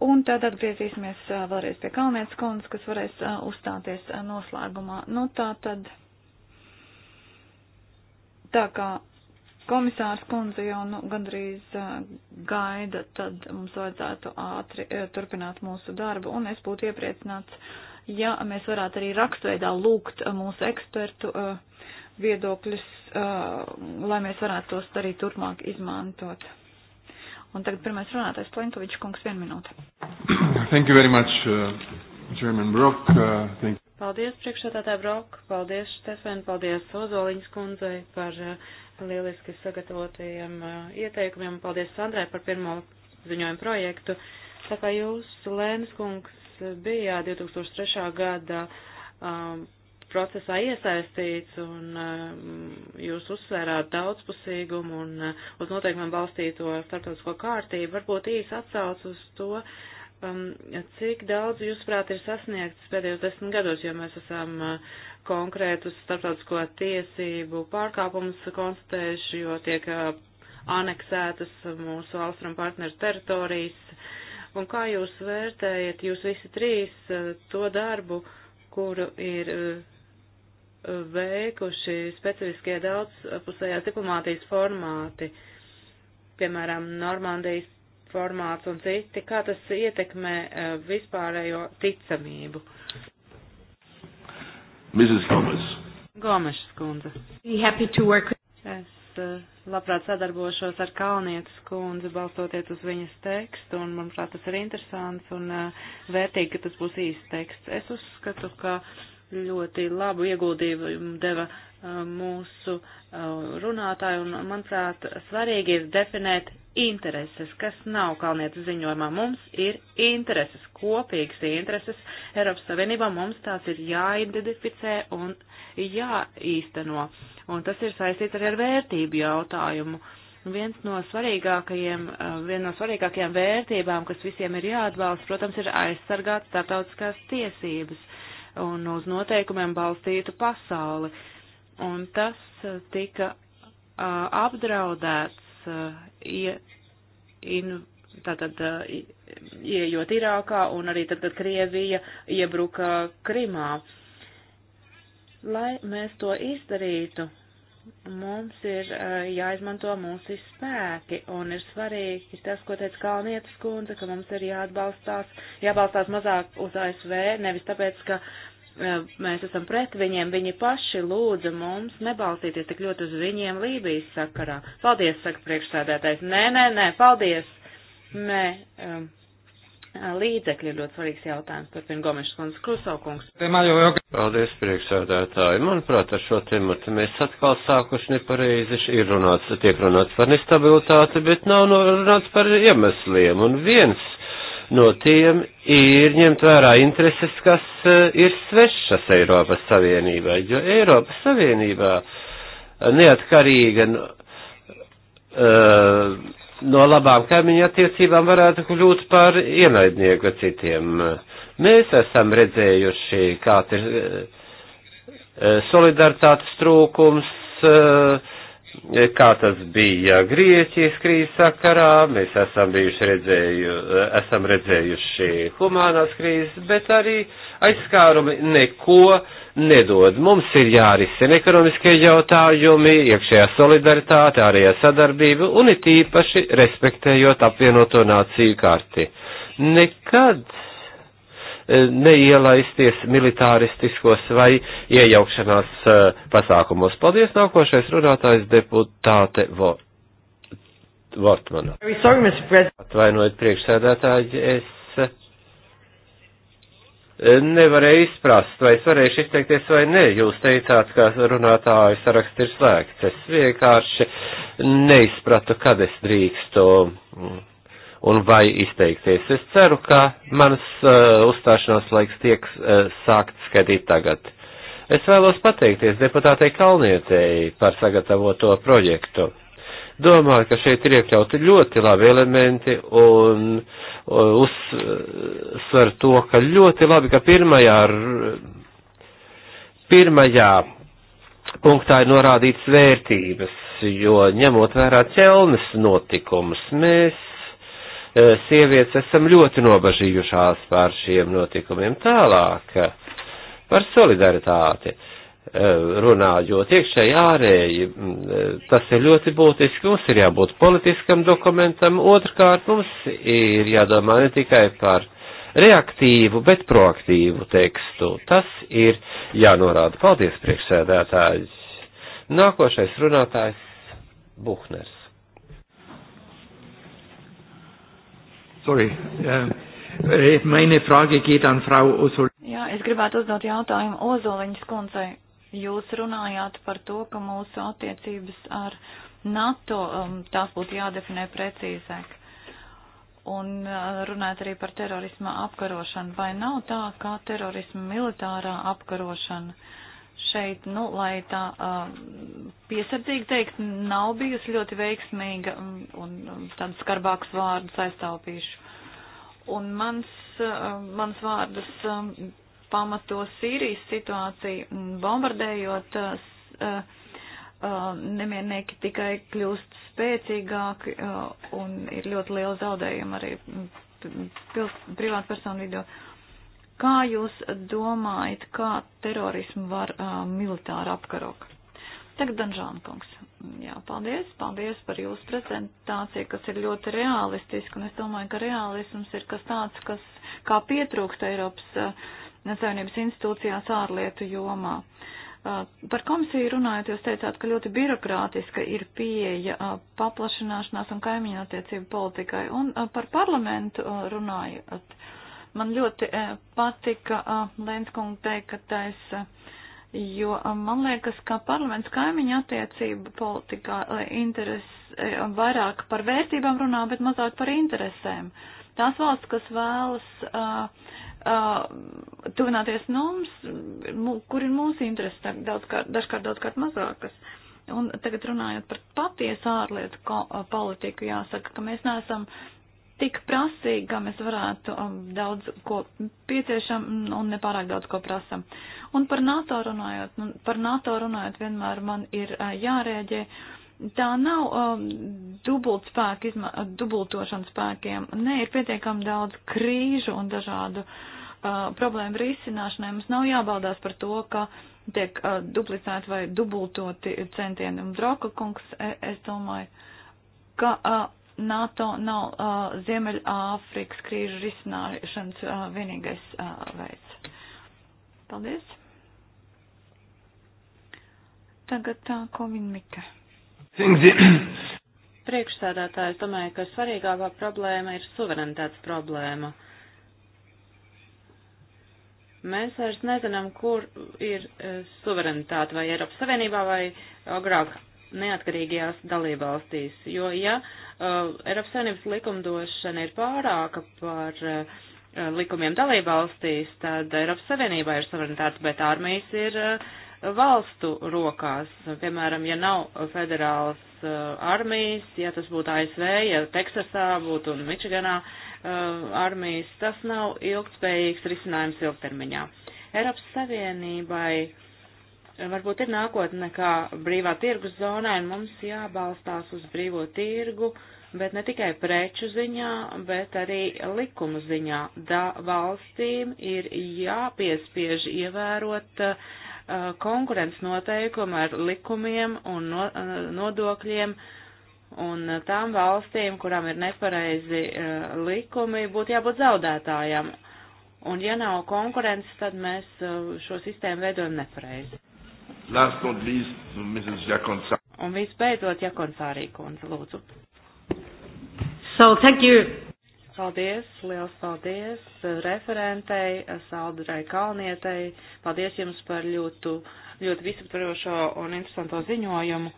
Un tad atgriezīsimies uh, vēlreiz pie Kalnietes kundzes, kas varēs uzstāties noslēgumā. Nu tā tad, tā kā komisārs kundze jau nu, gandrīz gaida, tad mums vajadzētu ātri turpināt mūsu darbu, un es būtu iepriecināts, ja mēs varētu arī rakstveidā lūgt mūsu ekspertu viedokļus, lai mēs varētu tos arī turpmāk izmantot. Un tagad pirmais runātais Plenkovičs kungs vienu minūti. Thank you very much, uh, Chairman Brock. Uh, thank you. Paldies, priekšsētātāja Brok, paldies, Stefan, paldies Ozoliņas kundzei par uh, lieliski sagatavotajiem uh, ieteikumiem. Paldies Sandrai par pirmo ziņojumu projektu. Tā kā jūs, Lēnis kungs, bijāt 2003. gada um, procesā iesaistīts un um, jūs uzsvērāt daudzpusīgumu un uh, uz noteikumiem balstīto starptautisko kārtību. Varbūt īsi atsauc uz to, um, cik daudz jūs prāt ir sasniegts pēdējos desmit gados, jo mēs esam uh, konkrētus starptautisko tiesību pārkāpumus konstatējuši, jo tiek aneksētas mūsu austrumu partneru teritorijas. Un kā jūs vērtējat, jūs visi trīs, to darbu, kuru ir veikuši specifiskie daudzpusējās diplomātijas formāti, piemēram, Normandijas formāts un citi, kā tas ietekmē vispārējo ticamību? Mrs. Gomes. Gomes skundze. Happy to work with. Es uh, labprāt sadarbošos ar Kalnietes kundzi, balstoties uz viņas tekstu, un, manuprāt, tas ir interesants un uh, vērtīgi, ka tas būs īsts teksts. Es uzskatu, ka ļoti labu ieguldījumu deva uh, mūsu runātāji, un, manuprāt, svarīgi ir definēt intereses, kas nav Kalnietes ziņojumā. Mums ir intereses, kopīgas intereses Eiropas Savienībā, mums tās ir jāidentificē un jāīsteno. Un tas ir saistīts arī ar vērtību jautājumu. Viens no svarīgākajiem, viena no svarīgākajām vērtībām, kas visiem ir jāatbalsta, protams, ir aizsargāt starptautiskās tiesības un uz noteikumiem balstītu pasauli. Un tas tika apdraudēts Uh, ie, in, tātad, uh, ieejot Irākā un arī tad, kad Krievija iebruka Krimā. Lai mēs to izdarītu, mums ir uh, jāizmanto mūsu spēki, un ir svarīgi tas, ko teica Kalnietes kundze, ka mums ir jāatbalstās, jābalstās mazāk uz ASV, nevis tāpēc, ka Eh, mēs esam pret viņiem, viņi paši lūdza mums nebalstīties tik ļoti uz viņiem Lībijas sakarā. Paldies, saka priekšsēdētājs. Nē, nē, nē, paldies. Nē, um, līdzekļi ir ļoti svarīgs jautājums, turpina Gomešs kundze Krusaukungs. Paldies, priekšsēdētāji. Manuprāt, ar šo tematu mēs atkal sākuši nepareizi. Ir runāts, tiek runāts par nestabilitāti, bet nav nu- runāts par iemesliem. Un viens no tiem ir ņemt vērā intereses, kas eh, ir svešas Eiropas Savienībai, jo Eiropas Savienībā neatkarīga no, eh, no labām kaimiņu attiecībām varētu kļūt par ienaidnieku citiem. Mēs esam redzējuši, kā ir eh, solidaritātes trūkums, uh, kā tas bija Grieķijas krīzes sakarā, mēs esam bijuši redzēju, esam redzējuši humānās krīzes, bet arī aizskārumi neko nedod. Mums ir jārisina ekonomiskie jautājumi, iekšējā solidaritāte, ārējā sadarbība un it īpaši respektējot apvienoto nāciju karti. Nekad E, neielaisties militaristiskos vai iejaukšanās e, pasākumos. Paldies, nākošais runātājs deputāte Vo. Vortmana. Atvainojiet priekšsēdētāji, es e, nevarēju izprast, vai es varēšu izteikties vai nē. Jūs teicāt, ka runātāju saraksts ir slēgts. Es vienkārši neizpratu, kad es drīkstu un vai izteiksies. Es ceru, ka manas uh, uzstāšanās laiks tiek uh, sākt skatīt tagad. Es vēlos pateikties deputātei Kalnietēji par sagatavoto projektu. Domāju, ka šeit ir iekļauti ļoti labi elementi un uh, uzsver to, ka ļoti labi, ka pirmajā, pirmajā punktā ir norādīts vērtības, jo ņemot vērā ķelnes notikumus, mēs Eh, sievietes esam ļoti nobažījušās par šiem notikumiem. Tālāk eh, par solidaritāti eh, runājot iekšēji ārēji, mm, tas ir ļoti būtiski. Mums ir jābūt politiskam dokumentam. Otrkārt, mums ir jādomā ne tikai par reaktīvu, bet proaktīvu tekstu. Tas ir jānorāda. Paldies, priekšsēdētājs. Nākošais runātājs Buhners. Sorry. Uh, meine Frage geht an Frau Ozol. Jā, es gribētu uzdot jautājumu Ozoliņas kundzei. Jūs runājāt par to, ka mūsu attiecības ar NATO um, tās būtu jādefinē precīzāk. Un uh, runājot arī par terorisma apkarošanu, vai nav tā kā terorisma militārā apkarošana? Uh, šeit, nu, lai tā um, piesardzīgi teikt, nav bijusi ļoti veiksmīga un tādus skarbākus vārdus aiztaupīšu. Un mans, um, mans vārdus um, pamato Sīrijas situāciju, bombardējot uh, uh, uh, nemiernieki tikai kļūst spēcīgāki un ir ļoti liela zaudējuma arī mm, privātpersonu video. Kā jūs domājat, kā terorismu var uh, militāri apkarot? Tagad Danžāna kungs. Jā, paldies, paldies par jūsu prezentāciju, kas ir ļoti realistiska, un es domāju, ka realisms ir kas tāds, kas kā pietrūkst Eiropas uh, Savienības institūcijās ārlietu jomā. Uh, par komisiju runājot, jūs teicāt, ka ļoti birokrātiska ir pieeja uh, paplašināšanās un kaimiņattiecību politikai, un par parlamentu runājot Man ļoti eh, patika eh, Lēnskunga teiktais, eh, jo man liekas, ka parlaments kaimiņa attiecība politikā interes, vairāk par vērtībām runā, bet mazāk par interesēm. Tās valsts, kas vēlas uh, uh, tuvināties mums, kur ir mūsu intereses, daudzkārt, dažkārt daudzkārt mazākas. Un tagad runājot par patiesu ārlietu politiku, jāsaka, ka mēs neesam uh, tik prasīgi, kā mēs varētu um, daudz ko pieciešam un nepārāk daudz ko prasam. Un par NATO runājot, nu, par NATO runājot vienmēr man ir uh, jārēģē. Tā nav um, dubult spēku, izma, dubultošana spēkiem. Nē, ir pietiekami daudz krīžu un dažādu uh, problēmu risināšanai. Mums nav jābaudās par to, ka tiek uh, duplicēti vai dubultoti centieni. Un Broka kungs, e, es domāju, ka uh, NATO nav uh, Ziemeļāfrikas krīžu risināšanas uh, vienīgais uh, veids. Paldies. Tagad tā, uh, ko viņa mika. Priekšsēdētāji, es domāju, ka svarīgākā problēma ir suverenitātes problēma. Mēs vairs nezinām, kur ir uh, suverenitāte vai Eiropas Savienībā vai agrāk neatkarīgajās dalībvalstīs, jo ja uh, Uh, Eiropas Savienības likumdošana ir pārāka par uh, likumiem dalībvalstīs, tad Eiropas Savienībā ir suverenitāte, bet armijas ir uh, valstu rokās. Piemēram, ja nav federālas uh, armijas, ja tas būtu ASV, ja Teksasā būtu un Mičiganā uh, armijas, tas nav ilgtspējīgs risinājums ilgtermiņā. Eiropas Savienībai varbūt ir nākotne kā brīvā tirgus zonai, un mums jābalstās uz brīvo tirgu, bet ne tikai preču ziņā, bet arī likumu ziņā. Da, valstīm ir jāpiespiež ievērot uh, konkurences noteikumu ar likumiem un no, uh, nodokļiem, un tām valstīm, kurām ir nepareizi uh, likumi, būtu jābūt zaudētājām. Un ja nav konkurences, tad mēs uh, šo sistēmu veidojam nepareizi. Last not least, Mrs. Jakonsā. Un visbeidzot, Jakonsārī kundze, lūdzu. So, thank you. Paldies, liels paldies eh, referentei, eh, Saldurai Kalnietei. Paldies jums par ļoti, ļoti visaptvarošo un interesanto ziņojumu.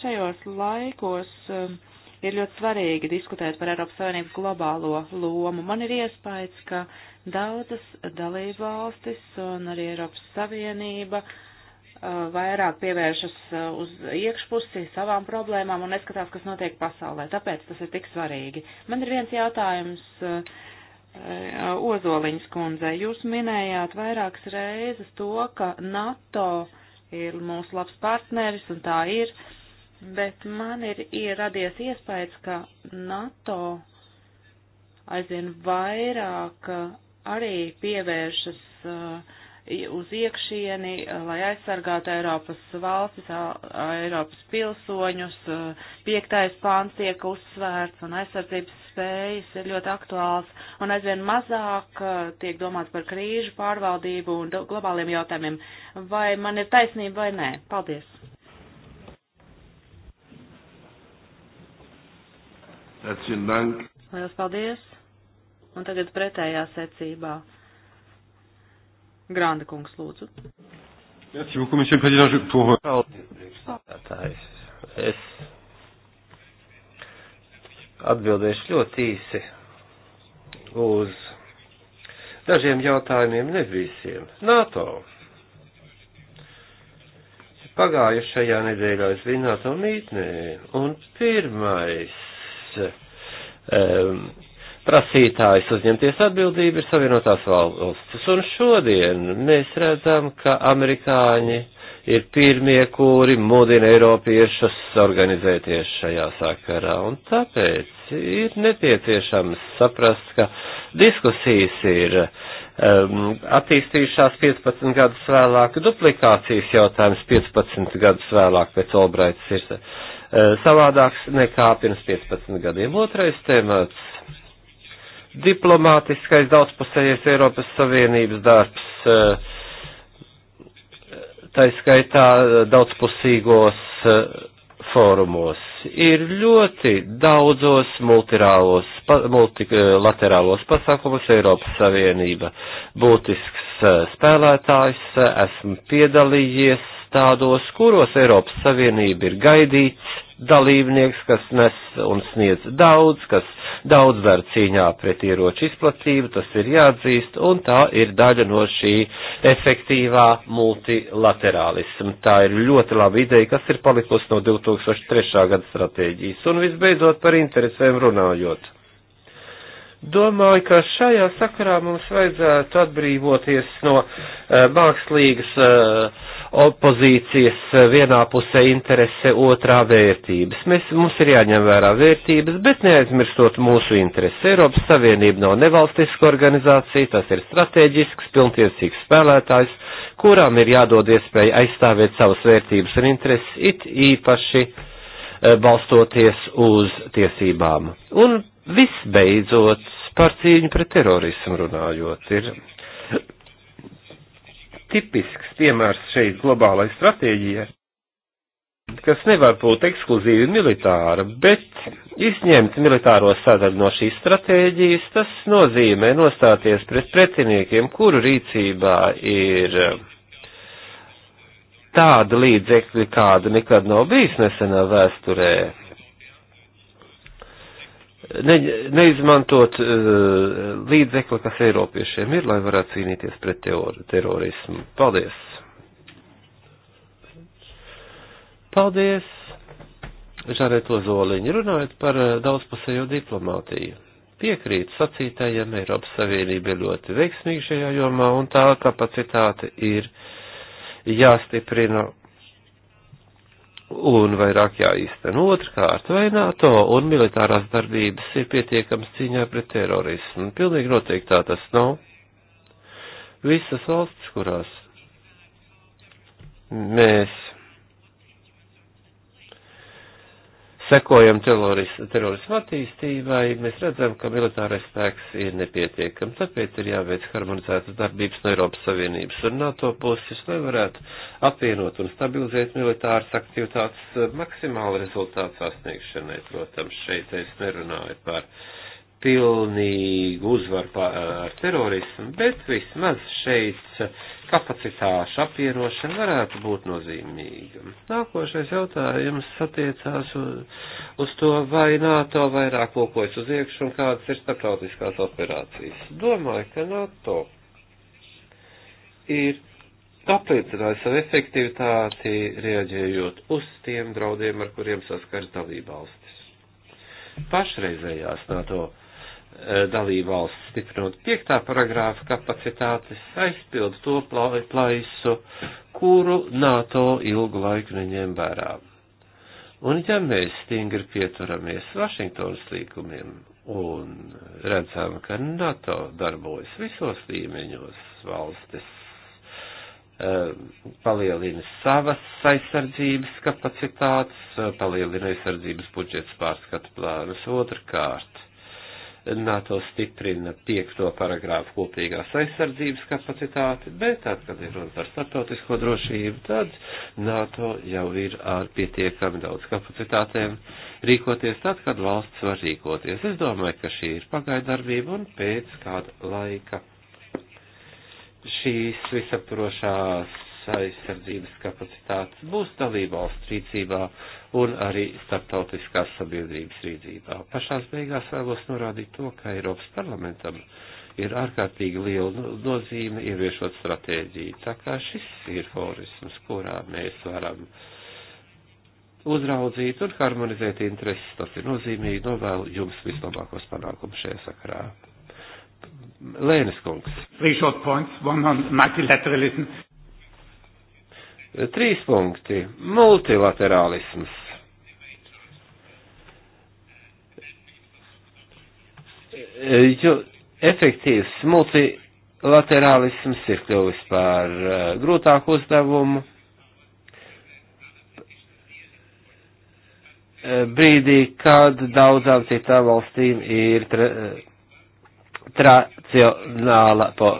Šajos laikos eh, ir ļoti svarīgi diskutēt par Eiropas Savienības globālo lomu. Man ir iespējas, ka Daudzas dalībvalstis un arī Eiropas Savienība uh, vairāk pievēršas uh, uz iekšpusi savām problēmām un neskatās, kas notiek pasaulē. Tāpēc tas ir tik svarīgi. Man ir viens jautājums uh, Ozoliņas kundzei. Jūs minējāt vairākas reizes to, ka NATO ir mūsu labs partneris un tā ir, bet man ir ieradies iespējas, ka NATO aizvien vairāk arī pievēršas uh, uz iekšieni, uh, lai aizsargātu Eiropas valstis, Eiropas pilsoņus. Uh, piektais pāns tiek uzsvērts un aizsardzības spējas ir ļoti aktuāls un aizvien mazāk tiek domāts par krīžu pārvaldību un globāliem jautājumiem. Vai man ir taisnība vai nē? Paldies! Herzlichen Dank. Lielas paldies un tagad pretējā secībā. Grānda kungs, lūdzu. Es atbildēšu ļoti īsi uz dažiem jautājumiem, ne visiem. NATO. Pagājušajā nedēļā es biju NATO mītnē, un pirmais um, prasītājs uzņemties atbildību ir savienotās valstis. Un šodien mēs redzam, ka amerikāņi ir pirmie, kuri mudina Eiropiešus organizēties šajā sakarā. Un tāpēc ir nepieciešams saprast, ka diskusijas ir um, attīstījušās 15 gadus vēlāk, duplikācijas jautājums 15 gadus vēlāk pēc Olbraits ir uh, savādāks nekā pirms 15 gadiem. Otrais temats diplomātiskais daudzpusējais Eiropas Savienības darbs, eh, tā skaitā daudzpusīgos eh, fórumos, ir ļoti daudzos multilaterālos eh, pasākumos Eiropas Savienība būtisks spēlētājs, esmu piedalījies tādos, kuros Eiropas Savienība ir gaidīts dalībnieks, kas nes un sniedz daudz, kas daudz dara cīņā pret ieroču izplatību, tas ir jāatzīst, un tā ir daļa no šī efektīvā multilaterālisma. Tā ir ļoti laba ideja, kas ir palikusi no 2003. gada stratēģijas. Un visbeidzot par interesēm runājot. Domāju, ka šajā sakarā mums vajadzētu atbrīvoties no uh, mākslīgas uh, opozīcijas eh, vienā pusē interese, otrā vērtības. Mēs, mums ir jāņem vērā vērtības, bet neaizmirstot mūsu interesi. Eiropas Savienība nav nevalstiska organizācija, tas ir strateģisks, pilntiesīgs spēlētājs, kurām ir jādod iespēja aizstāvēt savas vērtības un intereses, it īpaši eh, balstoties uz tiesībām. Un visbeidzot, par cīņu pret terorismu runājot, ir tipisks piemērs šeit globālai stratēģijai, kas nevar būt ekskluzīvi militāra, bet izņemt militāro sadaļu no šīs stratēģijas, tas nozīmē nostāties pret pretiniekiem, kuru rīcībā ir tāda līdzekļa, kāda nekad nav bijis nesenā vēsturē ne, neizmantot uh, līdzekli, kas Eiropiešiem ir, lai varētu cīnīties pret teori, terorismu. Paldies! Paldies! Žareto Zoliņu runājot par e, daudzpusējo diplomātiju. Piekrīt sacītājiem Eiropas Savienība ir ļoti veiksmīga šajā jomā un tā kapacitāte ir jāstiprina un vairāk jāīsten. Otrkārt, vai NATO un militārās darbības ir pietiekams cīņā pret terorismu? Pilnīgi noteikti tā tas nav. Visas valstis, kurās mēs sekojam terorismu attīstībai, mēs redzam, ka militārais spēks ir nepietiekams, tāpēc ir jāveic harmonizētas darbības no Eiropas Savienības un NATO puses, lai varētu apvienot un stabilizēt militāras aktivitātes maksimāli rezultātu sasniegšanai. Protams, šeit es nerunāju par pilnīgu uzvaru pār terorismu, bet vismaz šeit kapacitāšu apvierošana varētu būt nozīmīga. Nākošais jautājums attiecās uz, uz to, vai NATO vairāk lokojas uz iekšu un kādas ir starptautiskās operācijas. Domāju, ka NATO ir apliecinājusi savu efektivitāti, rieģējot uz tiem draudiem, ar kuriem saskars dalībvalstis. Pašreizējās NATO Eh, dalībvalsts stiprinot piektā paragrāfa kapacitātes aizpild to plaisu, kuru NATO ilgu laiku neņem vērā. Un ja mēs stingri pieturamies Vašingtonas līkumiem un redzam, ka NATO darbojas visos līmeņos valstis, eh, palielina savas aizsardzības kapacitātes, palielina aizsardzības budžets pārskatu plānus otrkārt NATO stiprina piekto paragrāfu kopīgās aizsardzības kapacitāti, bet tad, kad ir runa par starptautisko drošību, tad NATO jau ir ar pietiekami daudz kapacitātēm rīkoties tad, kad valsts var rīkoties. Es domāju, ka šī ir pagaidarbība un pēc kāda laika šīs visaprošās aizsardzības kapacitātes būs dalībvalsts rīcībā un arī starptautiskās sabiedrības rīcībā. Pašās beigās vēlos norādīt to, ka Eiropas parlamentam ir ārkārtīgi liela nozīme ieviešot stratēģiju. Tā kā šis ir forisms, kurā mēs varam uzraudzīt un harmonizēt intereses, tas ir nozīmīgi. Novēlu jums vislabākos panākumus šajā sakarā. Lēnes kungs. Three short points, one on multilateralism. Trīs punkti. Multilaterālisms. Jo efektīvs multilaterālisms ir kļuvis par eh, grūtāku uzdevumu. Eh, brīdī, kad daudzām citām valstīm ir tra, eh, tradicionāla po,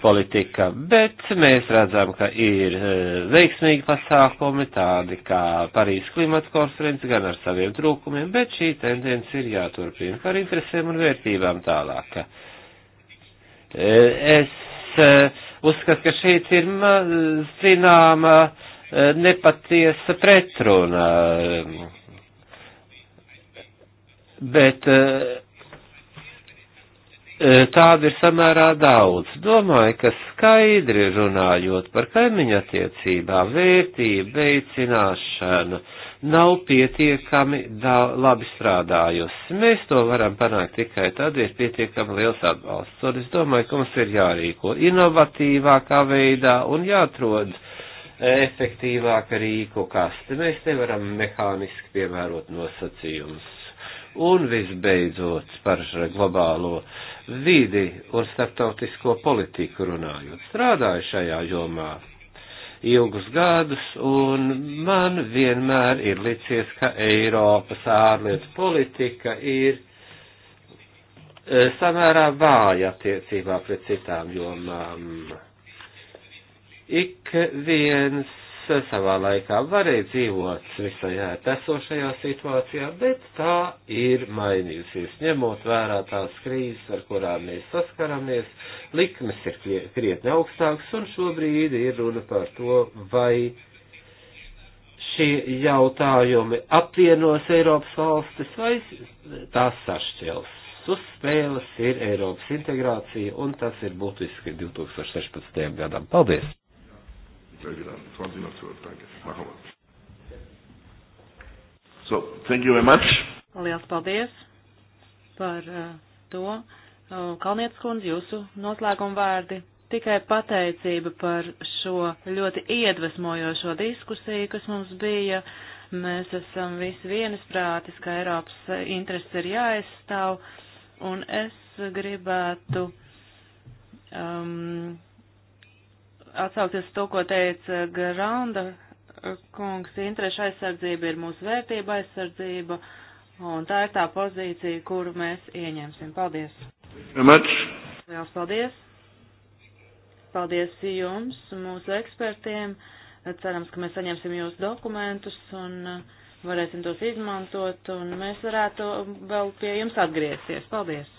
politika, bet mēs redzam, ka ir e, veiksmīgi pasākumi, tādi kā Parīzes klimata konference, gan ar saviem trūkumiem, bet šī tendence ir jāturpina par interesēm un vērtībām tālāk. E, es e, uzskatu, ka šeit ir zināma nepatiesa pretruna, bet E, tāda ir samērā daudz. Domāju, ka skaidri runājot par kaimiņu attiecībā, vērtību veicināšana nav pietiekami labi strādājusi. Mēs to varam panākt tikai tad, ja ir pietiekami liels atbalsts. Un es domāju, ka mums ir jārīko inovatīvākā veidā un jāatrod e, efektīvāka rīku kaste. Mēs nevaram mehāniski piemērot nosacījumus. Un visbeidzot par globālo uh, vidi un starptautisko politiku runājot. Strādāju šajā jomā ilgus gadus, un man vienmēr ir licies, ka Eiropas ārlietu politika ir e, samērā vāja attiecībā pret citām jomām. Ik viens savā laikā varēja dzīvot visai ērtesošajā situācijā, bet tā ir mainījusies. Ņemot vērā tās krīzes, ar kurām mēs saskaramies, likmes ir krietni augstāks, un šobrīd ir runa par to, vai šie jautājumi apvienos Eiropas valstis vai tās sašķels. Uz spēles ir Eiropas integrācija, un tas ir būtiski 2016. gadam. Paldies! Sehr genau. 20 nach 12. Danke. Machen wir. So, thank you very much. Lielas paldies par uh, to. Uh, Kalnietis kundze, jūsu noslēguma vārdi. Tikai pateicība par šo ļoti iedvesmojošo diskusiju, kas mums bija. Mēs esam visi vienisprātis, ka Eiropas intereses ir jāaizstāv, un es gribētu um, atsaukties to, ko teica Granda eh, kungs, interešu aizsardzība ir mūsu vērtība aizsardzība, un tā ir tā pozīcija, kuru mēs ieņemsim. Paldies! Liels paldies! Paldies jums, mūsu ekspertiem! Cerams, ka mēs saņemsim jūsu dokumentus un eh, varēsim tos izmantot, un mēs varētu vēl pie jums atgriezties. Paldies!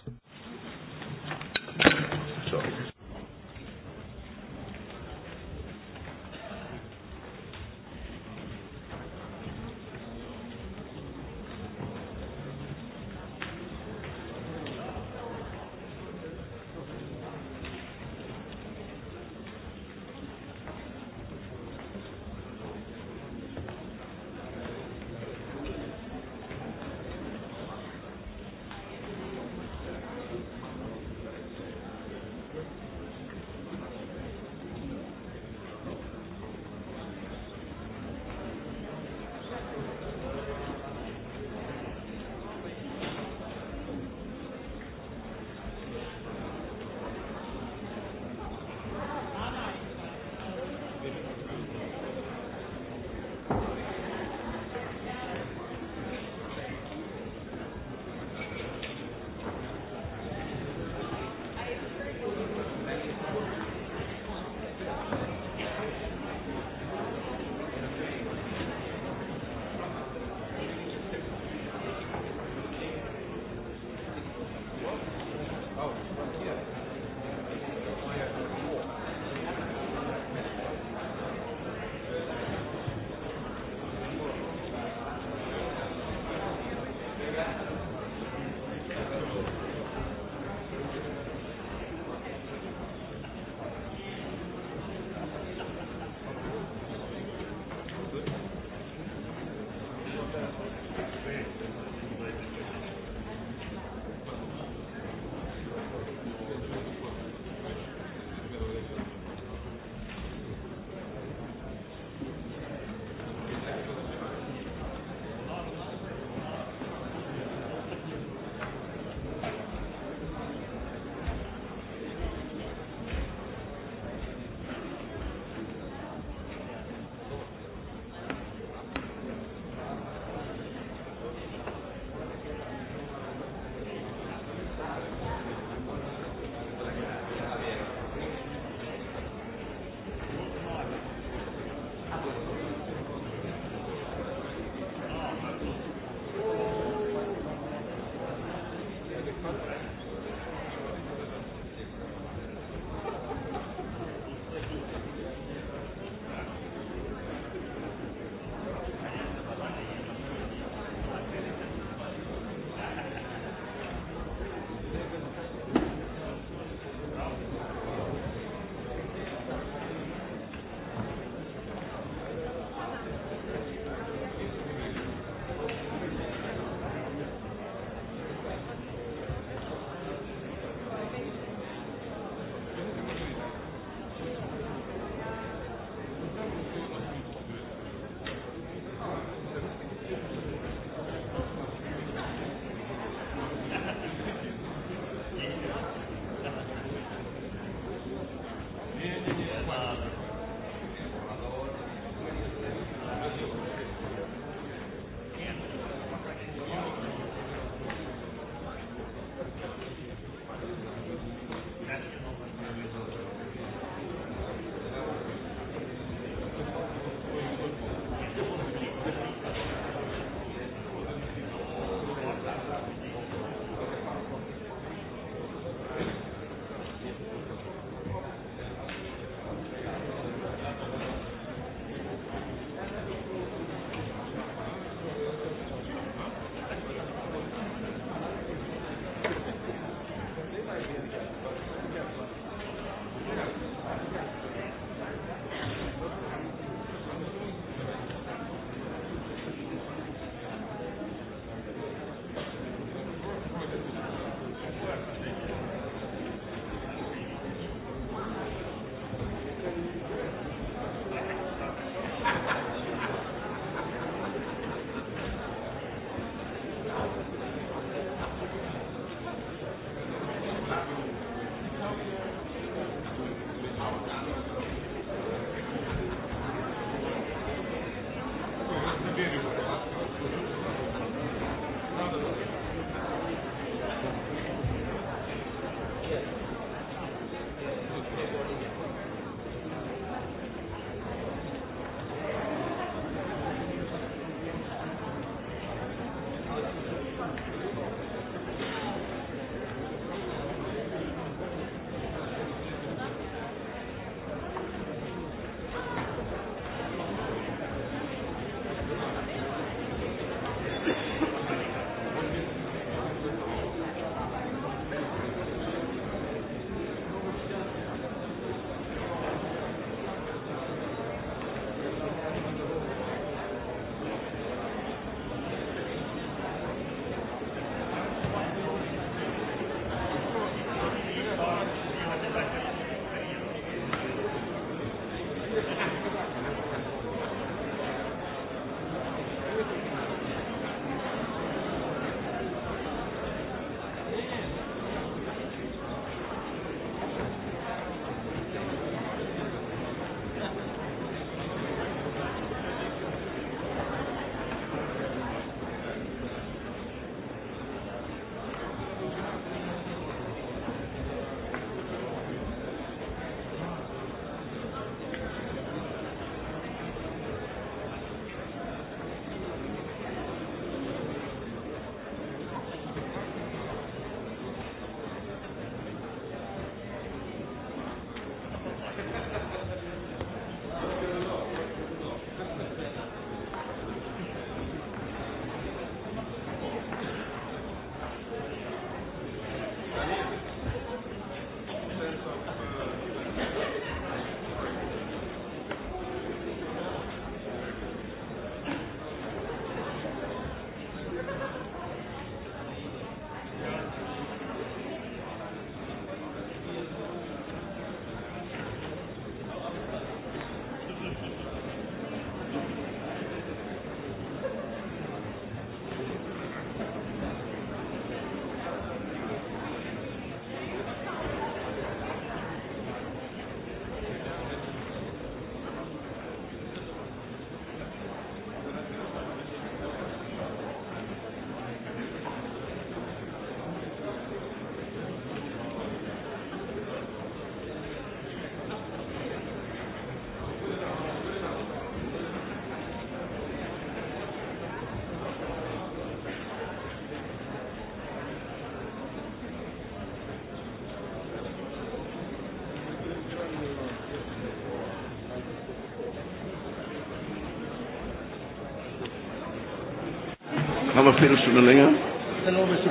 Haben wir eine Viertelstunde länger?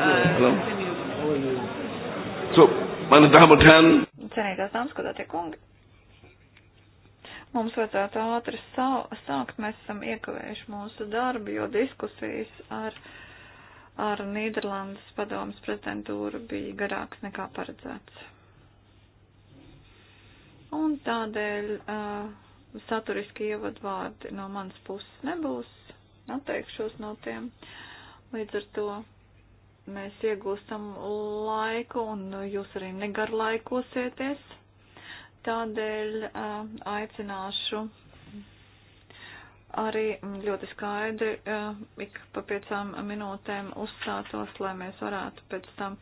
Hallo? So, meine Damen und Herren. Cienītās dāmas, godātie kungi. Mums vajadzētu ātri sākt. Mēs esam iekavējuši mūsu darbu, jo diskusijas ar, ar Nīderlandes padomas prezidentūru bija garāks nekā paredzēts. Un tādēļ uh, saturiski ievadvārdi no manas puses nebūs. Atteikšos no tiem. Uh, Līdz ar to mēs iegūstam laiku un jūs arī negarlaikosieties. Tādēļ uh, aicināšu arī ļoti skaidri uh, ik pa piecām minūtēm uzstātos, lai mēs varētu pēc tam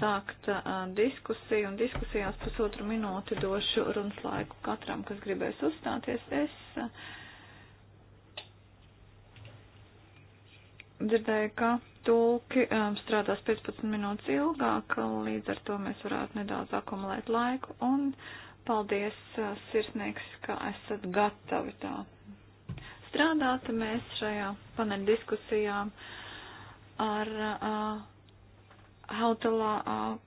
sākt uh, diskusiju. Un diskusijās pusotru minūti došu runas laiku katram, kas gribēs uzstāties. Es uh, dzirdēju, ka tulki um, strādās 15 minūtes ilgāk, līdz ar to mēs varētu nedaudz akumulēt laiku. Un paldies, uh, sirsnieks, ka esat gatavi tā strādāt. Mēs šajā paneļa diskusijā ar uh, Hautalā uh,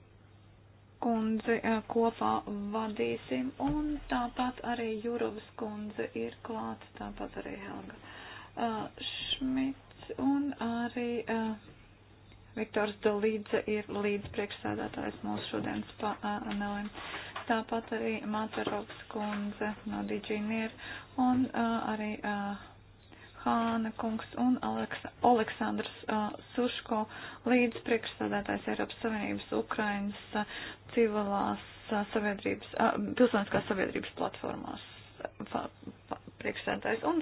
kundzi uh, kopā vadīsim. Un tāpat arī Jurovas kundze ir klāta, tāpat arī Helga. Uh, Šmit referents un arī uh, Viktors Dolīdze ir līdzpriekšsēdētājs mūsu šodienas panelim. Eh, Tāpat arī Materovs kundze no Diģinieru un uh, arī uh, Hāna kungs un Aleks Aleksandrs uh, Suško līdzpriekšsēdētājs Eiropas Savienības Ukrainas uh, civilās uh, sabiedrības, uh, pilsoniskās sabiedrības platformās. Uh, priekšsēdājs. Un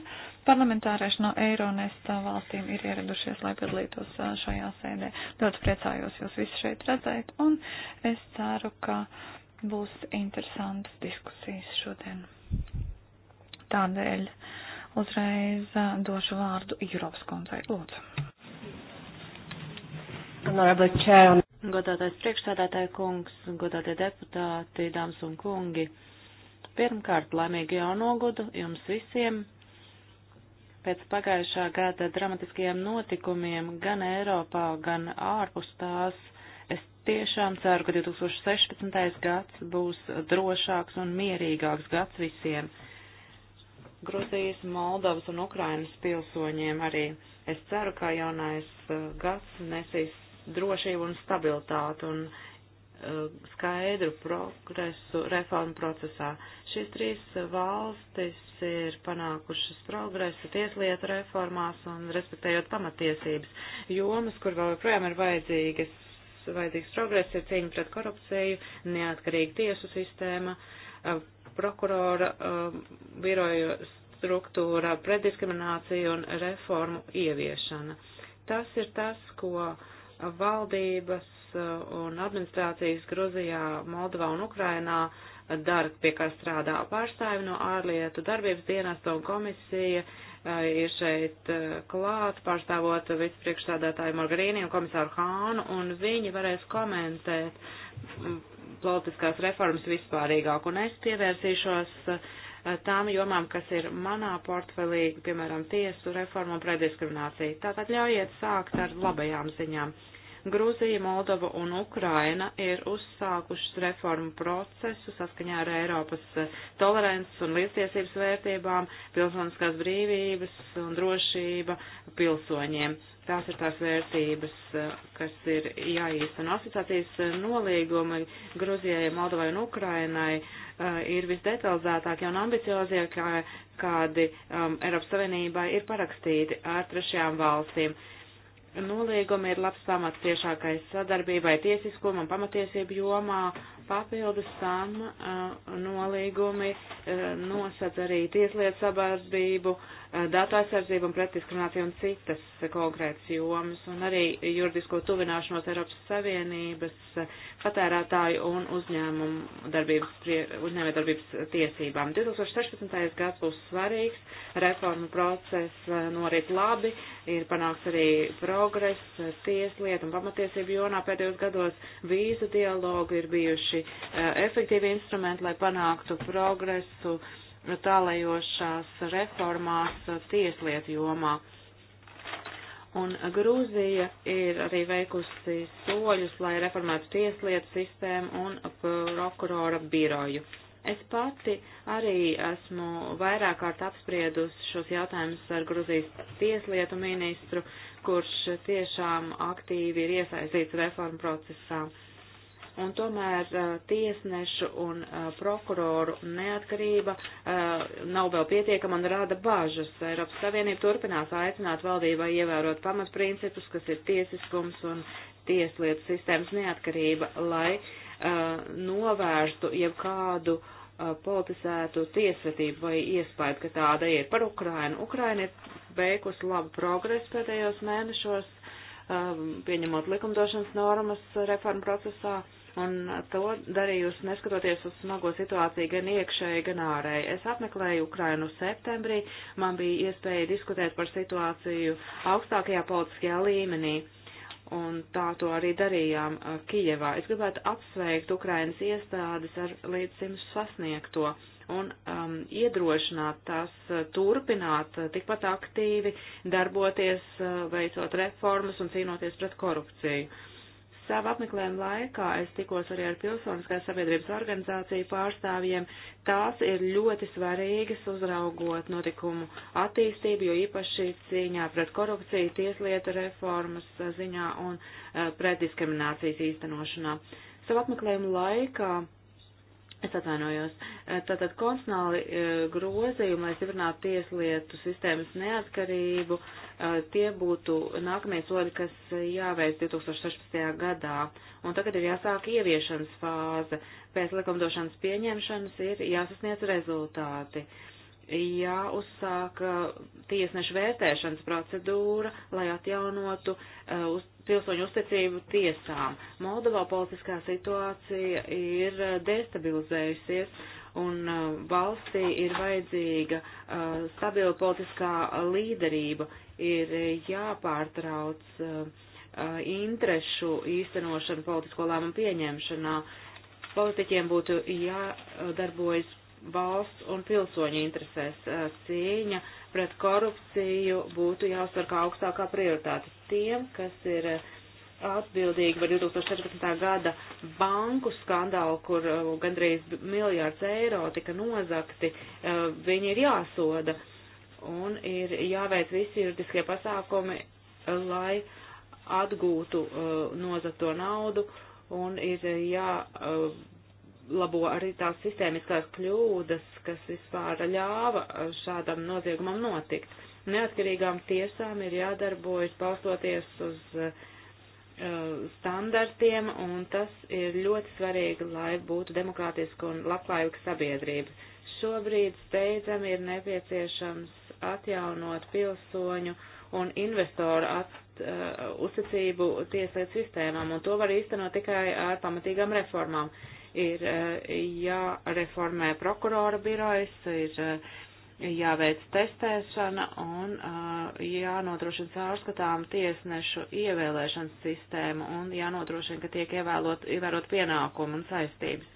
parlamentārieši no Eironesta valstīm ir ieradušies, lai piedalītos šajā sēdē. Ļoti priecājos jūs visus šeit redzēt, un es ceru, ka būs interesantas diskusijas šodien. Tādēļ uzreiz došu vārdu Eiropas kundzei. Lūdzu. Honorable Chair. Godātais priekšsādātāja kungs, godātie deputāti, dāmas un kungi. Pirmkārt, laimīgi jaunogudu jums visiem pēc pagājušā gada dramatiskajiem notikumiem gan Eiropā, gan ārpus tās. Es tiešām ceru, ka 2016. gads būs drošāks un mierīgāks gads visiem. Gruzijas, Moldovas un Ukrainas pilsoņiem arī. Es ceru, ka jaunais uh, gads nesīs drošību un stabilitātu un uh, skaidru progresu reformu procesā. Šīs trīs valstis ir panākušas progresu tieslietu reformās un respektējot pamatiesības. Jomas, kur vēl joprojām ir vajadzīgas, vajadzīgs progress, ir cīņa pret korupciju, neatkarīga tiesu sistēma, prokurora biroju struktūra, preddiskriminācija un reformu ieviešana. Tas ir tas, ko valdības un administrācijas Gruzijā, Moldovā un Ukrainā uh, darbu, pie kā strādā pārstāvi no ārlietu darbības dienas un komisija uh, ir šeit uh, klāt, pārstāvot vicepriekšstādātāju Morgarīni un komisāru Hānu, un viņi varēs komentēt mm, politiskās reformas vispārīgāk, un es pievērsīšos uh, tām jomām, kas ir manā portfelī, piemēram, tiesu reforma un prediskriminācija. Tātad ļaujiet sākt ar labajām ziņām. Uh, Grūzija, Moldova un Ukraina ir uzsākušas reformu procesu saskaņā ar Eiropas eh, tolerances un līdztiesības vērtībām, pilsoniskās brīvības un drošība pilsoņiem. Tās ir tās vērtības, eh, kas ir jāīsteno asociācijas eh, nolīgumi Gruzijai, Moldovai un Ukrainai ir visdetalizētākie un ambiciozākie, kādi um, Eiropas Savienībai ir parakstīti ar trešajām valstīm. Uh, nolīgumi ir labs pamats tiešākai sadarbībai tiesiskuma un pamatiesību jomā. Papildus tam uh, nolīgumi uh, nosac arī tieslietu sabārdzību, datu aizsardzību un pretdiskrimināciju un citas konkrētas jomas, un arī juridisko tuvināšanos Eiropas Savienības patērētāju un uzņēmumu darbības, uzņēmē darbības tiesībām. 2016. gads būs svarīgs, reformu process eh, norit labi, ir panāks arī progress eh, tieslietu un pamatiesību jonā pēdējos gados, vīzu dialogu ir bijuši eh, efektīvi instrumenti, lai panāktu progresu tālajošās reformās tieslietu jomā. Un Grūzija ir arī veikusi soļus, lai reformētu tieslietu sistēmu un prokurora biroju. Es pati arī esmu vairāk kārt apspriedusi šos jautājumus ar Gruzijas tieslietu ministru, kurš tiešām aktīvi ir iesaistīts reformu procesā. Uh, un tomēr tiesnešu un prokuroru neatkarība nav vēl pietiekama un rada bažas. Eiropas Savienība turpinās aicināt valdībai ievērot pamatprincipus, kas ir tiesiskums un tieslietu sistēmas neatkarība, lai novērstu jebkādu politizētu tiesvedību vai iespēju, ka tāda ir par Ukrainu. Ukraina ir veikusi labu progresu pēdējos mēnešos, pieņemot likumdošanas normas reformu procesā un to darījusi neskatoties uz smago situāciju gan iekšēji, gan ārēji. Es apmeklēju Ukrainu septembrī, man bija iespēja diskutēt par situāciju augstākajā politiskajā līmenī. Un tā to arī darījām uh, Kijevā. Es gribētu apsveikt Ukrainas iestādes ar līdz simt sasniegto un um, iedrošināt tās uh, turpināt uh, tikpat aktīvi darboties, veicot reformas un cīnoties pret korupciju. Uh, Savu apmeklējumu laikā es tikos arī ar pilsoniskās sabiedrības organizāciju pārstāvjiem. Tās ir ļoti svarīgas uzraugot notikumu attīstību, jo īpaši cīņā pret korupciju, tieslietu reformas ziņā un eh, pret diskriminācijas īstenošanā. Savu apmeklējumu laikā Es atvainojos. Tātad konstitucionāli grozījumi, lai stiprinātu tieslietu sistēmas neatkarību, tie būtu nākamie soļi, kas jāveic 2016. gadā. Un tagad ir jāsāk ieviešanas fāze. Pēc likumdošanas pieņemšanas ir jāsasniedz rezultāti. Uh, jāuzsāk tiesnešu vērtēšanas procedūra, lai atjaunotu uz, pilsoņu uzticību tiesām. Moldovā politiskā situācija ir destabilizējusies un valstī ir vajadzīga stabila politiskā līderība, ir jāpārtrauc interešu īstenošanu politisko lēmumu pieņemšanā. Politiķiem būtu jādarbojas valsts un pilsoņu interesēs. Eh, cīņa pret korupciju būtu jāuzsver kā augstākā prioritāte tiem, kas ir eh, atbildīgi par 2014. gada banku skandālu, kur eh, gandrīz miljārds eiro tika nozakti, viņi ir jāsoda un ir jāveic visi juridiskie pasākumi, lai atgūtu nozakto naudu un ir jā jāuzlabo arī tās sistēmiskās kļūdas, kas vispār ļāva šādam noziegumam notikt. Neatkarīgām tiesām ir jādarbojas balstoties uz uh, standartiem, un tas ir ļoti svarīgi, lai būtu demokrātiska un labklājīga sabiedrība. Šobrīd steidzami ir nepieciešams atjaunot pilsoņu un investoru at, uh, uzticību tieslietu sistēmām, un to var īstenot tikai ar pamatīgām reformām. Uh, ir eh, jāreformē prokurora birojas, ir eh, jāveic testēšana un eh, jānodrošina caurskatām tiesnešu ievēlēšanas sistēmu un jānodrošina, ka tiek ievēlot, ievērot pienākumu un saistības.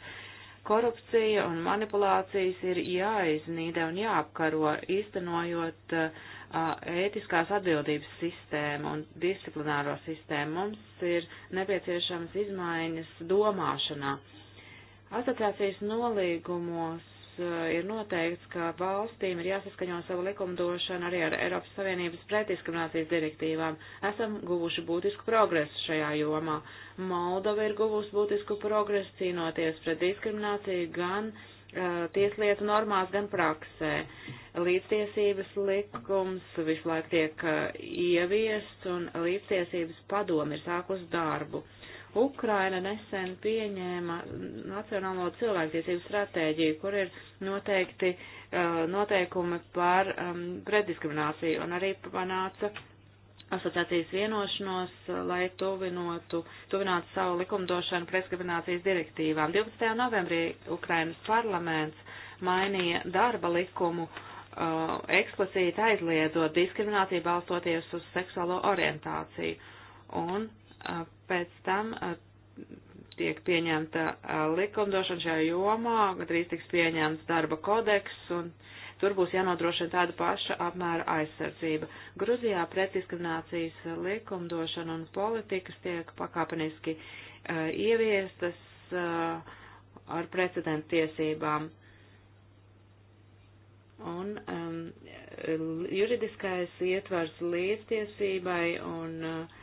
Korupcija un manipulācijas ir jāiznīda un jāapkaro, iztenojot ētiskās atbildības sistēmu un disciplināro sistēmu. Mums ir nepieciešams izmaiņas domāšanā. Uh, Asociācijas nolīgumos eh, ir noteikts, ka valstīm ir jāsaskaņo savu likumdošanu arī ar Eiropas Savienības pretdiskriminācijas direktīvām. Esam guvuši būtisku progresu šajā jomā. Moldova ir guvusi būtisku progresu cīnoties pret diskrimināciju gan uh, tieslietu normās, gan praksē. Līdztiesības likums visu laiku tiek uh, ieviests un līdztiesības padomi ir sākus darbu. Uh, Ukraina nesen pieņēma Nacionālo cilvēktiesību stratēģiju, kur ir noteikti uh, noteikumi par um, preddiskrimināciju un arī panāca asociācijas vienošanos, uh, lai tuvinotu, tuvinātu savu likumdošanu preddiskriminācijas direktīvām. 12. novembrī Ukrainas parlaments mainīja darba likumu uh, eksplicīti aizliedzot diskrimināciju balstoties uz seksuālo orientāciju. Un uh, pēc tam eh, tiek pieņemta eh, likumdošana šajā jomā, drīz tiks pieņemts darba kodeks, un tur būs jānodrošina tāda paša apmēra aizsardzība. Gruzijā pretdiskriminācijas likumdošana un politikas tiek pakāpeniski uh, ieviestas uh, ar precedentu tiesībām. Un um, juridiskais ietvars līdztiesībai un uh,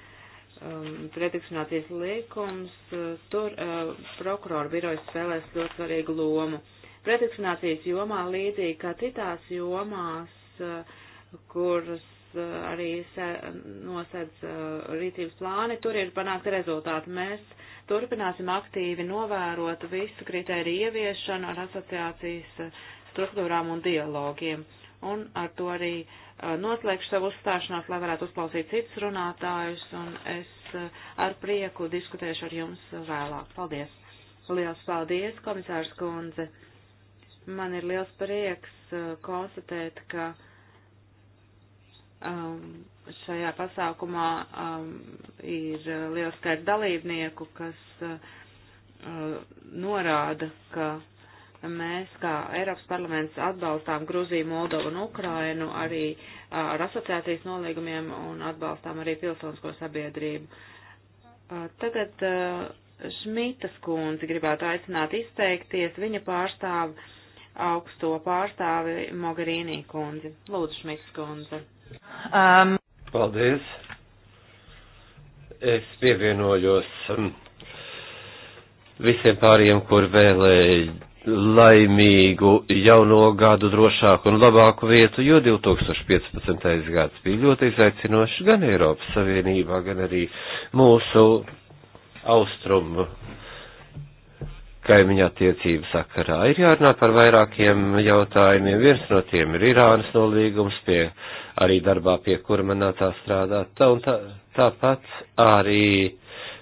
um, pretikšanāties liekums, uh, tur uh, prokuroru birojas spēlēs ļoti svarīgu lomu. Pretikšanācijas jomā līdzīgi kā citās jomās, uh, kuras uh, arī se, nosedz uh, rīcības plāni, tur ir panākti rezultāti. Mēs turpināsim aktīvi novērot visu kritēriju ieviešanu ar asociācijas uh, struktūrām un dialogiem. Uh, un ar to arī noslēgšu savu uzstāšanos, lai varētu uzklausīt citus runātājus, un es ar prieku diskutēšu ar jums vēlāk. Paldies! Liels paldies, komisārs Kundze! Man ir liels prieks konstatēt, ka um, šajā pasākumā um, ir liels skaits dalībnieku, kas uh, norāda, ka mēs, kā Eiropas parlaments, atbalstām Gruziju, Moldovu un Ukrainu arī ar asociācijas nolīgumiem un atbalstām arī pilsonisko sabiedrību. Tagad Šmitas kundze gribētu aicināt izteikties. Viņa pārstāv augsto pārstāvi Mogherīnī kundzi. Lūdzu, Šmitas kundze. Um. Paldies. Es pievienojos um, visiem pāriem, kur vēlēja laimīgu jauno gadu, drošāku un labāku vietu, jo 2015. gads bija ļoti izaicinošs gan Eiropas Savienībā, gan arī mūsu austrumu kaimiņa attiecību sakarā. Ir jārunā par vairākiem jautājumiem. Viens no tiem ir Irānas nolīgums, pie, arī darbā, pie kura manātā strādāt. Tā un tā, tāpat arī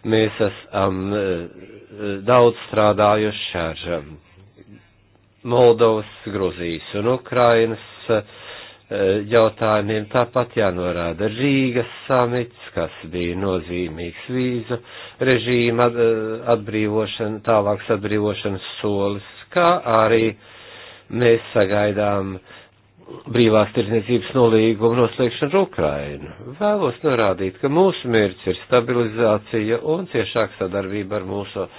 mēs esam eh, daudz strādājuši ar um, Moldovas, Gruzijas un Ukrainas eh, jautājumiem. Tāpat jānorāda Rīgas samits, kas bija nozīmīgs vīzu režīma eh, atbrīvošana, tālāks atbrīvošanas solis, kā arī mēs sagaidām brīvās tirdzniecības nolīgumu noslēgšanu ar Ukrainu. Vēlos norādīt, ka mūsu mērķis ir stabilizācija un ciešāka sadarbība ar mūsu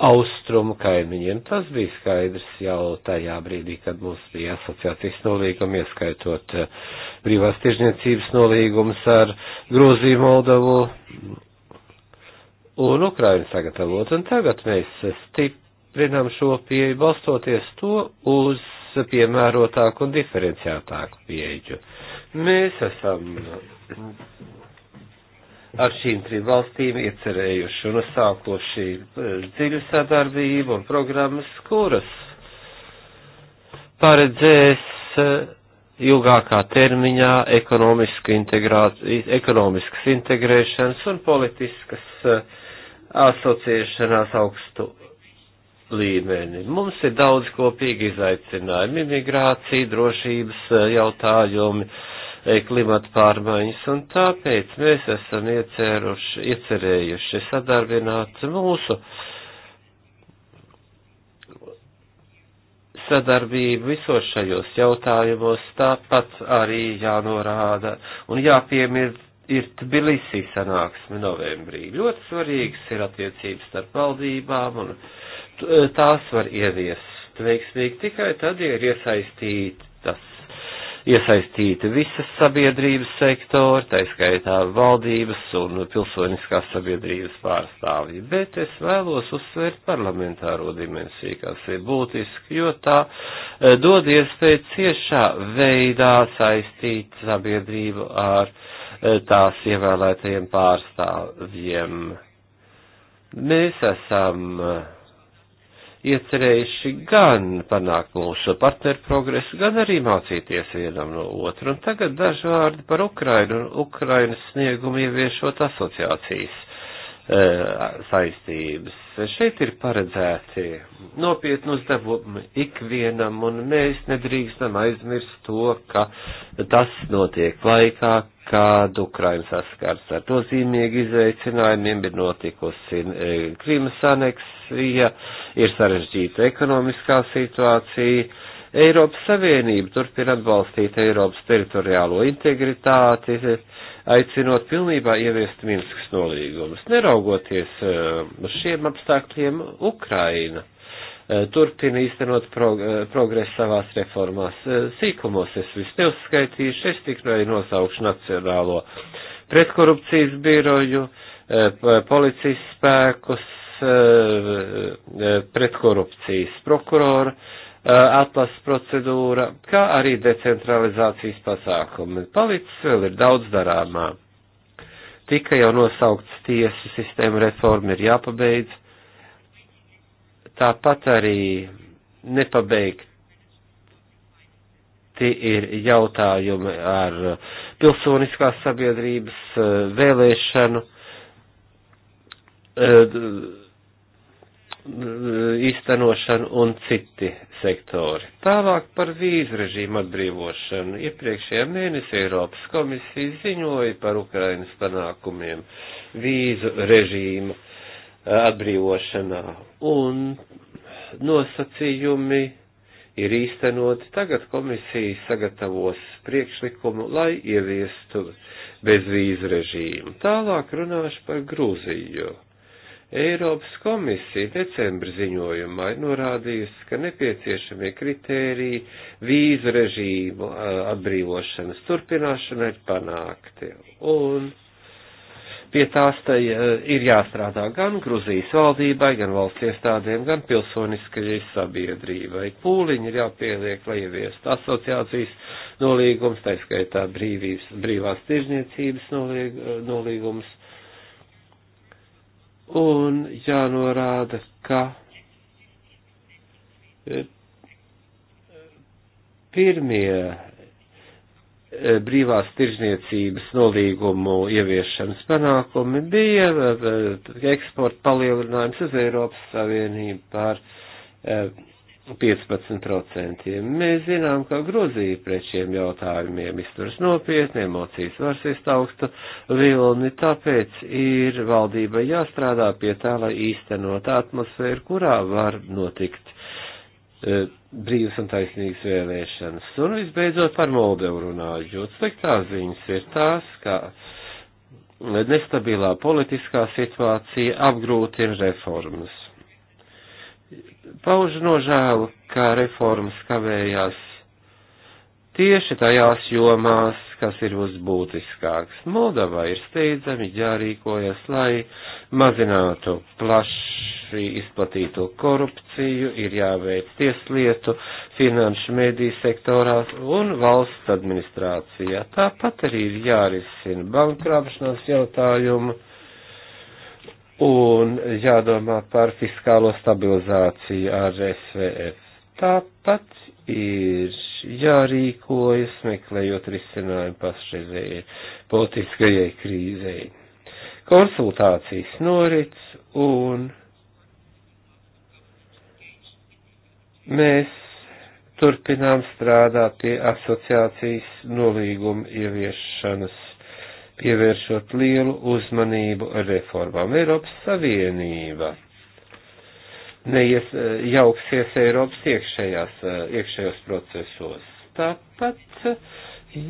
austrumu kaimiņiem. Tas bija skaidrs jau tajā brīdī, kad mums bija asociācijas nolīgumi, ieskaitot eh, brīvās tirzniecības nolīgumus ar Grūziju, Moldavu un Ukrainu sagatavot. Un tagad mēs stiprinām šo pieeju, balstoties to uz piemērotāku un diferenciētāku pieeju. Mēs esam ar šīm trim valstīm iecerējuši un sākot šī e, dziļu sadarbību un programmas, kuras paredzēs e, ilgākā termiņā ekonomiskas integrēšanas un politiskas e, asociēšanās augstu līmeni. Mums ir daudz kopīgi izaicinājumi - imigrācija, drošības jautājumi, uh, E, klimata pārmaiņas, un tāpēc mēs esam ieceruši, iecerējuši sadarbināt mūsu sadarbību visos šajos jautājumos, tāpat arī jānorāda un jāpiemir ir Tbilisī sanāksme novembrī. Ļoti svarīgs ir attiecības starp valdībām, un e, tās var ieviest veiksmīgi tikai tad, ja ir iesaistītas iesaistīti visas sabiedrības sektori, taiskaitā valdības un pilsoniskās sabiedrības pārstāvji, bet es vēlos uzsvērt parlamentāro dimensiju, kas ir būtiski, jo tā eh, dod iespēju ciešā veidā saistīt sabiedrību ar eh, tās ievēlētajiem pārstāvjiem. Mēs esam uh, iecerējuši gan panākt mūsu partneru progresu, gan arī mācīties vienam no otru. Un tagad daži vārdi par Ukrainu un Ukrainas sniegumu ieviešot asociācijas e, saistības. Šeit ir paredzēti nopietni uzdevumi ikvienam, un mēs nedrīkstam aizmirst to, ka tas notiek laikā, kad Ukraina saskars ar nozīmīgi izveicinājumiem, ir notikusi e, Krimas aneksija, ir sarežģīta ekonomiskā situācija. Eiropas Savienība turpina atbalstīt Eiropas teritoriālo integritāti, aicinot pilnībā ieviest Minskas nolīgumus. Neraugoties e, uz šiem apstākļiem, Ukraina Eh, turpina īstenot prog eh, progresu savās reformās. Eh, sīkumos es visu neuzskaitīšu, es tikai nosaukšu Nacionālo pretkorupcijas biroju, policijas spēkus, pretkorupcijas prokuroru, atlases procedūra, kā arī decentralizācijas pasākumi. Palicis vēl ir daudz darāmā. Tika jau nosaukts tiesu sistēma reforma ir jāpabeidz Tāpat arī nepabeigti ir jautājumi ar pilsoniskās sabiedrības eh, vēlēšanu eh, eh, īstenošanu un citi sektori. Tālāk par vīzu režīmu atbrīvošanu. Iepriekšējā mēnesī Eiropas komisija ziņoja par Ukrainas panākumiem vīzu režīmu atbrīvošanā. Un nosacījumi ir īstenoti. Tagad komisija sagatavos priekšlikumu, lai ieviestu bezvīzu režīmu. Tālāk runāšu par Grūziju. Eiropas komisija decembra ziņojumā ir norādījusi, ka nepieciešamie kritēriji vīzu režīmu atbrīvošanas turpināšana ir panākti. Un Pie tās tai e, ir jāstrādā gan Gruzijas valdībai, gan valsts iestādēm, gan pilsoniskajai sabiedrībai. Pūliņi ir jāpieliek, lai ieviestu asociācijas nolīgums, tā skaitā brīvības, brīvās tirzniecības nolīg, e, nolīgums. Un jānorāda, ka e, pirmie Eh, brīvās tirzniecības nolīgumu ieviešanas panākumi bija eh, eksporta palielinājums uz Eiropas Savienību par 15%. Eh, Mēs zinām, ka Gruzija pret šiem jautājumiem izturas nopietni, emocijas var sist augstu vilni, tāpēc ir valdībai jāstrādā pie tā, lai īstenot atmosfēru, kurā var notikt brīvas un taisnīgas vēlēšanas. Un visbeidzot par Moldevu runājot, sliktās ziņas ir tās, ka nestabilā politiskā situācija apgrūtina reformas. Pauž nožēlu, ka reformas kavējās tieši tajās jomās, kas ir uzbūtiskāks. Moldavā ir steidzami jārīkojas, lai mazinātu plaši izplatīto korupciju, ir jāveic tieslietu, finanšu mediju sektorās un valsts administrācijā. Tāpat arī ir jārisina bankrāpšanās jautājumu un jādomā par fiskālo stabilizāciju ar SVF. Tāpat ir jārīkojas, meklējot risinājumu pašreizējai politiskajai krīzei. Konsultācijas norit un mēs turpinām strādāt pie asociācijas nolīguma ieviešanas, pievēršot lielu uzmanību reformām. Eiropas Savienība neiejauksies eh, Eiropas iekšējās, eh, iekšējos procesos. Tāpat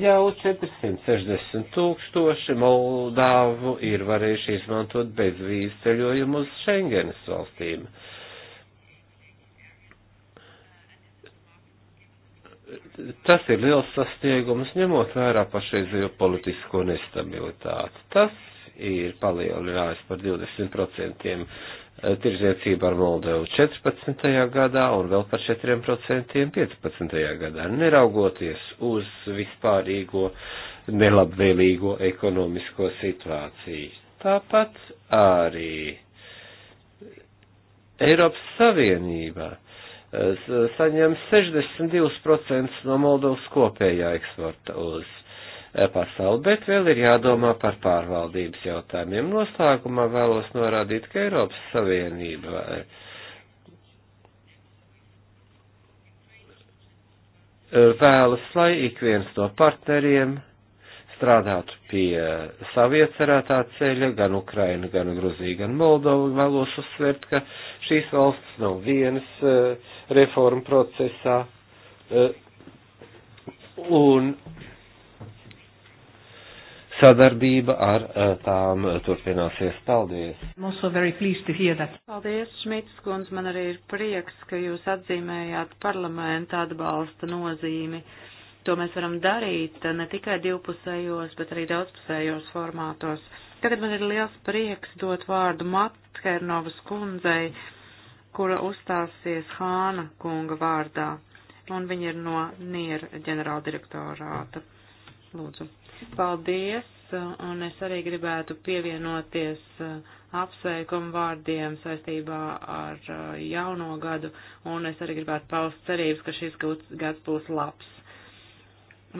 jau 460 tūkstoši Moldāvu ir varējuši izmantot bezvīzu ceļojumu uz Schengenes valstīm. Tas ir liels sasniegums, ņemot vērā pašreizējo politisko nestabilitāti. Tas ir palielinājis par 20% Eh, tirzniecību ar Moldovu 14. gadā un vēl par 4% 15. gadā, neraugoties uz vispārīgo nelabvēlīgo ekonomisko situāciju. Tāpat arī Eiropas Savienībā eh, saņem 62% no Moldovas kopējā eksporta uz Eh, pasauli, bet vēl ir jādomā par pārvaldības jautājumiem. Noslēgumā vēlos norādīt, ka Eiropas Savienība eh, vēlas, lai ik viens no partneriem strādātu pie saviecerētā ceļa, gan Ukraina, gan Gruzija, gan Moldova, vēlos uzsvert, ka šīs valsts nav vienas eh, reformu procesā. Un sadarbība ar eh, tām eh, turpināsies. Paldies! Paldies, Šmits kundz, man arī ir prieks, ka jūs atzīmējāt parlamenta atbalsta nozīmi. To mēs varam darīt eh, ne tikai divpusējos, bet arī daudzpusējos formātos. Tagad man ir liels prieks dot vārdu Matkernovas kundzei, kura uzstāsies Hāna kunga vārdā, un viņa ir no Niera ģenerāldirektorāta. Lūdzu. Paldies, un es arī gribētu pievienoties uh, apsveikumu vārdiem saistībā ar uh, jauno gadu, un es arī gribētu paust cerības, ka šis gads būs labs.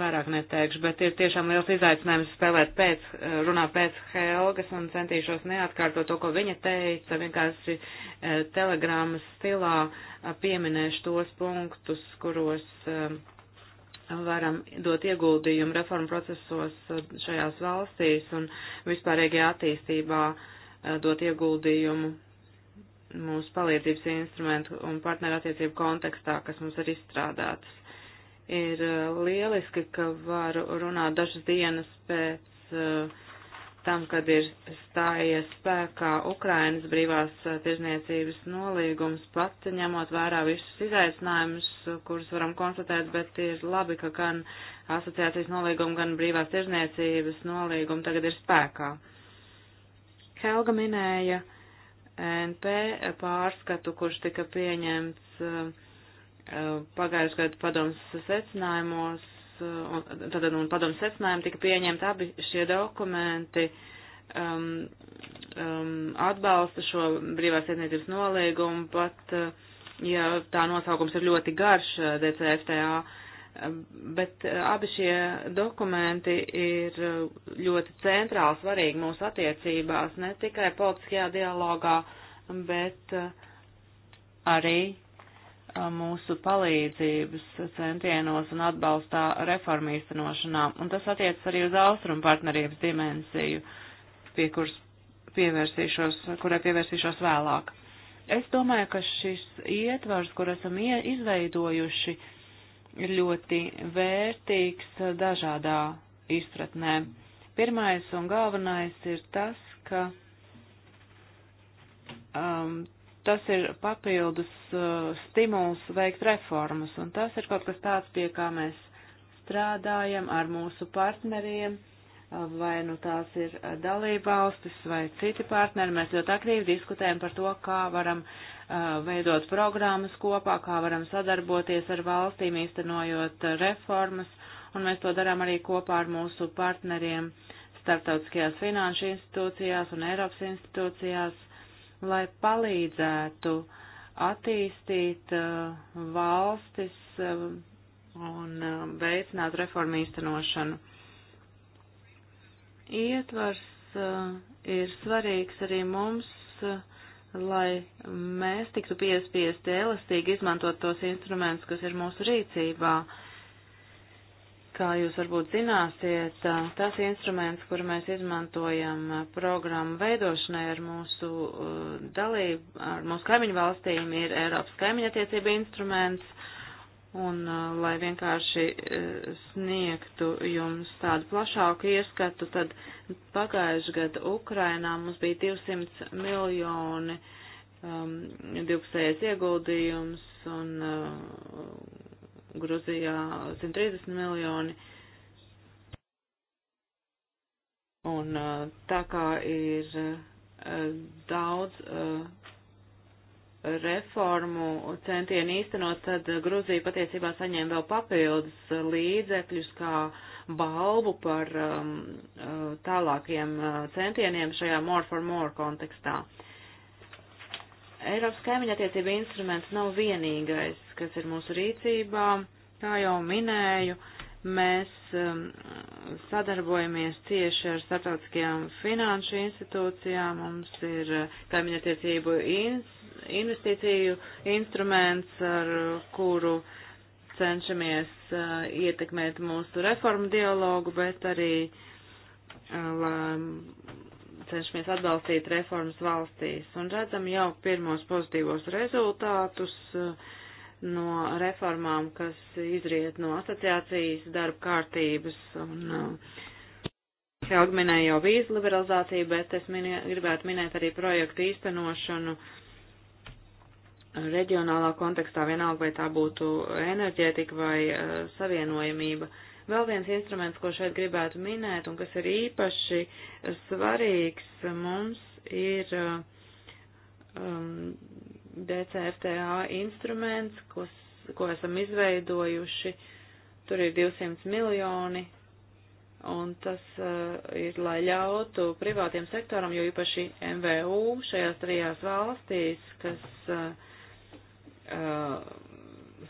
Vairāk neteikšu, bet ir tiešām liels izaicinājums spēlēt pēc, uh, runā pēc Helgas un centīšos neatkārtot to, ko viņa teica, vienkārši telegrammas stilā pieminēšu tos punktus, kuros um, varam dot ieguldījumu reformu procesos eh, šajās valstīs un vispārīgajā attīstībā eh, dot ieguldījumu mūsu palīdzības instrumentu un partnerattiecību kontekstā, kas mums ir izstrādātas. Ir eh, lieliski, ka varu runāt dažas dienas pēc uh, tam, kad ir stājies spēkā Ukrainas brīvās eh, tirzniecības nolīgums, pat ņemot vērā visus izaicinājumus, kurus varam konstatēt, bet ir labi, ka gan asociācijas nolīguma, gan brīvās tirzniecības nolīguma tagad ir spēkā. Helga minēja NP pārskatu, kurš tika pieņemts eh, pagājušajā gadu padomus secinājumos tad un padomu secinājumu tika pieņemti abi šie dokumenti um, um, atbalsta šo brīvās ietniecības nolīgumu, pat, uh, ja tā nosaukums ir ļoti garš uh, DCFTA, uh, bet abi šie dokumenti ir ļoti centrāli svarīgi mūsu attiecībās, ne tikai politiskajā dialogā, bet arī mūsu palīdzības centienos un atbalstā reformu īstenošanā, un tas attiecas arī uz austrumu partnerības dimensiju, pie kuras pievērsīšos, kurai pievērsīšos vēlāk. Es domāju, ka šis ietvars, kur esam izveidojuši, ir ļoti vērtīgs dažādā izpratnē. Pirmais un galvenais ir tas, ka um, tas ir papildus uh, stimuls veikt reformas, un tas ir kaut kas tāds, pie kā mēs strādājam ar mūsu partneriem, uh, vai nu tās ir uh, dalībvalstis vai citi partneri. Mēs ļoti aktīvi diskutējam par to, kā varam uh, veidot programmas kopā, kā varam sadarboties ar valstīm, īstenojot uh, reformas, un mēs to darām arī kopā ar mūsu partneriem starptautiskajās finanšu institūcijās un Eiropas institūcijās lai palīdzētu attīstīt uh, valstis uh, un uh, veicināt reformu īstenošanu. Ietvars ir svarīgs arī mums, lai mēs tiktu piespiesti elastīgi izmantot tos instrumentus, kas ir mūsu rīcībā. Uh, Kā jūs varbūt zināsiet, tas instruments, kuru mēs izmantojam programmu veidošanai ar mūsu uh, dalību, ar mūsu kaimiņu valstīm, ir Eiropas kaimiņu attiecība instruments. Un, uh, lai vienkārši uh, sniegtu jums tādu plašāku ieskatu, tad pagājuši gadu Ukrainā mums bija 200 miljoni um, divpusējais ieguldījums un uh, Gruzijā 130 miljoni. Un uh, tā kā ir uh, daudz uh, reformu centienu īstenot, tad Gruzija patiesībā saņēma vēl papildus līdzekļus kā balvu par um, tālākiem centieniem šajā more for more kontekstā. Uh, Eiropas kaimiņattiecība instruments nav vienīgais, kas ir mūsu rīcībā. Kā jau minēju, mēs um, sadarbojamies cieši ar starptautiskajām finanšu institūcijām. Mums ir uh, kaimiņattiecību in, investīciju instruments, ar kuru cenšamies uh, ietekmēt mūsu reformu dialogu, bet arī um, cenšamies atbalstīt reformas valstīs un redzam jau pirmos pozitīvos rezultātus uh, no reformām, kas izriet no asociācijas darba kārtības un Helga uh, minēja jau vīzu liberalizāciju, bet es minē, gribētu minēt arī projektu īstenošanu reģionālā kontekstā, vienalga vai tā būtu enerģētika vai uh, savienojamība. Uh, Vēl viens instruments, ko šeit gribētu minēt un kas ir īpaši svarīgs mums, ir um, DCFTA instruments, kos, ko esam izveidojuši. Tur ir 200 miljoni, un tas uh, ir, lai ļautu privātiem sektoram, jo īpaši MVU šajās trijās valstīs, kas uh, uh,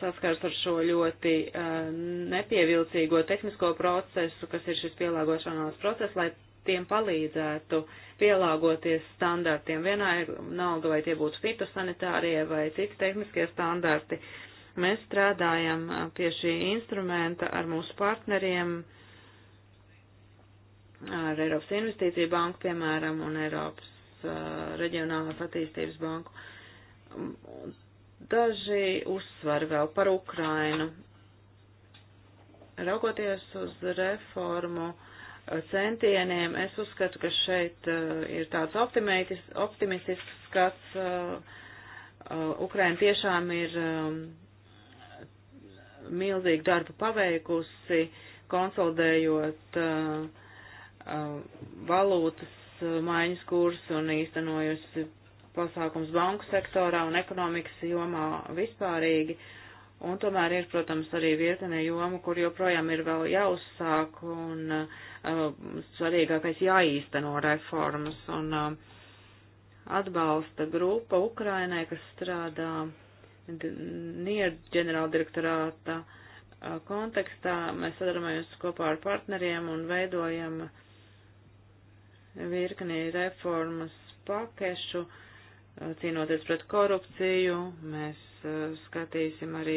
saskars ar šo ļoti uh, nepievilcīgo tehnisko procesu, kas ir šis pielāgošanās process, lai tiem palīdzētu pielāgoties standartiem. Vienalga, vai tie būtu fitosanitārie vai citi tehniskie standarti. Mēs strādājam eh, pie šī instrumenta ar mūsu partneriem, ar Eiropas Investīciju banku, piemēram, un Eiropas uh, Reģionālās attīstības banku Daži uzsver vēl par Ukrainu. Raugoties uz reformu eh, centieniem, es uzskatu, ka šeit eh, ir tāds optimistisks skats. Eh, Ukraina tiešām ir milzīgu darbu paveikusi, konsolidējot valūtas maiņas kursu un īstenojusi pasākums banku sektorā un ekonomikas jomā vispārīgi. Un tomēr ir, protams, arī virkne joma, kur joprojām ir vēl jāuzsāk un uh, svarīgākais jāīsteno reformas. Un uh, atbalsta grupa Ukrainai, kas strādā NIR ģenerāldirektorāta uh, kontekstā. Mēs sadarbojamies kopā ar partneriem un veidojam virkni reformas pakešu. Uh, cīnoties pret korupciju, mēs eh, skatīsim arī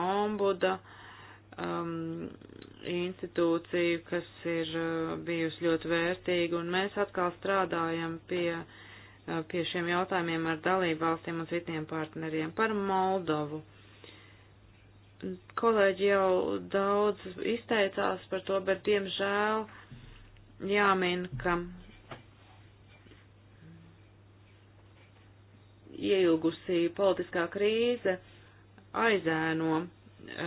ombuda um, institūciju, kas ir eh, bijusi ļoti vērtīga, un mēs atkal strādājam pie, eh, pie šiem jautājumiem ar dalību valstīm un citiem partneriem par Moldovu. Kolēģi jau daudz izteicās par to, bet diemžēl jāmin, ka ieilgusī politiskā krīze aizēno e,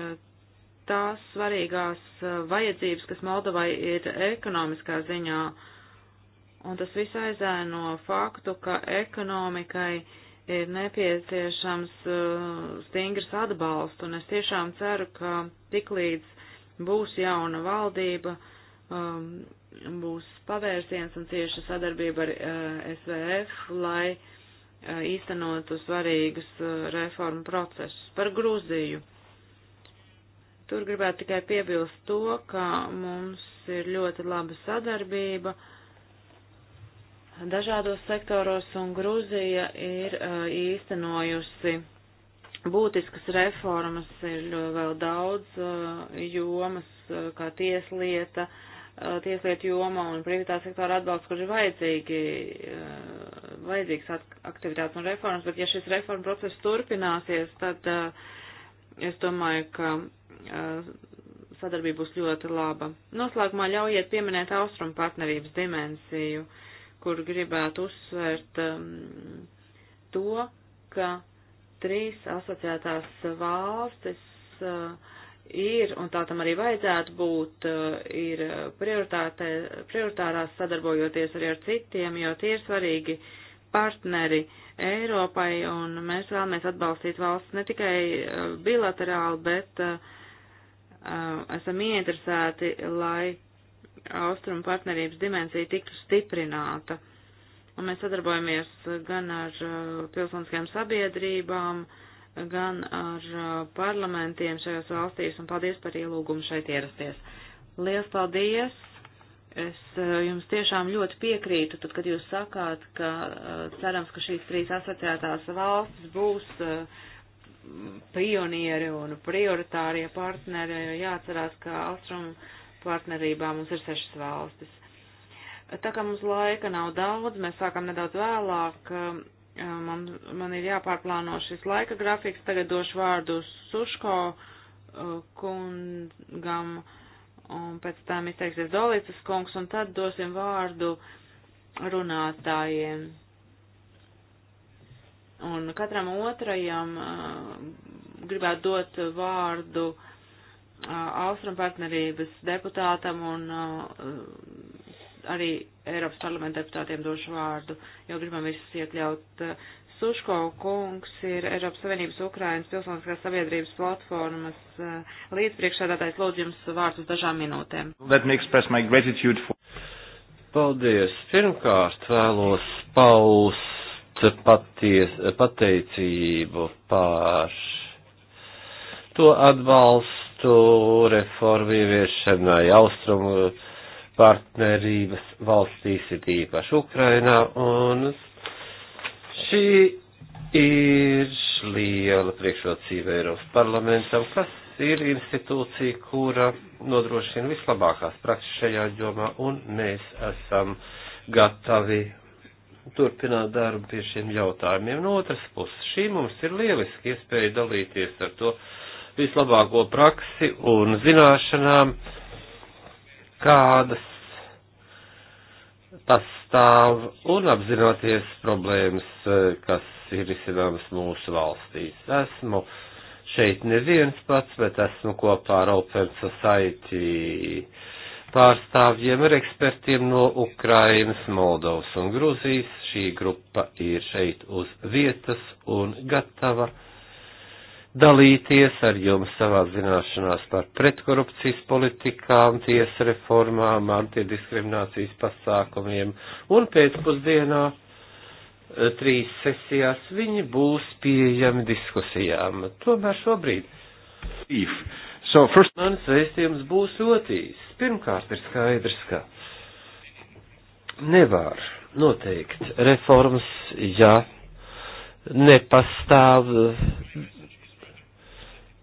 tās svarīgās e, vajadzības, kas Moldovai ir ekonomiskā ziņā, un tas viss aizēno faktu, ka ekonomikai ir nepieciešams e, stingrs atbalsts, un es tiešām ceru, ka tiklīdz būs jauna valdība, būs pavērsiens un cieša sadarbība ar SVF, lai Eh, īstenotu svarīgus eh, reformu procesus. Par Grūziju. Tur gribētu tikai piebilst to, ka mums ir ļoti laba sadarbība dažādos sektoros, un Grūzija ir eh, īstenojusi būtiskas reformas, ir vēl daudz jomas, kā tieslieta, uh, Uh, tieslietu joma un privātā sektora atbalsts, kurš ir vajadzīgi, uh, vajadzīgs aktivitātes un reformas, bet ja šis reforma process turpināsies, tad uh, es domāju, ka sadarbība būs ļoti laba. Noslēgumā ļaujiet pieminēt austrumu partnerības dimensiju, kur gribētu uzsvērt um, to, ka trīs asociētās valstis uh, ir, un tā tam arī vajadzētu būt, eh, ir prioritārās sadarbojoties arī ar citiem, jo tie ir svarīgi partneri Eiropai, un mēs vēlamies atbalstīt valsts ne tikai eh, bilaterāli, bet uh, esam ieinteresēti, lai austrumu partnerības dimensija tiktu stiprināta. Un mēs sadarbojamies gan ar uh, pilsoniskajām sabiedrībām, uh, gan ar uh, parlamentiem šajās valstīs, un paldies par ielūgumu šeit ierasties. Lielas paldies! Es uh, jums tiešām ļoti piekrītu, tad, kad jūs sakāt, ka uh, cerams, ka šīs trīs asociētās valstis būs pionieri un prioritārie partneri, jo jāatcerās, ka Austrum partnerībā mums ir sešas valstis. Tā kā mums laika nav daudz, mēs sākam nedaudz vēlāk, um, man, man ir jāpārplāno šis laika grafiks. Tagad došu vārdu Suško uh, kungam, un pēc tam izteiksies Dolītas kungs, un tad dosim vārdu runātājiem. Un katram otrajam uh, gribētu dot vārdu uh, Austrum partnerības deputātam un arī Eiropas parlamenta deputātiem došu vārdu, jo gribam visus iekļaut. Suško kungs ir Eiropas Savienības Ukrainas pilsoniskās sabiedrības platformas eh, līdzpriekšādātais lūdzu jums vārds uz dažām minūtēm. For... Paldies. Pirmkārt vēlos paust paties, pateicību par to atbalstu reformu ieviešanai austrumu partnerības valstīs, ir īpaši Ukrainā, un šī ir liela priekšrocība Eiropas parlamentam, kas ir institūcija, kura nodrošina vislabākās prakses šajā jomā, un mēs esam gatavi turpināt darbu pie šiem jautājumiem. No otras puses, šī mums ir lieliski iespēja dalīties ar to vislabāko praksi un zināšanām, uh, kādas pastāv un apzinoties problēmas, eh, kas ir izcināmas mūsu valstīs. Esmu šeit neviens pats, bet esmu kopā ar Open Society pārstāvjiem ar ekspertiem no Ukrainas, Moldovas un Gruzijas. Šī grupa ir šeit uz vietas un gatava dalīties ar jums savā zināšanās par pretkorupcijas politikām, tiesa reformām, antidiskriminācijas pasākumiem, un pēcpusdienā eh, trīs sesijās viņi būs pieejami diskusijām. Tomēr šobrīd. So first... Mans veistījums būs otīs. Pirmkārt ir skaidrs, ka nevar noteikt reformas, ja nepastāv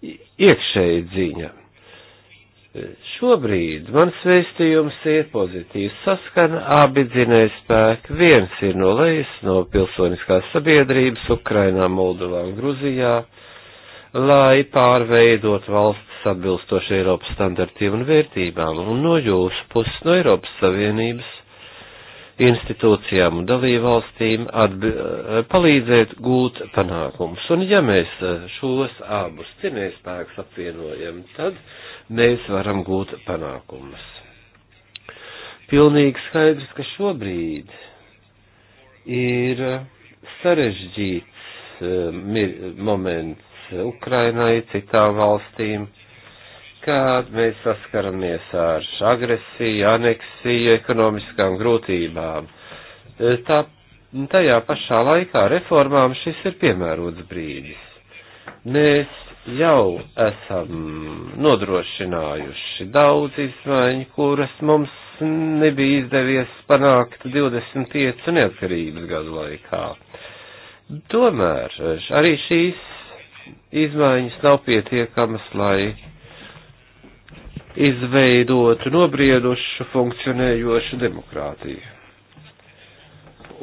iekšēji dziņa. Šobrīd mans vēstījums ir pozitīvs. Saskana abi dzinēja spēki. Viens ir no lejas, no pilsoniskās sabiedrības Ukrainā, Moldovā un Gruzijā, lai pārveidot valsts atbilstoši Eiropas standartiem un vērtībām, un no jūsu puses, no Eiropas Savienības institūcijām un dalībvalstīm eh, palīdzēt gūt panākumus. Un ja mēs eh, šos abus cienējspēkus apvienojam, tad mēs varam gūt panākumus. Pilnīgi skaidrs, ka šobrīd ir sarežģīts eh, moments Ukrainai, citām valstīm kad mēs saskaramies ar agresiju, aneksiju, ekonomiskām grūtībām. Tā, tajā pašā laikā reformām šis ir piemērots brīdis. Mēs jau esam nodrošinājuši daudz izmaiņu, kuras mums nebija izdevies panākt 25 neatkarības gadu laikā. Tomēr arī šīs izmaiņas nav pietiekamas, lai izveidotu nobriedušu funkcionējošu demokrātiju.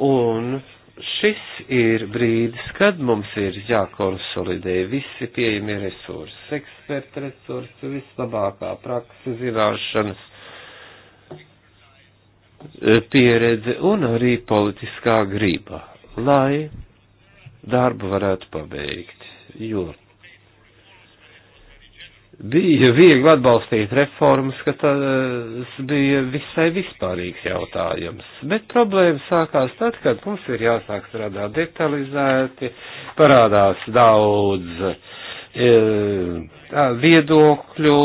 Un šis ir brīdis, kad mums ir jākonsolidē visi pieejamie resursi, eksperta resursi, vislabākā praksa, zināšanas, e, pieredze un arī politiskā grība, lai darbu varētu pabeigt. Jo bija viegli atbalstīt reformas, ka tas bija visai vispārīgs jautājums. Bet problēma sākās tad, kad mums ir jāsāk strādāt detalizēti, parādās daudz e, viedokļu,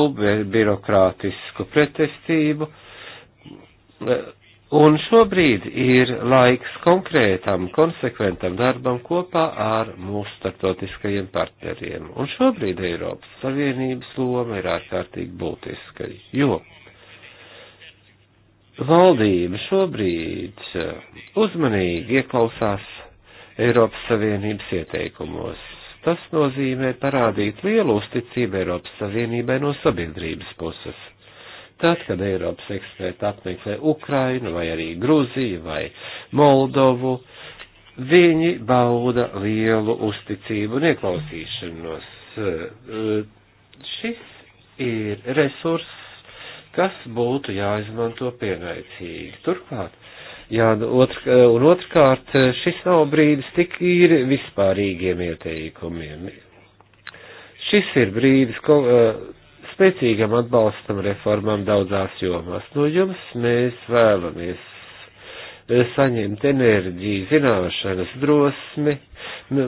birokrātisku pretestību. E, Un šobrīd ir laiks konkrētam, konsekventam darbam kopā ar mūsu startotiskajiem partneriem. Un šobrīd Eiropas Savienības loma ir ārkārtīgi būtiska, jo valdība šobrīd eh, uzmanīgi ieklausās Eiropas Savienības ieteikumos. Tas nozīmē parādīt lielu uzticību Eiropas Savienībai no sabiedrības puses Tad, kad Eiropas eksperti apmeklē Ukrainu vai arī Gruziju vai Moldovu, viņi bauda lielu uzticību un ieklausīšanos. Eh, šis ir resurs, kas būtu jāizmanto pienaicīgi. Turklāt, jā, otr, eh, un otrkārt, eh, šis nav brīdis tik īri vispārīgiem ieteikumiem. Šis ir brīdis, ko, uh, spēcīgam atbalstam reformām daudzās jomās. No jums mēs vēlamies eh, saņemt enerģiju, zināšanas, drosmi. Nu,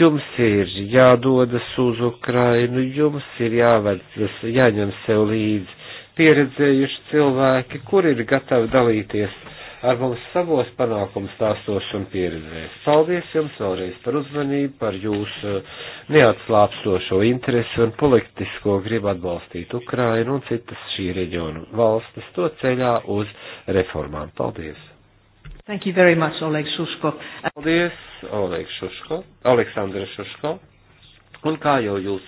jums ir jādodas uz Ukrainu, jums ir jāvedas, jāņem sev līdzi pieredzējuši cilvēki, kur ir gatavi dalīties ar mums savos panākumu stāstos un pieredzēs. Paldies jums vēlreiz par uzmanību, par jūsu neatslāpstošo interesi un politisko gribu atbalstīt Ukrainu un citas šī reģiona valstis to ceļā uz reformām. Paldies! Thank you very much, Oleg Šuško. Paldies, Oleg Šuško, Aleksandra Šuško. Un kā jau jūs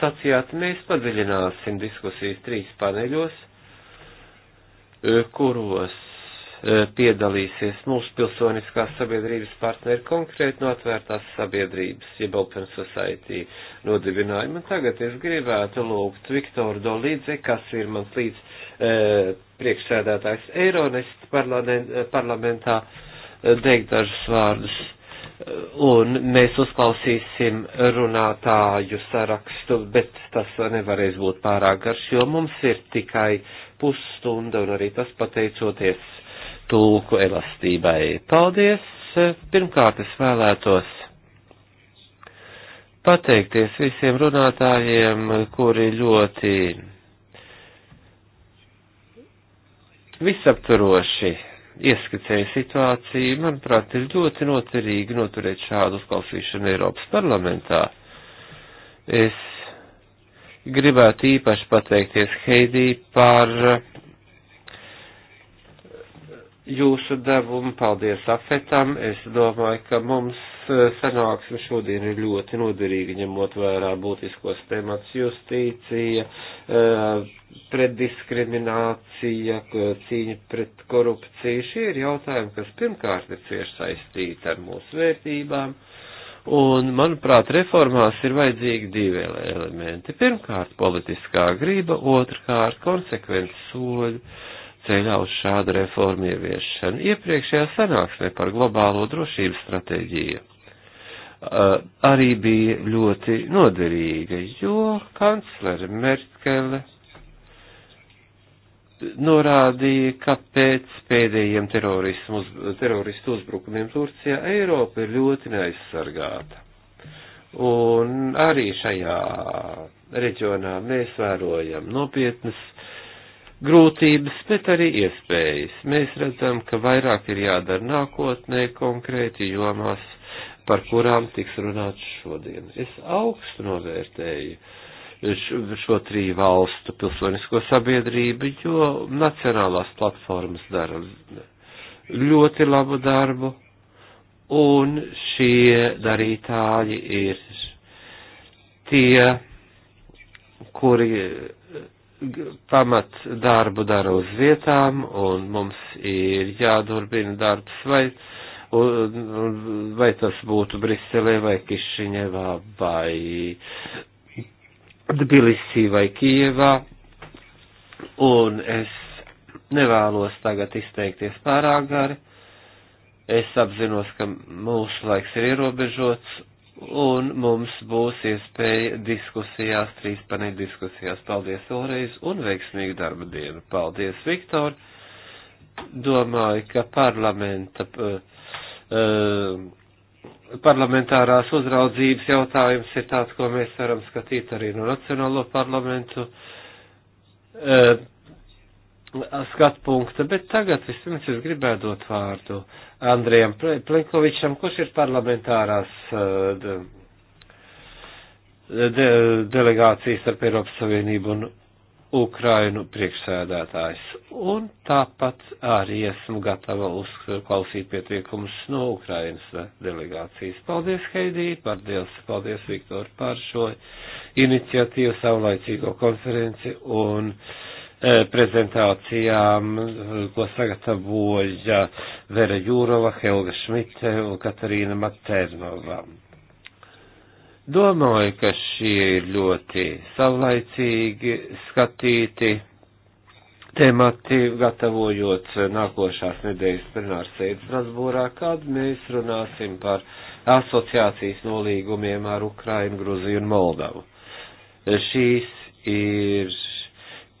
sacījāt, mēs padziļināsim diskusijas trīs paneļos, e, kuros E, piedalīsies mūsu pilsoniskās sabiedrības partneri konkrēti no atvērtās sabiedrības, jeb Open Society nodibinājuma. Tagad es gribētu lūgt Viktoru Dolīdze, kas ir mans līdz e, priekšsēdētājs Eironest e, parlamentā, teikt dažus vārdus. Un mēs uzklausīsim runātāju sarakstu, bet tas nevarēs būt pārāk garš, jo mums ir tikai pusstunda, un arī tas pateicoties tulku elastībai. Paldies! Pirmkārt, es vēlētos pateikties visiem runātājiem, kuri ļoti visaptvaroši ieskicēja situāciju. Manuprāt, ir ļoti noturīgi noturēt šādu uzklausīšanu Eiropas parlamentā. Es gribētu īpaši pateikties Heidī par jūsu devumu, paldies afetam. Es domāju, ka mums eh, sanāksme šodien ir ļoti noderīga, ņemot vērā būtiskos temats justīcija, eh, preddiskriminācija, eh, cīņa pret korupciju. Šie ir jautājumi, kas pirmkārt ir cieši saistīti ar mūsu vērtībām. Un, manuprāt, reformās ir vajadzīgi divi elementi. Pirmkārt, politiskā grība, otrkārt, konsekvences soļi ceļā uz šādu reformu ieviešanu. Iepriekšējā sanāksmē par globālo drošības stratēģiju uh, arī bija ļoti noderīga, jo kanclere Merkele norādīja, ka pēc pēdējiem uz, teroristu uzbrukumiem Turcijā Eiropa ir ļoti neaizsargāta. Un arī šajā reģionā mēs vērojam nopietnas uh, grūtības, bet arī iespējas. Mēs redzam, ka vairāk ir jādara nākotnē konkrēti jomās, par kurām tiks runāts šodien. Es augstu novērtēju šo triju valstu pilsonisko sabiedrību, jo nacionālās platformas dara ļoti labu darbu, un šie darītāji ir tie, kuri pamat darbu dara uz vietām, un mums ir jādurbina darbs, vai, un, vai tas būtu Briselē, vai Kišiņevā, vai Tbilisī, vai Kievā. Un es nevēlos tagad izteikties pārāk gari. Es apzinos, ka mūsu laiks ir ierobežots, un mums būs iespēja diskusijās, trīs paneļu diskusijās. Paldies vēlreiz un veiksmīgu darba dienu. Paldies, Viktor. Domāju, ka parlamenta, uh, parlamentārās uzraudzības jautājums ir tāds, ko mēs varam skatīt arī no Nacionālo parlamentu. Uh, skatu punkta, bet tagad vispirms es gribētu dot vārdu Andrejam Plenkovičam, kurš ir parlamentārās eh, de, de, delegācijas ar Eiropas Savienību un Ukrainu priekšsēdētājs. Un tāpat arī esmu gatava uzklausīt pietiekumus no Ukrainas delegācijas. Paldies, Heidī, paldies, paldies, Viktor, par šo iniciatīvu saulaicīgo konferenci un uh, E, prezentācijām, e, ko sagatavoja Vera Jūrova, Helga Šmite un Katarīna Maternova. Domāju, ka šie ir ļoti savlaicīgi skatīti temati, gatavojot nākošās nedēļas plenāru sēdes Strasbūrā, kad mēs runāsim par asociācijas nolīgumiem ar Ukrainu, Gruziju un Moldavu. Šīs ir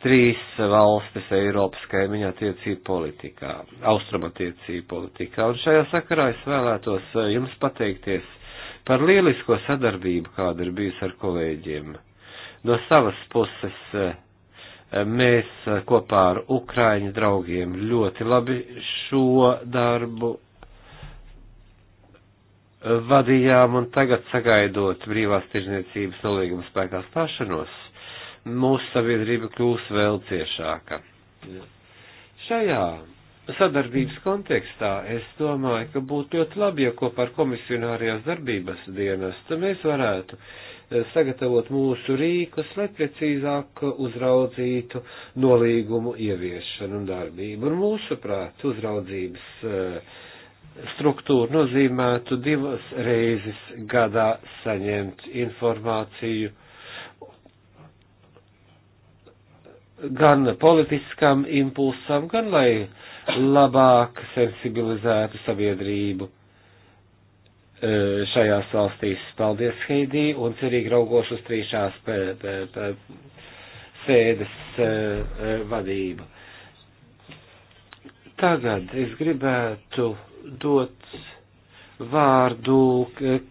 trīs valstis Eiropas kaimiņā tiecību politikā, austrumatiecību politikā. Un šajā sakarā es vēlētos eh, jums pateikties par lielisko sadarbību, kāda ir bijusi ar kolēģiem. No savas puses eh, mēs eh, kopā ar Ukraiņu draugiem ļoti labi šo darbu vadījām un tagad sagaidot brīvās tirzniecības nolīguma spēkā stāšanos mūsu sabiedrība kļūs vēl ciešāka. Šajā sadarbības kontekstā es domāju, ka būtu ļoti labi, ja kopā ar komisionārijas darbības dienestu mēs varētu eh, sagatavot mūsu rīkus, lai precīzāk uzraudzītu nolīgumu ieviešanu un darbību. Un mūsuprāt, uzraudzības eh, struktūra nozīmētu divas reizes gadā saņemt informāciju gan politiskam impulsam, gan lai labāk sensibilizētu sabiedrību e, šajās valstīs. Paldies, Heidī, un cerīgi raugošu uz trīšās sēdes e, e, vadību. Tagad es gribētu dot vārdu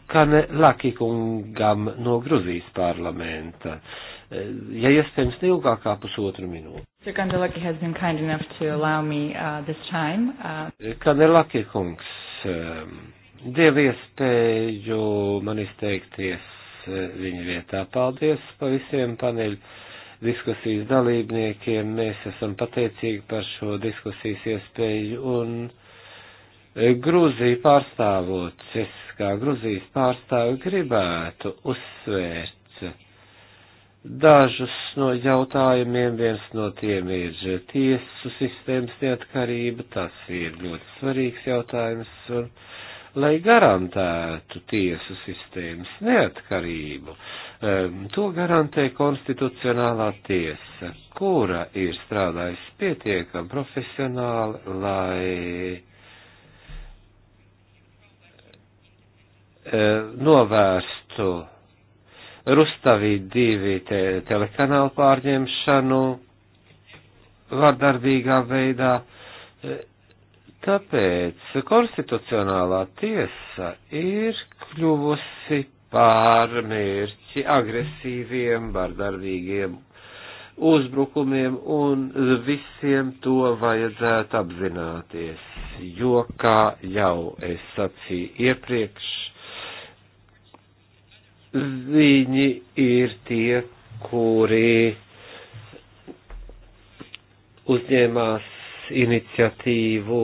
Kane Lakikungam no Gruzijas parlamenta. Uh, Eh, ja iespējams, neilgāk kā pusotru minūti. Kandelaki has been kind enough to allow me uh, this time. Uh... Eh, Kandelaki kungs, um, eh, dievu iespēju man izteikties uh, viņa vietā. Paldies par visiem paneļu diskusijas dalībniekiem. Mēs esam pateicīgi par šo diskusijas iespēju un. Grūziju pārstāvot, es kā Grūzijas pārstāvi gribētu uzsvērt dažus no jautājumiem. Viens no tiem ir tiesu sistēmas neatkarība, tas ir ļoti svarīgs jautājums, un lai garantētu tiesu sistēmas neatkarību, to garantē konstitucionālā tiesa, kura ir strādājusi pietiekam profesionāli, lai novērstu Rustavī divi te, telekanālu pārņemšanu vardarbīgā veidā. Tāpēc e, konstitucionālā tiesa ir kļuvusi par mērķi agresīviem, vardarbīgiem uzbrukumiem un visiem to vajadzētu apzināties, jo, kā jau es sacīju iepriekš, viņi ir tie, kuri uzņēmās iniciatīvu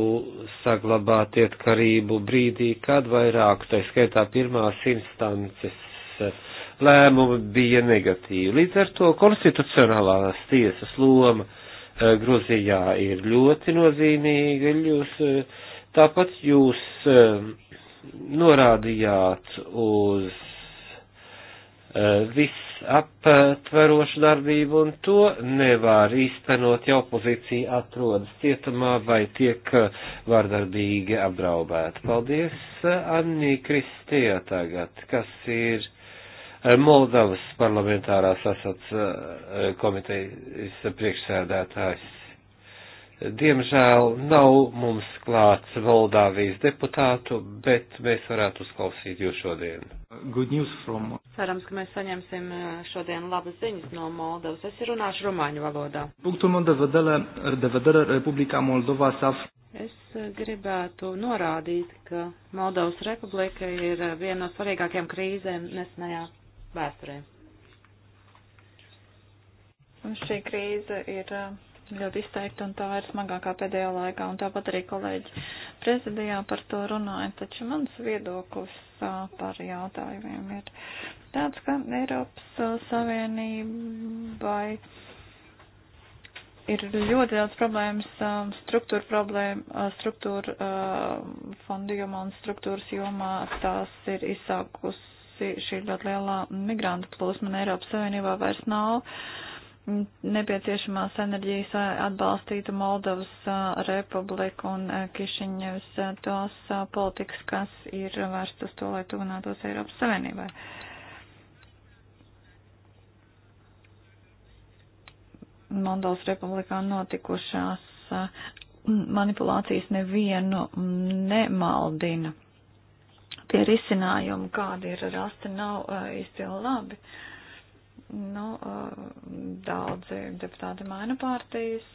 saglabāt ietkarību brīdī, kad vairāk, tā skaitā pirmās instances lēmumi bija negatīvi. Līdz ar to konstitucionālās tiesas loma eh, Gruzijā ir ļoti nozīmīga. Jūs, eh, tāpat jūs eh, norādījāt uz Eh, visaptverošu darbību, un to nevar īstenot, ja opozīcija atrodas cietumā vai tiek eh, vardarbīgi apdraubēta. Paldies, eh, Anni Kristija tagad, kas ir Moldavas parlamentārās asats komitejas priekšsēdētājs. Diemžēl nav mums klāts Moldāvijas deputātu, bet mēs varētu uzklausīt jūs šodien. From... Cerams, ka mēs saņemsim uh, šodien labas ziņas no Moldovas. Es runāšu rumāņu valodā. Es uh, gribētu norādīt, ka Moldovas republika ir uh, viena no svarīgākajām krīzēm nesenajā vēsturē. Un šī krīze ir uh, ļoti izteikti, un tā ir smagākā pēdējā laikā, un tāpat arī kolēģi prezidijā par to runāja, taču mans viedoklis par jautājumiem ir tāds, ka Eiropas Savienībai ir ļoti daudz problēmas, struktūra problēma, struktūra fondu jomā un struktūras jomā tās ir izsākusi šī ļoti lielā migrantu plūsma, un Eiropas Savienībā vairs nav nepieciešamās enerģijas atbalstītu Moldovas republiku un Kišiņevs tos politikas, kas ir vērsts uz to, lai tuvinātos Eiropas Savienībai. Moldovas republikā notikušās manipulācijas nevienu nemaldina. Tie risinājumi, kādi ir rasti, nav īsti labi. Uh, Nu, daudzi deputāti maina partijas,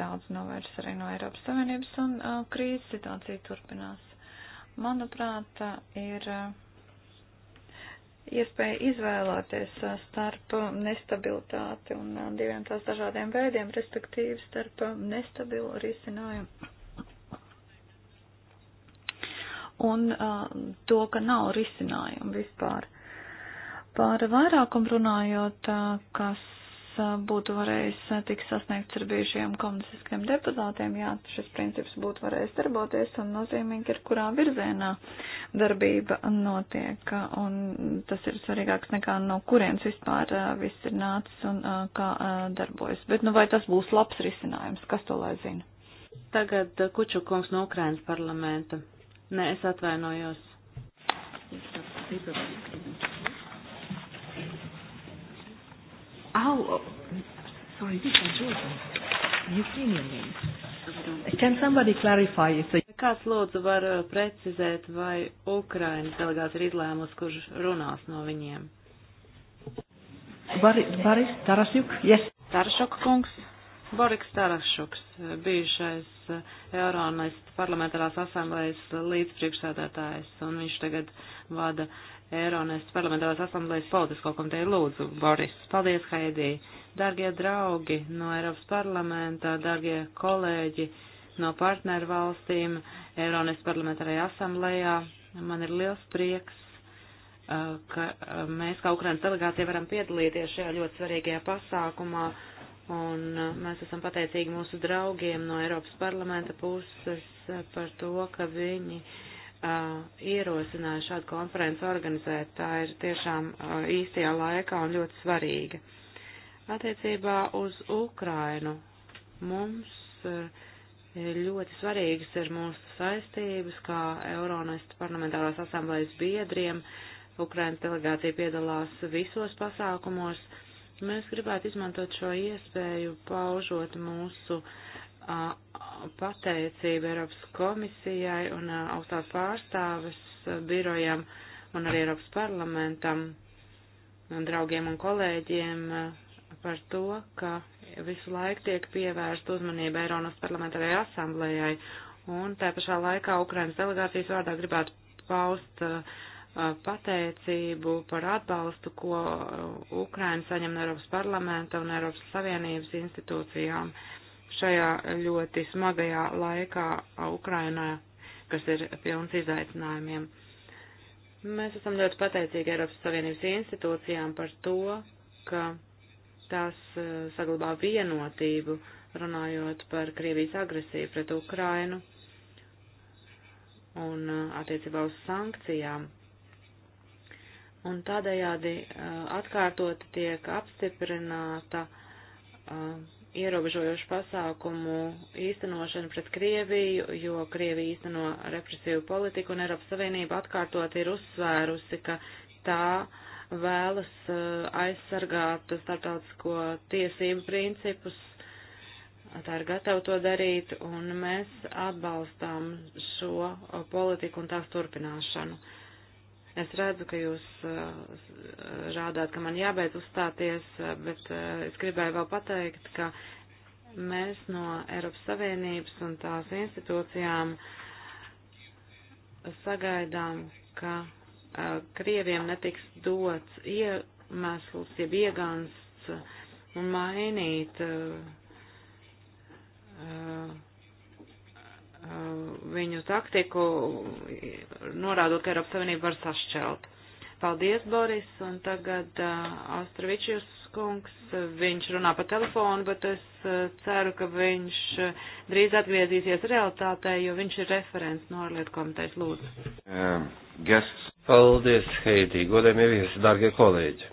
daudz novērš arī no Eiropas Savienības un krīzes situācija turpinās. Manuprāt, ir iespēja izvēlēties starp nestabilitāti un diviem tās dažādiem veidiem, respektīvi starp nestabilu risinājumu un uh, to, ka nav risinājumu vispār. Par vairākumu runājot, kas būtu varējis tikt sasniegts ar bijušajiem komunistiskiem deputātiem, jā, šis princips būtu varējis darboties un nozīmīgi ir, kurā virzienā darbība notiek. Un tas ir svarīgāks nekā no kurienes vispār viss ir nācis un kā darbojas. Bet nu vai tas būs labs risinājums, kas to lai zina? Tagad Kučukungs no Ukrainas parlamenta. Nē, es atvainojos. Thank you. Oh, sorry, this is Georgia. You've seen your name. Can somebody clarify if the... Kāds lūdzu var uh, precizēt, vai Ukrainas delegāts ir izlēmusi, kurš runās no viņiem? Baris, Baris Tarasjuk, yes. Tarasjuk kungs, Boriks Tarašuks, uh, bijušais uh, Euronest parlamentārās asamblējas līdzpriekšsēdētājs, un viņš tagad vada Eironas parlamentārās asamblējas politisko komiteju lūdzu, Boris. Paldies, Haidī. Dargie draugi no Eiropas parlamenta, dargie kolēģi no partneru valstīm, Eironas parlamentārajā asamblējā, man ir liels prieks, uh, ka uh, mēs kā Ukrainas delegācija varam piedalīties šajā ļoti svarīgajā pasākumā. Un uh, mēs esam pateicīgi mūsu draugiem no Eiropas parlamenta puses par to, ka viņi uh, uh, ierosināja šādu konferenci organizēt. Tā ir tiešām uh, īstajā laikā un ļoti svarīga. Attiecībā uz Ukrainu mums uh, ļoti svarīgas ir mūsu saistības kā Euronestu parlamentārās asamblējas biedriem. Ukrainas delegācija piedalās visos pasākumos. Mēs gribētu izmantot šo iespēju, paužot mūsu uh, pateicība Eiropas komisijai un augstās pārstāves birojam un arī Eiropas parlamentam un draugiem un kolēģiem par to, ka visu laiku tiek pievērsta uzmanība Eiropas parlamentārajai asamblējai. Un tā pašā laikā Ukrainas delegācijas vārdā gribētu paust uh, pateicību par atbalstu, ko Ukraina saņem no Eiropas parlamenta un Eiropas Savienības institūcijām. Uh, šajā ļoti smagajā laikā Ukrainā, kas ir pilns izaicinājumiem. Mēs esam ļoti pateicīgi Eiropas Savienības institūcijām par to, ka tās eh, saglabā vienotību, runājot par Krievijas agresiju pret Ukrainu un eh, attiecībā uz sankcijām. Un tādējādi eh, atkārtot tiek apstiprināta uh, ierobežojošu pasākumu īstenošanu pret Krieviju, jo Krievija īsteno represīvu politiku un Eiropas Savienība atkārtot ir uzsvērusi, ka tā vēlas uh, aizsargāt starptautisko tiesību principus, tā ir gatava to darīt, un mēs atbalstām šo politiku un tās turpināšanu. Es redzu, ka jūs rādāt, eh, ka man jābeidz uzstāties, eh, bet eh, es gribēju vēl pateikt, ka mēs no Eiropas Savienības un tās institūcijām sagaidām, ka Krieviem netiks dots iemesls, jeb iegansts un mainīt uh, viņu taktiku, norādot, ka Eiropas Savienība var sašķelt. Paldies, Boris, un tagad uh, Austravičus kungs, viņš runā pa telefonu, bet es uh, ceru, ka viņš uh, drīz atgriezīsies realitātē, jo viņš ir referents no ārlietu komitejas lūdzu. Uh, guests. Paldies, Heidi, godējumie viesi, dārgie kolēģi.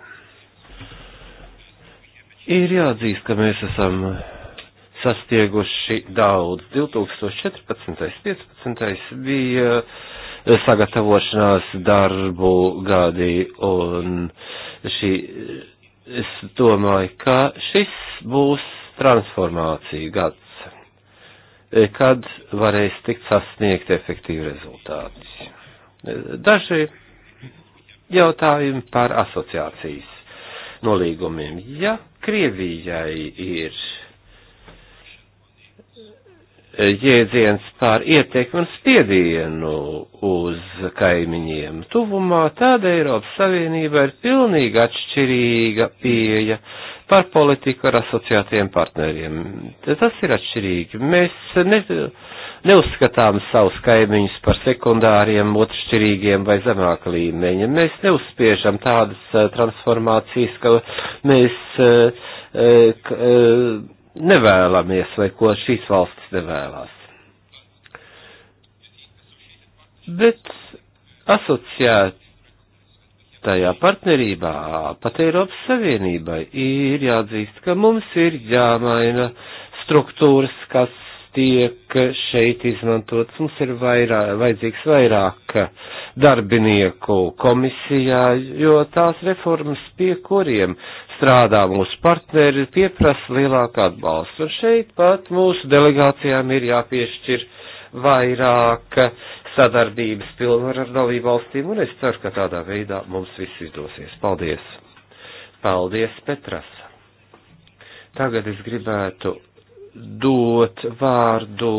Ir jāatzīst, ka mēs esam sastieguši daudz. 2014. 15. bija eh, sagatavošanās darbu gadi un šī, eh, es domāju, ka šis būs transformācija gads eh, kad varēs tikt sasniegt efektīvi rezultāti. Daži jautājumi par asociācijas nolīgumiem. Ja Krievijai ir jēdziens par ietekmi un spiedienu uz kaimiņiem tuvumā, tad Eiropas Savienība ir pilnīgi atšķirīga pieeja par politiku ar asociētiem partneriem. Tas ir atšķirīgi. Mēs ne, neuzskatām savus kaimiņus par sekundāriem, otršķirīgiem vai zemāka līmeņa. Mēs neuzspiežam tādas eh, transformācijas, ka mēs. Uh, uh, nevēlamies vai ko šīs valstis nevēlas. Bet asociētajā partnerībā pat Eiropas Savienībai ir jāatzīst, ka mums ir jāmaina struktūras, kas tiek šeit izmantots. Mums ir vairāk, vajadzīgs vairāk darbinieku komisijā, jo tās reformas, pie kuriem strādā mūsu partneri, pieprasa lielāku atbalstu. Un šeit pat mūsu delegācijām ir jāpiešķir vairāk sadarbības pilnvaru ar dalību valstīm, un es ceru, ka tādā veidā mums viss izdosies. Paldies! Paldies, Petras! Tagad es gribētu dot vārdu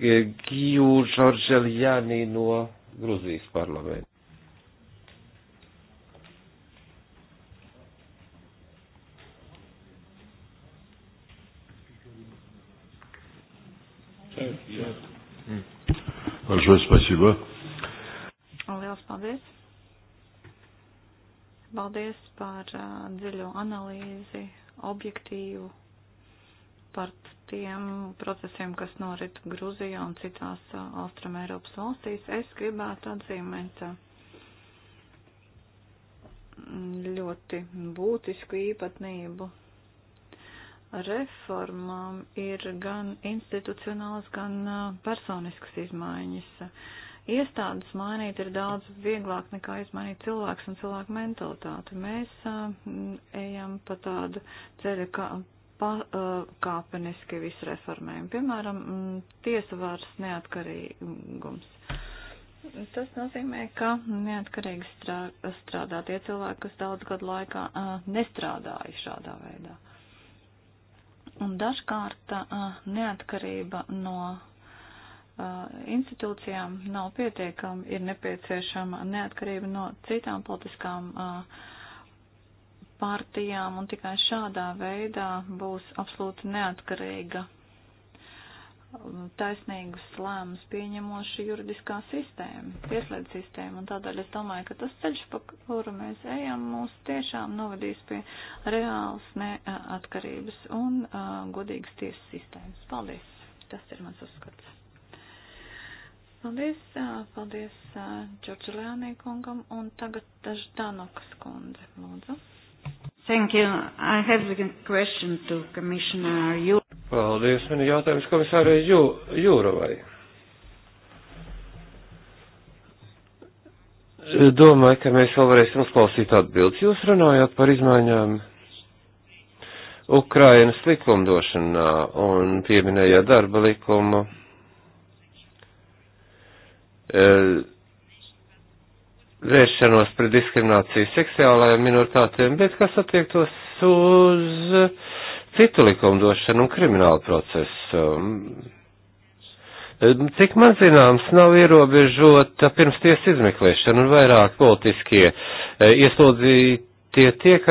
Giju Žorželjāni no Gruzijas parlamenta. Большое спасибо. Liels paldies. Paldies par uh, dziļo analīzi, objektīvu par tiem procesiem, kas norit Gruzijā un citās Austrum Eiropas valstīs, es gribētu atzīmēt ļoti būtisku īpatnību. Reformām ir gan institucionāls, gan personiskas izmaiņas. Iestādes mainīt ir daudz vieglāk nekā izmainīt cilvēks un cilvēku mentalitāti. Mēs ejam pa tādu ceļu, ka pakāpeniski visu reformējumu. Piemēram, mm, tiesavārs neatkarīgums. Tas nozīmē, ka neatkarīgi strādā tie cilvēki, kas daudz gadu laikā nestrādāja šādā veidā. Un dažkārt neatkarība no institūcijām nav pietiekama, ir nepieciešama neatkarība no citām politiskām uh, partijām, un tikai šādā veidā būs absolūti neatkarīga taisnīgus lēmumus pieņemoša juridiskā sistēma, tieslietu sistēma, un tādēļ es domāju, ka tas ceļš, pa kuru mēs ejam, mūs tiešām novadīs pie reāls neatkarības un uh, godīgas tiesas sistēmas. Paldies! Tas ir mans uzskats. Paldies, paldies Čorčulēnī kungam, un tagad Ždanokas kundze, lūdzu. Thank you. I have a question to Commissioner Jū. Paldies. Man ir jautājums komisārai Jū, Jūrovai. Domāju, ka mēs vēl varēsim uzklausīt atbildes. Jūs runājāt par izmaiņām Ukrainas likumdošanā un pieminējāt darba likumu. E, vēršanos pret diskrimināciju seksuālajām minoritātēm, bet kas attiektos uz citu likumdošanu un kriminālu procesu. Ehm, cik man zināms, nav ierobežota pirms tiesa izmeklēšana un vairāk politiskie eh, ieslodzītie tiek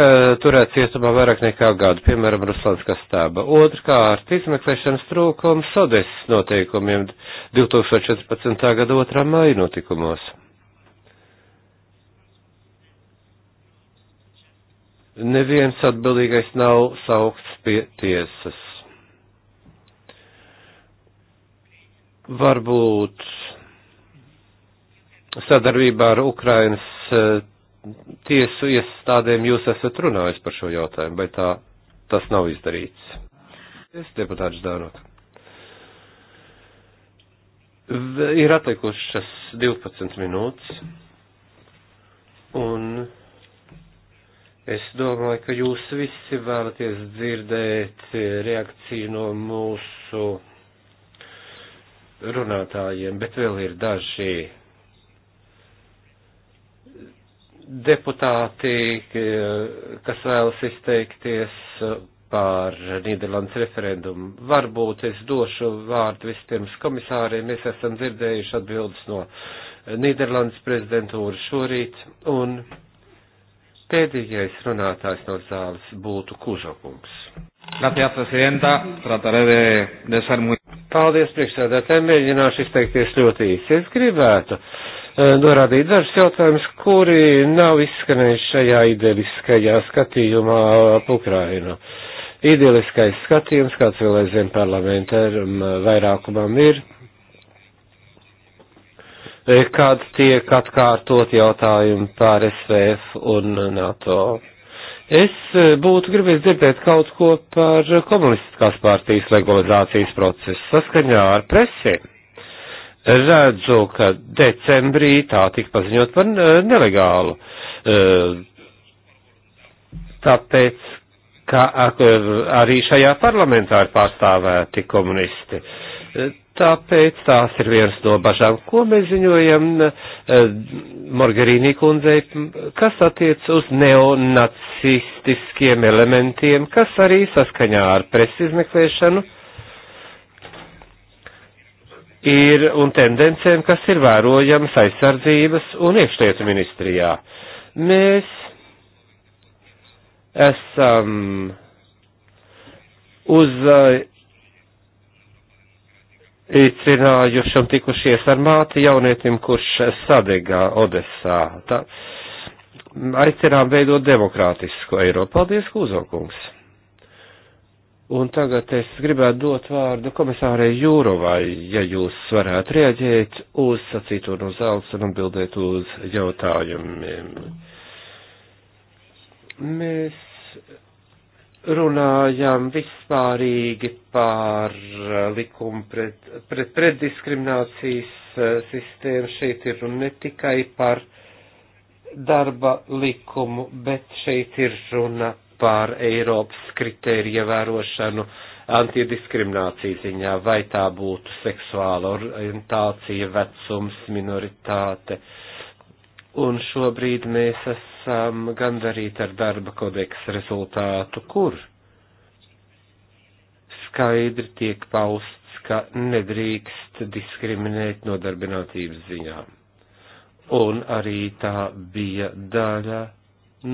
turēt cietumā vairāk nekā gadu, piemēram, Ruslāns Kastāba. Otrkārt, izmeklēšanas trūkums Sodes noteikumiem 2014. gada 2. maija notikumos. neviens atbildīgais nav saukts pie tiesas. Varbūt sadarbībā ar Ukrainas eh, tiesu iestādēm jūs esat runājis par šo jautājumu, vai tā tas nav izdarīts? Es deputāts Dānot. Ir atlikušas 12 minūtes, un Es domāju, ka jūs visi vēlaties dzirdēt reakciju no mūsu runātājiem, bet vēl ir daži deputāti, kas vēlas izteikties par Nīderlandes referendumu. Varbūt es došu vārdu vispirms komisāriem. Mēs esam dzirdējuši atbildes no Nīderlandes prezidentūras šorīt. Un Pēdējais runātājs no zāles būtu Kužokungs. Paldies, priekšsēdētāji, mēģināšu izteikties ļoti īsi. Es gribētu eh, norādīt dažus jautājumus, kuri nav izskanējuši šajā ideliskajā skatījumā ap Ukrainu. Ideliskais skatījums, kāds vēl aizvien parlamentam eh, vairākumam ir, E, kad tiek atkārtot jautājumi par SVF un NATO. Es e, būtu gribējis dzirdēt kaut ko par komunistiskās partijas legalizācijas procesu saskaņā ar presi. Redzu, ka decembrī tā tika paziņot par e, nelegālu. Tāpēc, ka arī šajā parlamentā ir pārstāvēti komunisti tāpēc tās ir viens no bažām, ko mēs ziņojam eh, Margarīnī kundzei, kas attiec uz neonacistiskiem elementiem, kas arī saskaņā ar presi izmeklēšanu ir un tendencēm, kas ir vērojamas aizsardzības un iekšlietu ministrijā. Mēs esam uz eh, icinājuši un tikušies ar māti jaunietim, kurš sadegā Odessā. Tā, aicinām veidot demokrātisku Eiropu. Paldies, Kūzokungs! Un tagad es gribētu dot vārdu komisārai Jūrovai, ja jūs varētu rieģēt uz sacīto no zāles un atbildēt uz jautājumiem. Mēs runājam vispārīgi par eh, likumu pret, pret, pret diskriminācijas eh, sistēmu. Šeit ir runa ne tikai par darba likumu, bet šeit ir runa par Eiropas kritēriju ievērošanu antidiskriminācija ziņā, vai tā būtu seksuāla orientācija, vecums, minoritāte. Un šobrīd mēs esam esam gandarīti ar darba kodeksa rezultātu, kur skaidri tiek pausts, ka nedrīkst diskriminēt nodarbinātības ziņā. Un arī tā bija daļa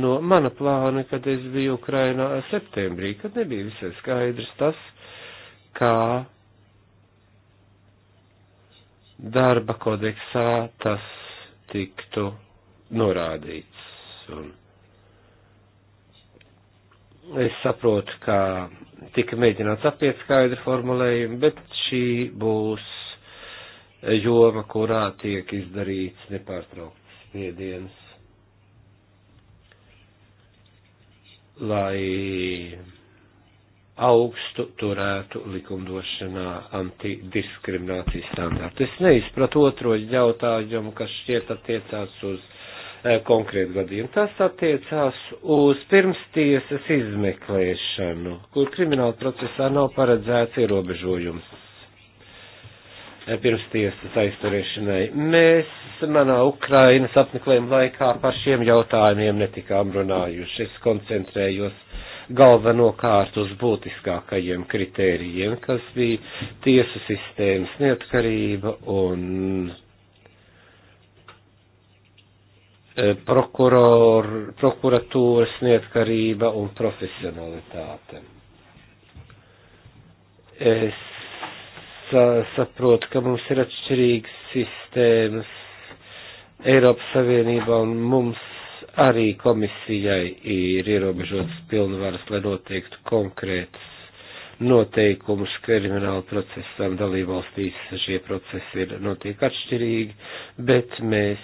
no mana plāna, kad es biju Ukrainā septembrī, kad nebija visai skaidrs tas, kā darba kodeksā tas tiktu norādīts. Un es saprotu, ka tika mēģināts apiet skaidru formulējumu, bet šī būs joma, kurā tiek izdarīts nepārtraukts spiediens, lai augstu turētu likumdošanā antidiskriminācijas standārtu. Es neizpratu otro jautājumu, kas šķiet attiecās uz E, konkrētu gadījumu. Tas attiecās uz pirmstiesas izmeklēšanu, kur krimināla procesā nav paredzēts ierobežojums e, pirmstiesas aizturēšanai. Mēs manā Ukrainas apmeklējuma laikā par šiem jautājumiem netikām runājuši. Es koncentrējos galvenokārt uz būtiskākajiem kritērijiem, kas bija tiesu sistēmas neatkarība un Eh, prokuror, prokuratūras neatkarība un profesionalitāte. Es saprotu, ka mums ir atšķirīgas sistēmas Eiropas Savienībā un mums arī komisijai ir ierobežotas pilnvaras, lai noteiktu konkrētas noteikumus krimināla procesam dalībvalstīs. Šie procesi ir notiek atšķirīgi, bet mēs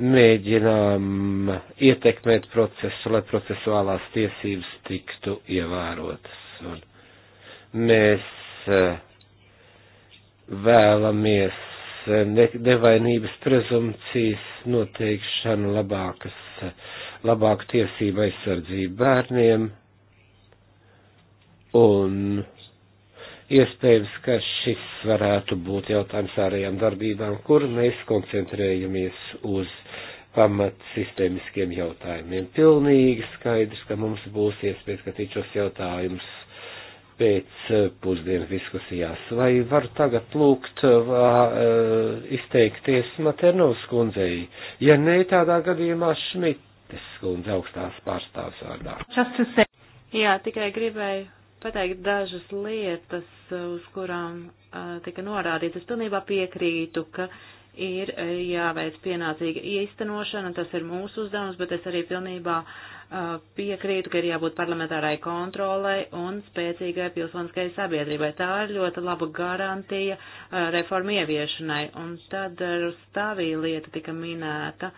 mēģinām ietekmēt procesu, lai procesuālās tiesības tiktu ievērotas. Un mēs eh, vēlamies eh, ne, nevainības prezumcijas noteikšanu, labākas, labāku tiesību aizsardzību bērniem un Iespējams, ka šis varētu būt jautājums ārējām darbībām, kur mēs koncentrējamies uz pamat sistēmiskiem jautājumiem. Pilnīgi skaidrs, ka mums būs iespēja skatīt šos jautājumus pēc eh, pusdienas diskusijās. Vai var tagad lūgt vā, eh, izteikties Maternovas kundzei? Ja nē, tādā gadījumā Šmites kundze augstās pārstāvs vārdā. Jā, tikai gribēju pateikt dažas lietas, uz kurām tika norādīts. Es pilnībā piekrītu, ka ir jāveic pienācīga īstenošana, tas ir mūsu uzdevums, bet es arī pilnībā piekrītu, ka ir jābūt parlamentārai kontrolai un spēcīgai pilsoniskai sabiedrībai. Tā ir ļoti laba garantija reformu ieviešanai. Un tad stāvī lieta tika minēta.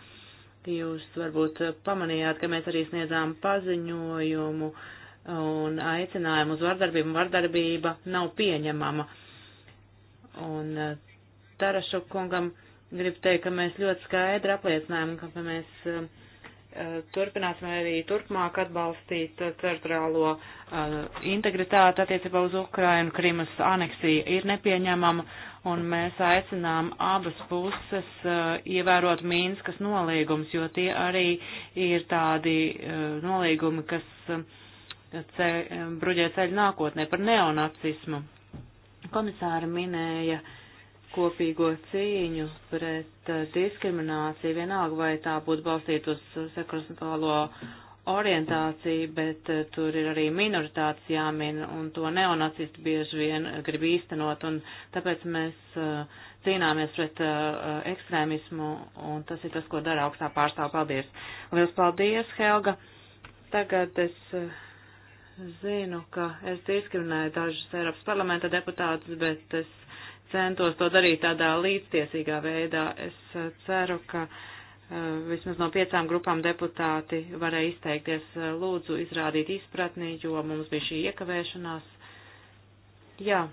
Jūs varbūt pamanījāt, ka mēs arī sniedzām paziņojumu uh, un aicinājumu uz vardarbību, un vardarbība nav pieņemama. Un eh, Tarašu kungam gribu teikt, ka mēs ļoti skaidri apliecinājām, ka mēs uh, turpināsim arī turpmāk atbalstīt centrālo uh, eh, integritāti attiecībā uz Ukrainu. Krimas aneksija ir nepieņemama, un mēs aicinām abas puses uh, ievērot Mīnskas nolīgumus, jo tie arī ir tādi nolīgumi, kas ceļ, bruģē ceļu nākotnē par neonacismu. Komisāra minēja kopīgo cīņu pret eh, diskrimināciju, vienalga vai tā būtu balstīta uz seksuālo orientāciju, bet eh, tur ir arī minoritātes jāmin, un to neonacisti bieži vien grib īstenot, un tāpēc mēs eh, cīnāmies pret ekstrēmismu, un tas ir tas, ko dara augstā pārstāv. Paldies! Lielas paldies, Helga! Tagad es zinu, ka es diskriminēju dažus Eiropas parlamenta deputātus, bet es centos to darīt tādā līdztiesīgā veidā. Es eh, ceru, ka eh, vismaz no piecām grupām deputāti varēja izteikties, eh, lūdzu izrādīt izpratni, jo mums bija šī iekavēšanās. Jā,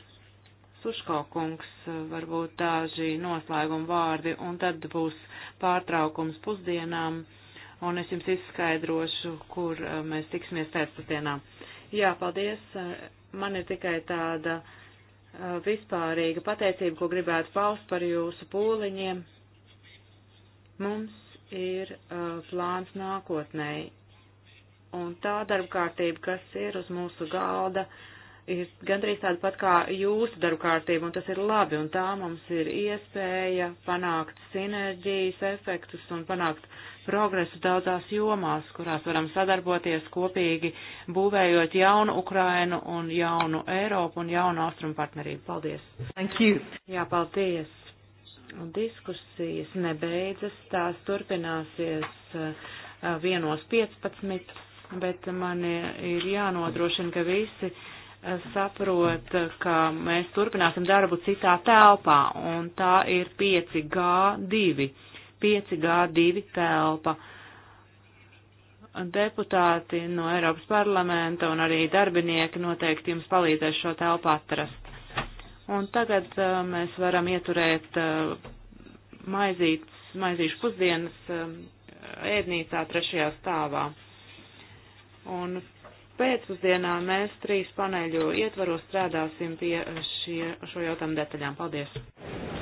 Suško kungs, varbūt daži noslēguma vārdi, un tad būs pārtraukums pusdienām, un es jums izskaidrošu, kur mēs tiksimies pēcpusdienām. Jā, paldies. Man ir tikai tāda vispārīga pateicība, ko gribētu paust par jūsu pūliņiem. Mums ir plāns nākotnēji. Un tā darba kārtība, kas ir uz mūsu galda, ir gandrīz tāda pat kā jūsu darba kārtība, un tas ir labi, un tā mums ir iespēja panākt sinerģijas efektus un panākt uh, progresu daudzās jomās, kurās varam sadarboties kopīgi, būvējot jaunu Ukrainu un jaunu Eiropu un jaunu Austrumu partnerību. Paldies! Thank you! Jā, paldies! Un diskusijas nebeidzas, tās turpināsies uh, vienos 15, bet man ir jānodrošina, ka visi uh, saprot, ka mēs turpināsim darbu citā telpā, un tā ir 5G2. 5G2 telpa. Deputāti no Eiropas parlamenta un arī darbinieki noteikti jums palīdzēs šo telpu atrast. Un tagad uh, mēs varam ieturēt uh, maizītes, maizīšu pusdienas uh, ēdnīcā trešajā stāvā. Un pēcpusdienā mēs trīs paneļu ietvaros strādāsim pie šie, šo jautājumu detaļām. Paldies!